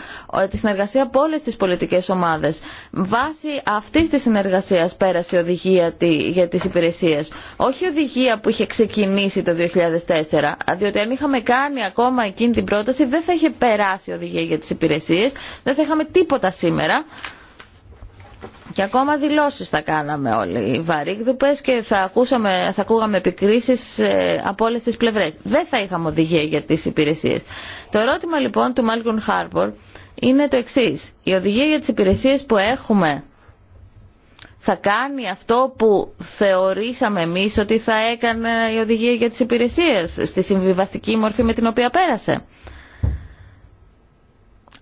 Speaker 1: ε, τη συνεργασία από όλες τις πολιτικές ομάδες. Βάσει αυτής της συνεργασίας πέρασε η οδηγία για τις υπηρεσίες. Όχι η οδηγία που είχε ξεκινήσει το 2004, διότι αν είχαμε κάνει ακόμα εκείνη την πρόταση δεν θα είχε περάσει οδηγία για τις υπηρεσίες δεν θα είχαμε τίποτα σήμερα. Και ακόμα δηλώσεις θα κάναμε όλοι οι βαρύγδουπες και θα, ακούσαμε, θα ακούγαμε επικρίσεις ε, από όλες τις πλευρές. Δεν θα είχαμε οδηγία για τις υπηρεσίες. Το ερώτημα λοιπόν του Μάλκον Χάρπορ είναι το εξής. Η οδηγία για τις υπηρεσίες που έχουμε θα κάνει αυτό που θεωρήσαμε εμείς ότι θα έκανε η οδηγία για τις υπηρεσίες στη συμβιβαστική μορφή με την οποία πέρασε.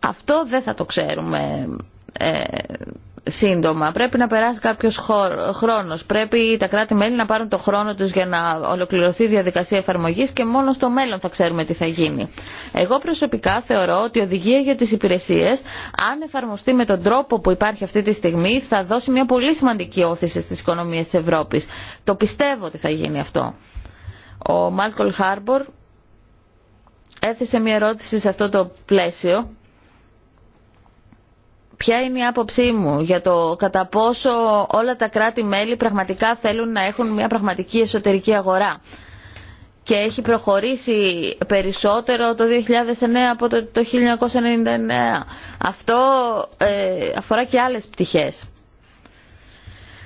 Speaker 1: Αυτό δεν θα το ξέρουμε ε, σύντομα. Πρέπει να περάσει κάποιο χρόνο. Πρέπει τα κράτη-μέλη να πάρουν το χρόνο του για να ολοκληρωθεί η διαδικασία εφαρμογή και μόνο στο μέλλον θα ξέρουμε τι θα γίνει. Εγώ προσωπικά θεωρώ ότι η οδηγία για τι υπηρεσίε, αν εφαρμοστεί με τον τρόπο που υπάρχει αυτή τη στιγμή, θα δώσει μια πολύ σημαντική όθηση στι οικονομίε τη Ευρώπη. Το πιστεύω ότι θα γίνει αυτό. Ο Μάλκολ Χάρμπορ έθεσε μια ερώτηση σε αυτό το πλαίσιο ποια είναι η άποψή μου για το κατά πόσο όλα τα κράτη-μέλη πραγματικά θέλουν να έχουν μια πραγματική εσωτερική αγορά και έχει προχωρήσει περισσότερο το 2009 από το 1999. Αυτό ε, αφορά και άλλες πτυχές.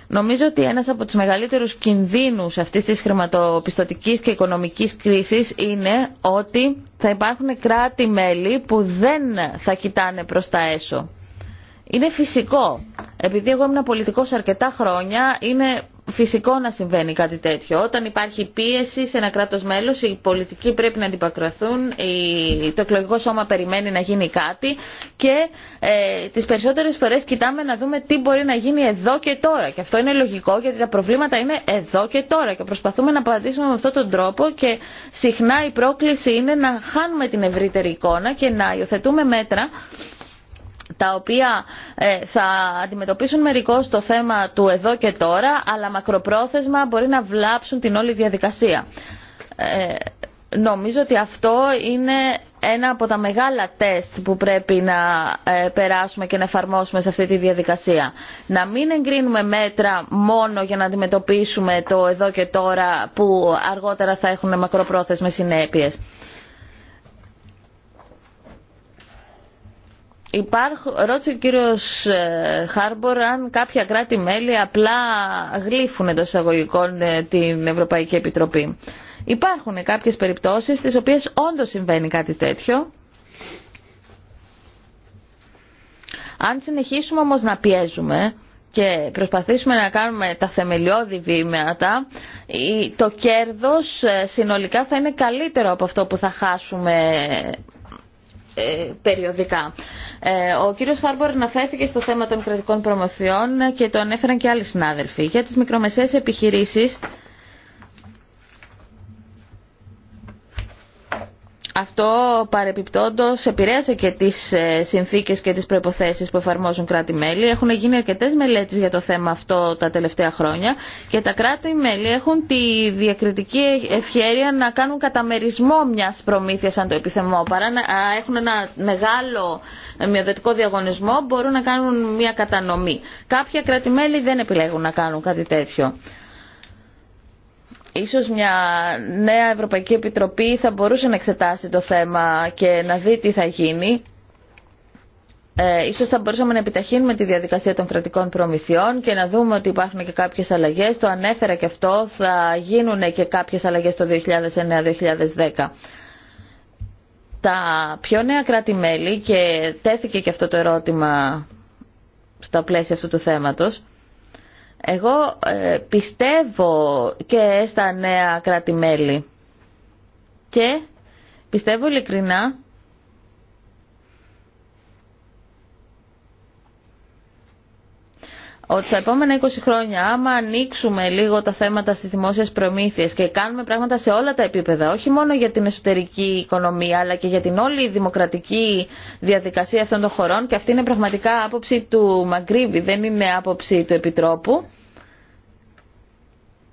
Speaker 1: Νομίζω ότι ένας από τους μεγαλύτερους κινδύνους αυτής της χρηματοπιστωτικής και οικονομικής κρίσης είναι ότι θα υπάρχουν κράτη-μέλη που δεν θα κοιτάνε προς τα έσω. Είναι φυσικό. Επειδή εγώ ήμουν πολιτικός αρκετά χρόνια, είναι φυσικό να συμβαίνει κάτι τέτοιο. Όταν υπάρχει πίεση σε ένα κράτο μέλο, οι πολιτικοί πρέπει να αντιπακροθούν, το εκλογικό σώμα περιμένει να γίνει κάτι και ε, τις περισσότερες φορές κοιτάμε να δούμε τι μπορεί να γίνει εδώ και τώρα. Και αυτό είναι λογικό γιατί τα προβλήματα είναι εδώ και τώρα και προσπαθούμε να απαντήσουμε με αυτόν τον τρόπο και συχνά η πρόκληση είναι να χάνουμε την ευρύτερη εικόνα και να υιοθετούμε μέτρα τα οποία ε, θα αντιμετωπίσουν μερικώς το θέμα του εδώ και τώρα, αλλά μακροπρόθεσμα μπορεί να βλάψουν την όλη διαδικασία. Ε, νομίζω ότι αυτό είναι ένα από τα μεγάλα τεστ που πρέπει να ε, περάσουμε και να εφαρμόσουμε σε αυτή τη διαδικασία. Να μην εγκρίνουμε μέτρα μόνο για να αντιμετωπίσουμε το εδώ και τώρα που αργότερα θα έχουν μακροπρόθεσμες συνέπειες. Υπάρχουν ρώτησε ο κύριος ε, Χάρμπορ αν κάποια κράτη-μέλη απλά γλύφουν εντό εισαγωγικών ε, την Ευρωπαϊκή Επιτροπή. Υπάρχουν κάποιες περιπτώσεις στις οποίες όντως συμβαίνει κάτι τέτοιο. Αν συνεχίσουμε όμως να πιέζουμε και προσπαθήσουμε να κάνουμε τα θεμελιώδη βήματα, το κέρδος ε, συνολικά θα είναι καλύτερο από αυτό που θα χάσουμε ε, περιοδικά. Ε, ο κύριος Χάρμπορ αναφέρθηκε στο θέμα των κρατικών προμοθειών και το ανέφεραν και άλλοι συνάδελφοι. Για τις μικρομεσαίες επιχειρήσεις Αυτό παρεπιπτόντως επηρέασε και τις ε, συνθήκες και τις προϋποθέσεις που εφαρμόζουν κράτη-μέλη. Έχουν γίνει αρκετές μελέτες για το θέμα αυτό τα τελευταία χρόνια και τα κράτη-μέλη έχουν τη διακριτική ευχέρεια να κάνουν καταμερισμό μιας προμήθειας αν το επιθεμό. Παρά να έχουν ένα μεγάλο ε, μειοδετικό διαγωνισμό μπορούν να κάνουν μια κατανομή. Κάποια κράτη-μέλη δεν επιλέγουν να κάνουν κάτι τέτοιο. Ίσως μια νέα Ευρωπαϊκή Επιτροπή θα μπορούσε να εξετάσει το θέμα και να δει τι θα γίνει. Ε, ίσως θα μπορούσαμε να επιταχύνουμε τη διαδικασία των κρατικών προμηθειών και να δούμε ότι υπάρχουν και κάποιες αλλαγές. Το ανέφερα και αυτό, θα γίνουν και κάποιες αλλαγές το 2009-2010. Τα πιο νέα κράτη-μέλη, και τέθηκε και αυτό το ερώτημα στα πλαίσια αυτού του θέματος, εγώ ε, πιστεύω και στα νέα κράτη-μέλη και πιστεύω ειλικρινά ότι στα επόμενα 20 χρόνια άμα ανοίξουμε λίγο τα θέματα στις δημόσιες προμήθειες και κάνουμε πράγματα σε όλα τα επίπεδα, όχι μόνο για την εσωτερική οικονομία αλλά και για την όλη δημοκρατική διαδικασία αυτών των χωρών και αυτή είναι πραγματικά άποψη του Μαγκρίβη, δεν είναι άποψη του Επιτρόπου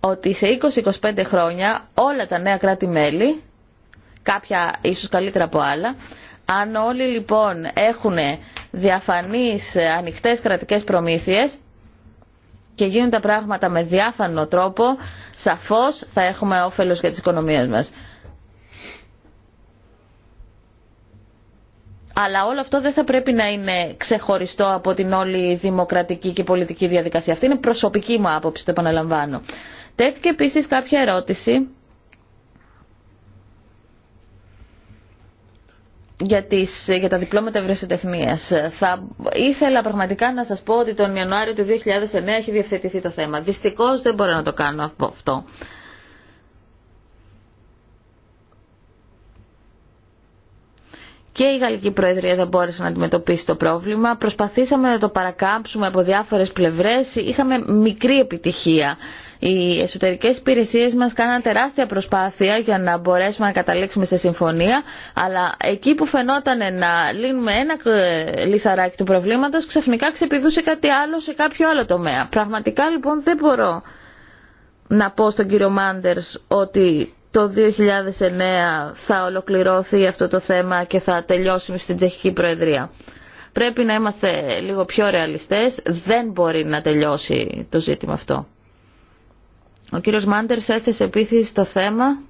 Speaker 1: ότι σε 20-25 χρόνια όλα τα νέα κράτη-μέλη, κάποια ίσως καλύτερα από άλλα, αν όλοι λοιπόν έχουν διαφανείς ανοιχτές κρατικές προμήθειες, και γίνουν τα πράγματα με διάφανο τρόπο, σαφώς θα έχουμε όφελος για τις οικονομίες μας. Αλλά όλο αυτό δεν θα πρέπει να είναι ξεχωριστό από την όλη δημοκρατική και πολιτική διαδικασία. Αυτή είναι προσωπική μου άποψη, το επαναλαμβάνω. Τέθηκε επίσης κάποια ερώτηση για, τις, για τα διπλώματα ευρεσιτεχνία. Θα ήθελα πραγματικά να σας πω ότι τον Ιανουάριο του 2009 έχει διευθετηθεί το θέμα. Δυστυχώς δεν μπορώ να το κάνω αυτό. Και η Γαλλική Προεδρία δεν μπόρεσε να αντιμετωπίσει το πρόβλημα. Προσπαθήσαμε να το παρακάμψουμε από διάφορες πλευρές. Είχαμε μικρή επιτυχία. Οι εσωτερικές υπηρεσίες μας κάναν τεράστια προσπάθεια για να μπορέσουμε να καταλήξουμε σε συμφωνία, αλλά εκεί που φαινόταν να λύνουμε ένα ε, λιθαράκι του προβλήματος, ξαφνικά ξεπηδούσε κάτι άλλο σε κάποιο άλλο τομέα. Πραγματικά λοιπόν δεν μπορώ να πω στον κύριο Μάντερς ότι το 2009 θα ολοκληρώθει αυτό το θέμα και θα τελειώσουμε στην Τσεχική Προεδρία. Πρέπει να είμαστε λίγο πιο ρεαλιστές. Δεν μπορεί να τελειώσει το ζήτημα αυτό. Ο κύριος Μάντερς έθεσε επίσης το θέμα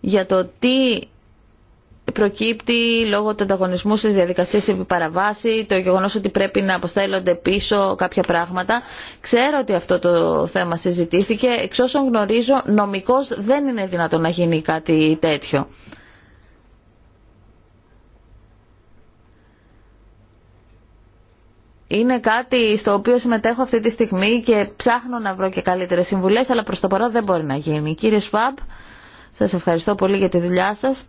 Speaker 1: για το τι προκύπτει λόγω του ανταγωνισμού στις διαδικασίες επί παραβάση, το γεγονός ότι πρέπει να αποστέλλονται πίσω κάποια πράγματα. Ξέρω ότι αυτό το θέμα συζητήθηκε. Εξ όσων γνωρίζω, νομικός δεν είναι δυνατόν να γίνει κάτι τέτοιο. είναι κάτι στο οποίο συμμετέχω αυτή τη στιγμή και ψάχνω να βρω και καλύτερε συμβουλές, αλλά προς το παρόν δεν μπορεί να γίνει. Κύριε Σφάμπ, σας ευχαριστώ πολύ για τη δουλειά σας.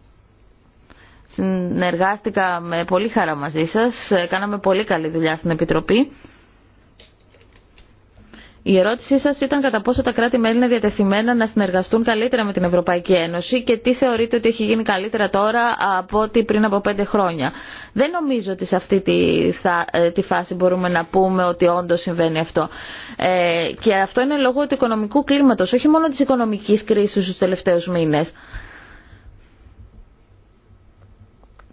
Speaker 1: Συνεργάστηκα με πολύ χαρά μαζί σας. Ε, κάναμε πολύ καλή δουλειά στην Επιτροπή. Η ερώτησή σα ήταν κατά πόσο τα κράτη-μέλη είναι διατεθειμένα να συνεργαστούν καλύτερα με την Ευρωπαϊκή Ένωση και τι θεωρείτε ότι έχει γίνει καλύτερα τώρα από ό,τι πριν από πέντε χρόνια. Δεν νομίζω ότι σε αυτή τη, ε, φάση μπορούμε να πούμε ότι όντω συμβαίνει αυτό. Ε, και αυτό είναι λόγω του οικονομικού κλίματο, όχι μόνο τη οικονομική κρίση στου τελευταίου μήνε.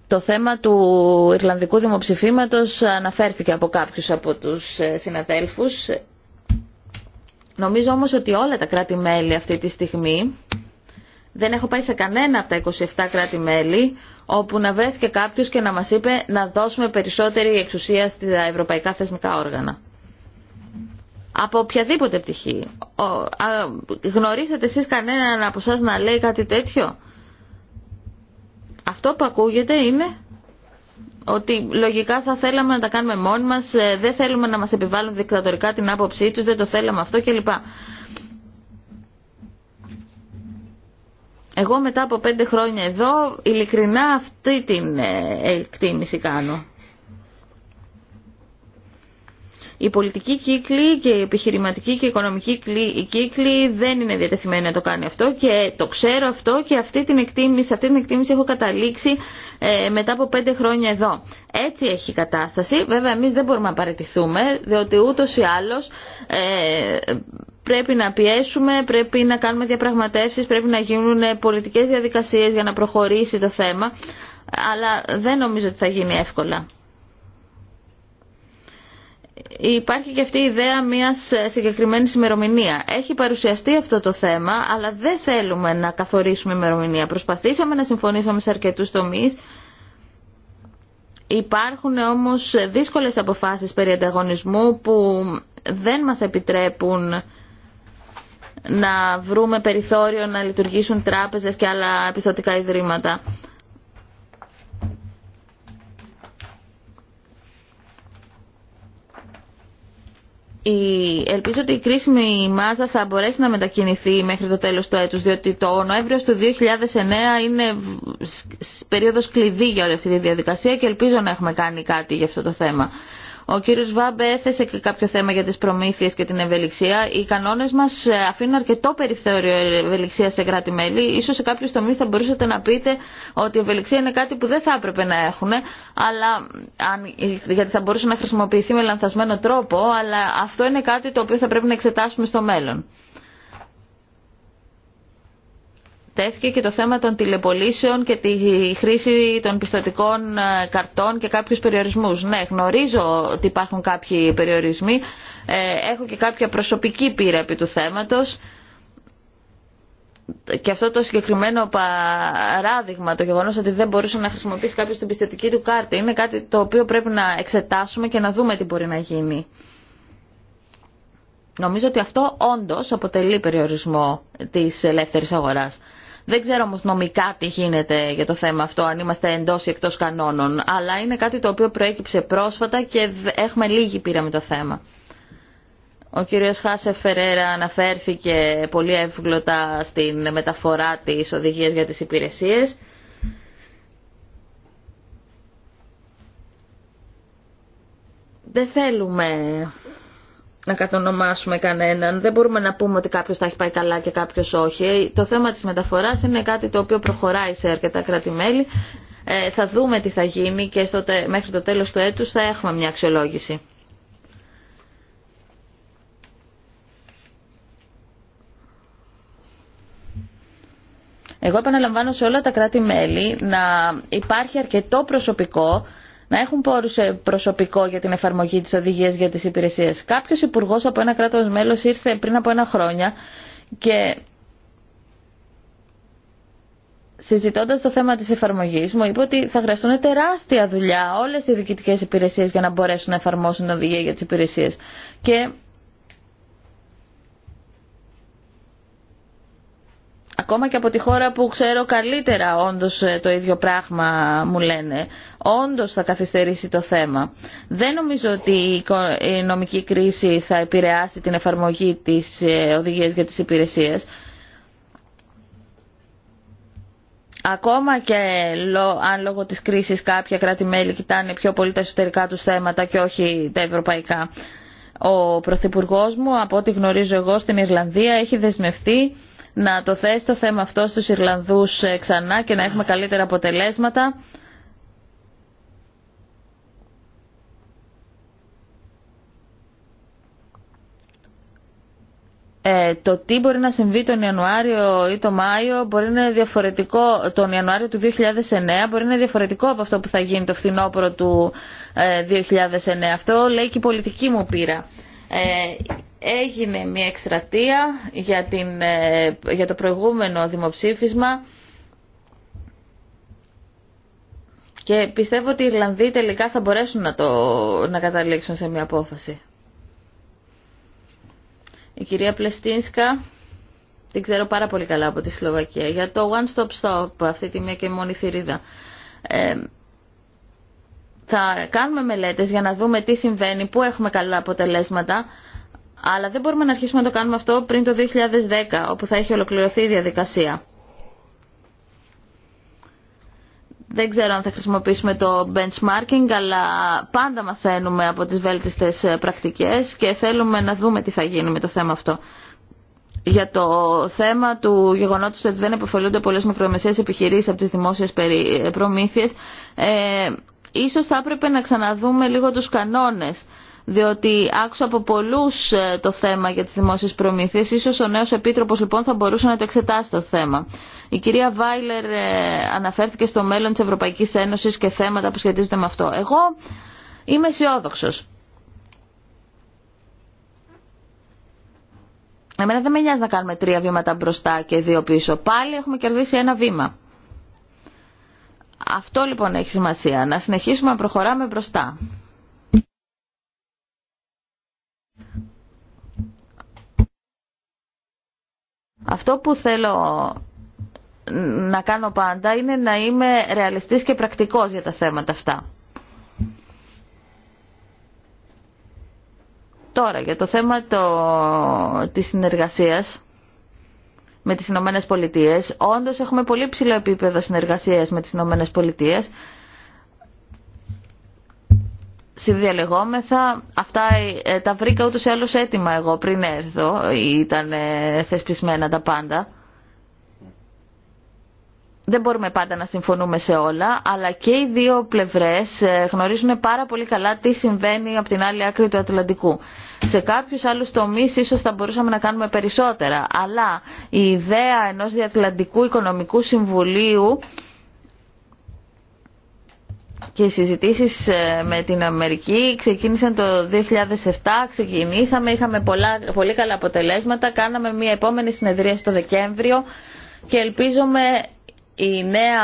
Speaker 1: Το θέμα του Ιρλανδικού δημοψηφίματος αναφέρθηκε από κάποιους από τους ε, συναδέλφους. Νομίζω όμως ότι όλα τα κράτη-μέλη αυτή τη στιγμή, δεν έχω πάει σε κανένα από τα 27 κράτη-μέλη, όπου να βρέθηκε κάποιος και να μας είπε να δώσουμε περισσότερη εξουσία στα ευρωπαϊκά θεσμικά όργανα. Από οποιαδήποτε πτυχή. Γνωρίσατε εσείς κανέναν από εσά να λέει κάτι τέτοιο. Αυτό που ακούγεται είναι ότι λογικά θα θέλαμε να τα κάνουμε μόνοι μας, ε, δεν θέλουμε να μας επιβάλλουν δικτατορικά την άποψή τους, δεν το θέλαμε αυτό κλπ. Εγώ μετά από πέντε χρόνια εδώ, ειλικρινά αυτή την ε, εκτίμηση κάνω. Η πολιτικοί κύκλοι και οι επιχειρηματικοί και οι οικονομικοί κύκλοι δεν είναι διατεθειμένοι να το κάνει αυτό και το ξέρω αυτό και αυτή την εκτίμηση, αυτή την εκτίμηση έχω καταλήξει ε, μετά από πέντε χρόνια εδώ. Έτσι έχει η κατάσταση. Βέβαια εμείς δεν μπορούμε να παραιτηθούμε διότι ούτως ή άλλως ε, πρέπει να πιέσουμε, πρέπει να κάνουμε διαπραγματεύσεις, πρέπει να γίνουν πολιτικές διαδικασίες για να προχωρήσει το θέμα αλλά δεν νομίζω ότι θα γίνει εύκολα υπάρχει και αυτή η ιδέα μιας συγκεκριμένης ημερομηνία. Έχει παρουσιαστεί αυτό το θέμα, αλλά δεν θέλουμε να καθορίσουμε ημερομηνία. Προσπαθήσαμε να συμφωνήσουμε σε αρκετούς τομείς. Υπάρχουν όμως δύσκολες αποφάσεις περί ανταγωνισμού που δεν μας επιτρέπουν να βρούμε περιθώριο να λειτουργήσουν τράπεζες και άλλα επιστοτικά ιδρύματα. Ελπίζω ότι η κρίσιμη μάζα θα μπορέσει να μετακινηθεί μέχρι το τέλος του έτους, διότι το Νοέμβριο του 2009 είναι περίοδος κλειδί για όλη αυτή τη διαδικασία και ελπίζω να έχουμε κάνει κάτι για αυτό το θέμα. Ο κύριος Βάμπε έθεσε και κάποιο θέμα για τις προμήθειες και την ευελιξία. Οι κανόνες μας ε, αφήνουν αρκετό περιθώριο ευελιξία σε κράτη-μέλη. Ίσως σε κάποιους τομείς θα μπορούσατε να πείτε ότι η ευελιξία είναι κάτι που δεν θα έπρεπε να έχουν, αλλά, ε, γιατί θα μπορούσε να χρησιμοποιηθεί με λανθασμένο τρόπο, αλλά αυτό είναι κάτι το οποίο θα πρέπει να εξετάσουμε στο μέλλον. τέθηκε και το θέμα των τηλεπολίσεων και τη χρήση των πιστοτικών ε, καρτών και κάποιους περιορισμούς. Ναι, γνωρίζω ότι υπάρχουν κάποιοι περιορισμοί. Ε, έχω και κάποια προσωπική πείρα επί του θέματος και αυτό το συγκεκριμένο παράδειγμα, το γεγονό ότι δεν μπορούσε να χρησιμοποιήσει κάποιο την πιστοτική του κάρτα, είναι κάτι το οποίο πρέπει να εξετάσουμε και να δούμε τι μπορεί να γίνει. Νομίζω ότι αυτό όντω αποτελεί περιορισμό τη ελεύθερη αγορά. Δεν ξέρω όμω νομικά τι γίνεται για το θέμα αυτό, αν είμαστε εντό ή εκτό κανόνων, αλλά είναι κάτι το οποίο προέκυψε πρόσφατα και έχουμε λίγη πείρα με το θέμα. Ο κύριος Χάσε Φερέρα αναφέρθηκε πολύ εύγλωτα στην μεταφορά τη οδηγία για τις υπηρεσίες. Δεν θέλουμε να κατονομάσουμε κανέναν. Δεν μπορούμε να πούμε ότι κάποιο θα έχει πάει καλά και κάποιο όχι. Το θέμα της μεταφοράς είναι κάτι το οποίο προχωράει σε αρκετά κράτη-μέλη. Ε, θα δούμε τι θα γίνει και στο, μέχρι το τέλος του έτους θα έχουμε μια αξιολόγηση. Εγώ επαναλαμβάνω σε όλα τα κράτη-μέλη να υπάρχει αρκετό προσωπικό να έχουν πόρου ε, προσωπικό για την εφαρμογή τη οδηγία για τι υπηρεσίε. Κάποιο υπουργό από ένα κράτο μέλο ήρθε πριν από ένα χρόνια και Συζητώντα το θέμα τη εφαρμογή μου είπε ότι θα χρειαστούν τεράστια δουλειά όλες οι διοικητικέ υπηρεσίες για να μπορέσουν να εφαρμόσουν οδηγία για τι υπηρεσίες. Και Ακόμα και από τη χώρα που ξέρω καλύτερα όντως ε, το ίδιο πράγμα μου λένε. Όντως θα καθυστερήσει το θέμα. Δεν νομίζω ότι η νομική κρίση θα επηρεάσει την εφαρμογή της ε, οδηγίας για τις υπηρεσίες. Ακόμα και αν λόγω της κρίσης κάποια κράτη-μέλη κοιτάνε πιο πολύ τα εσωτερικά τους θέματα και όχι τα ευρωπαϊκά. Ο Πρωθυπουργός μου, από ό,τι γνωρίζω εγώ στην Ιρλανδία, έχει δεσμευτεί να το θέσει το θέμα αυτό στους Ιρλανδούς ε, ξανά και να έχουμε καλύτερα αποτελέσματα. Ε, το τι μπορεί να συμβεί τον Ιανουάριο ή τον Μάιο μπορεί να είναι διαφορετικό τον Ιανουάριο του 2009 μπορεί να είναι διαφορετικό από αυτό που θα γίνει το φθινόπωρο του 2009 ε, αυτό λέει και η πολιτική μου πείρα ε, έγινε μια εκστρατεία για, την, ε, για το προηγούμενο δημοψήφισμα και πιστεύω ότι οι Ιρλανδοί τελικά θα μπορέσουν να, το, να καταλήξουν σε μια απόφαση. Η κυρία Πλεστίνσκα, την ξέρω πάρα πολύ καλά από τη Σλοβακία, για το One Stop Stop, αυτή τη μία και μόνη θηρίδα. Ε, θα κάνουμε μελέτες για να δούμε τι συμβαίνει, πού έχουμε καλά αποτελέσματα, αλλά δεν μπορούμε να αρχίσουμε να το κάνουμε αυτό πριν το 2010, όπου θα έχει ολοκληρωθεί η διαδικασία. Δεν ξέρω αν θα χρησιμοποιήσουμε το benchmarking, αλλά πάντα μαθαίνουμε από τις βέλτιστες ε, πρακτικές και θέλουμε να δούμε τι θα γίνει με το θέμα αυτό. Για το θέμα του γεγονότος ότι δεν επωφελούνται πολλές μικρομεσαίες επιχειρήσεις από τις δημόσιες ε, προμήθειες, ε, ίσως θα έπρεπε να ξαναδούμε λίγο τους κανόνες διότι άκουσα από πολλούς ε, το θέμα για τις δημόσιες προμήθειες. Ίσως ο νέος επίτροπος λοιπόν θα μπορούσε να το εξετάσει το θέμα. Η κυρία Βάιλερ ε, αναφέρθηκε στο μέλλον της Ευρωπαϊκής Ένωσης και θέματα που σχετίζονται με αυτό. Εγώ είμαι αισιόδοξο. Εμένα δεν με νοιάζει να κάνουμε τρία βήματα μπροστά και δύο πίσω. Πάλι έχουμε κερδίσει ένα βήμα. Αυτό λοιπόν έχει σημασία, να συνεχίσουμε να προχωράμε μπροστά. Αυτό που θέλω να κάνω πάντα είναι να είμαι ρεαλιστής και πρακτικός για τα θέματα αυτά. Τώρα, για το θέμα το... της συνεργασίας με τις Ηνωμένε Πολιτείες. Όντως έχουμε πολύ ψηλό επίπεδο συνεργασίας με τις Ηνωμένε Πολιτείες συνδιαλεγόμεθα. Αυτά ε, τα βρήκα ούτως ή άλλως έτοιμα εγώ πριν έρθω. Ήταν θεσπισμένα τα πάντα. Δεν μπορούμε πάντα να συμφωνούμε σε όλα, αλλά και οι δύο πλευρές ε, γνωρίζουν πάρα πολύ καλά τι συμβαίνει από την άλλη άκρη του Ατλαντικού. Σε κάποιους άλλους τομείς ίσως θα μπορούσαμε να κάνουμε περισσότερα, αλλά η ιδέα ενός διατλαντικού οικονομικού συμβουλίου και οι συζητήσεις ε, με την Αμερική ξεκίνησαν το 2007, ξεκινήσαμε, είχαμε πολλά, πολύ καλά αποτελέσματα, κάναμε μια επόμενη συνεδρία στο Δεκέμβριο και ελπίζομαι η νέα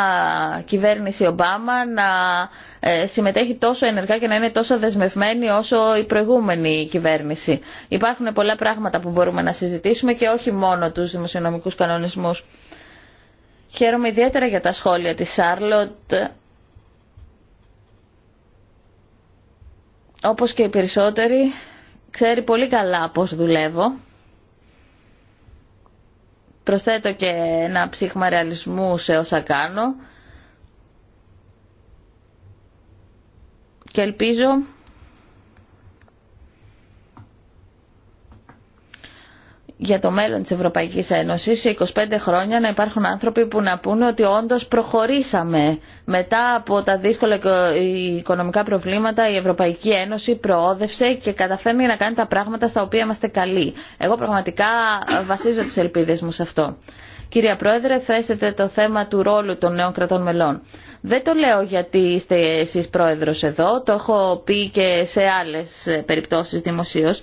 Speaker 1: κυβέρνηση Ομπάμα να ε, συμμετέχει τόσο ενεργά και να είναι τόσο δεσμευμένη όσο η προηγούμενη κυβέρνηση. Υπάρχουν πολλά πράγματα που μπορούμε να συζητήσουμε και όχι μόνο τους δημοσιονομικούς κανονισμούς. Χαίρομαι ιδιαίτερα για τα σχόλια της Σάρλοτ όπως και οι περισσότεροι, ξέρει πολύ καλά πώς δουλεύω. Προσθέτω και ένα ψύχμα ρεαλισμού σε όσα κάνω. Και ελπίζω για το μέλλον της Ευρωπαϊκής Ένωσης σε 25 χρόνια να υπάρχουν άνθρωποι που να πούνε ότι όντως προχωρήσαμε. Μετά από τα δύσκολα οικονομικά προβλήματα η Ευρωπαϊκή Ένωση προόδευσε και καταφέρνει να κάνει τα πράγματα στα οποία είμαστε καλοί. Εγώ πραγματικά ε, βασίζω τις ελπίδες μου σε αυτό. Κυρία Πρόεδρε, θέσετε το θέμα του ρόλου των νέων κρατών μελών. Δεν το λέω γιατί είστε εσείς πρόεδρος εδώ, το έχω πει και σε άλλες ε, περιπτώσεις δημοσίως.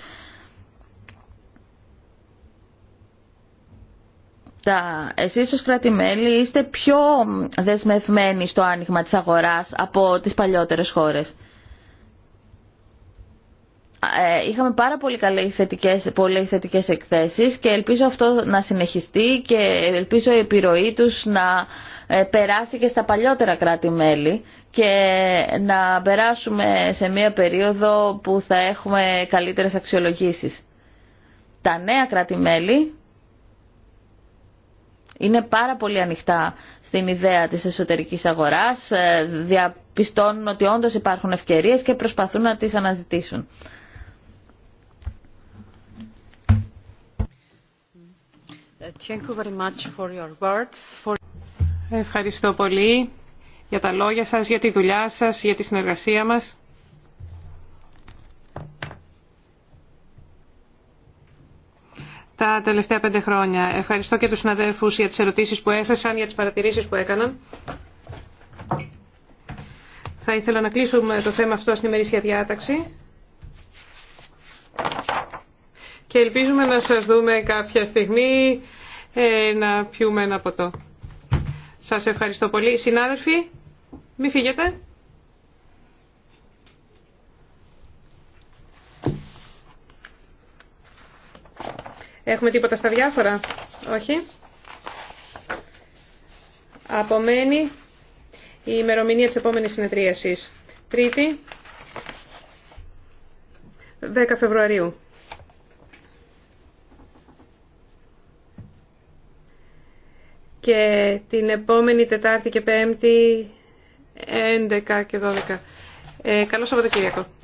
Speaker 1: τα, εσείς ως κρατημέλη είστε πιο δεσμευμένοι στο άνοιγμα της αγοράς από τις παλιότερες χώρες. Ε, είχαμε πάρα πολύ καλές θετικές, πολύ θετικές εκθέσεις και ελπίζω αυτό να συνεχιστεί και ελπίζω η επιρροή τους να ε, περάσει και στα παλιότερα κράτη-μέλη και να περάσουμε σε μία περίοδο που θα έχουμε καλύτερες αξιολογήσεις. Τα νέα κράτη-μέλη είναι πάρα πολύ ανοιχτά στην ιδέα της εσωτερικής αγοράς, ε, διαπιστώνουν ότι όντως υπάρχουν ευκαιρίες και προσπαθούν να τις αναζητήσουν.
Speaker 3: Ευχαριστώ πολύ για τα λόγια σας, για τη δουλειά σας, για τη συνεργασία μας. τα τελευταία πέντε χρόνια. Ευχαριστώ και τους συναδέλφους για τις ερωτήσεις που έθεσαν, για τις παρατηρήσεις που έκαναν. Θα ήθελα να κλείσουμε το θέμα αυτό στην ημερήσια διάταξη. Και ελπίζουμε να σας δούμε κάποια στιγμή ε, να πιούμε ένα ποτό. Σας ευχαριστώ πολύ. Συνάδελφοι, μην φύγετε. Έχουμε τίποτα στα διάφορα. Όχι. Απομένει η ημερομηνία της επόμενης συνεδρίασης. Τρίτη, 10 Φεβρουαρίου. Και την επόμενη Τετάρτη και Πέμπτη, 11 και 12. Ε, καλό Σαββατοκύριακο.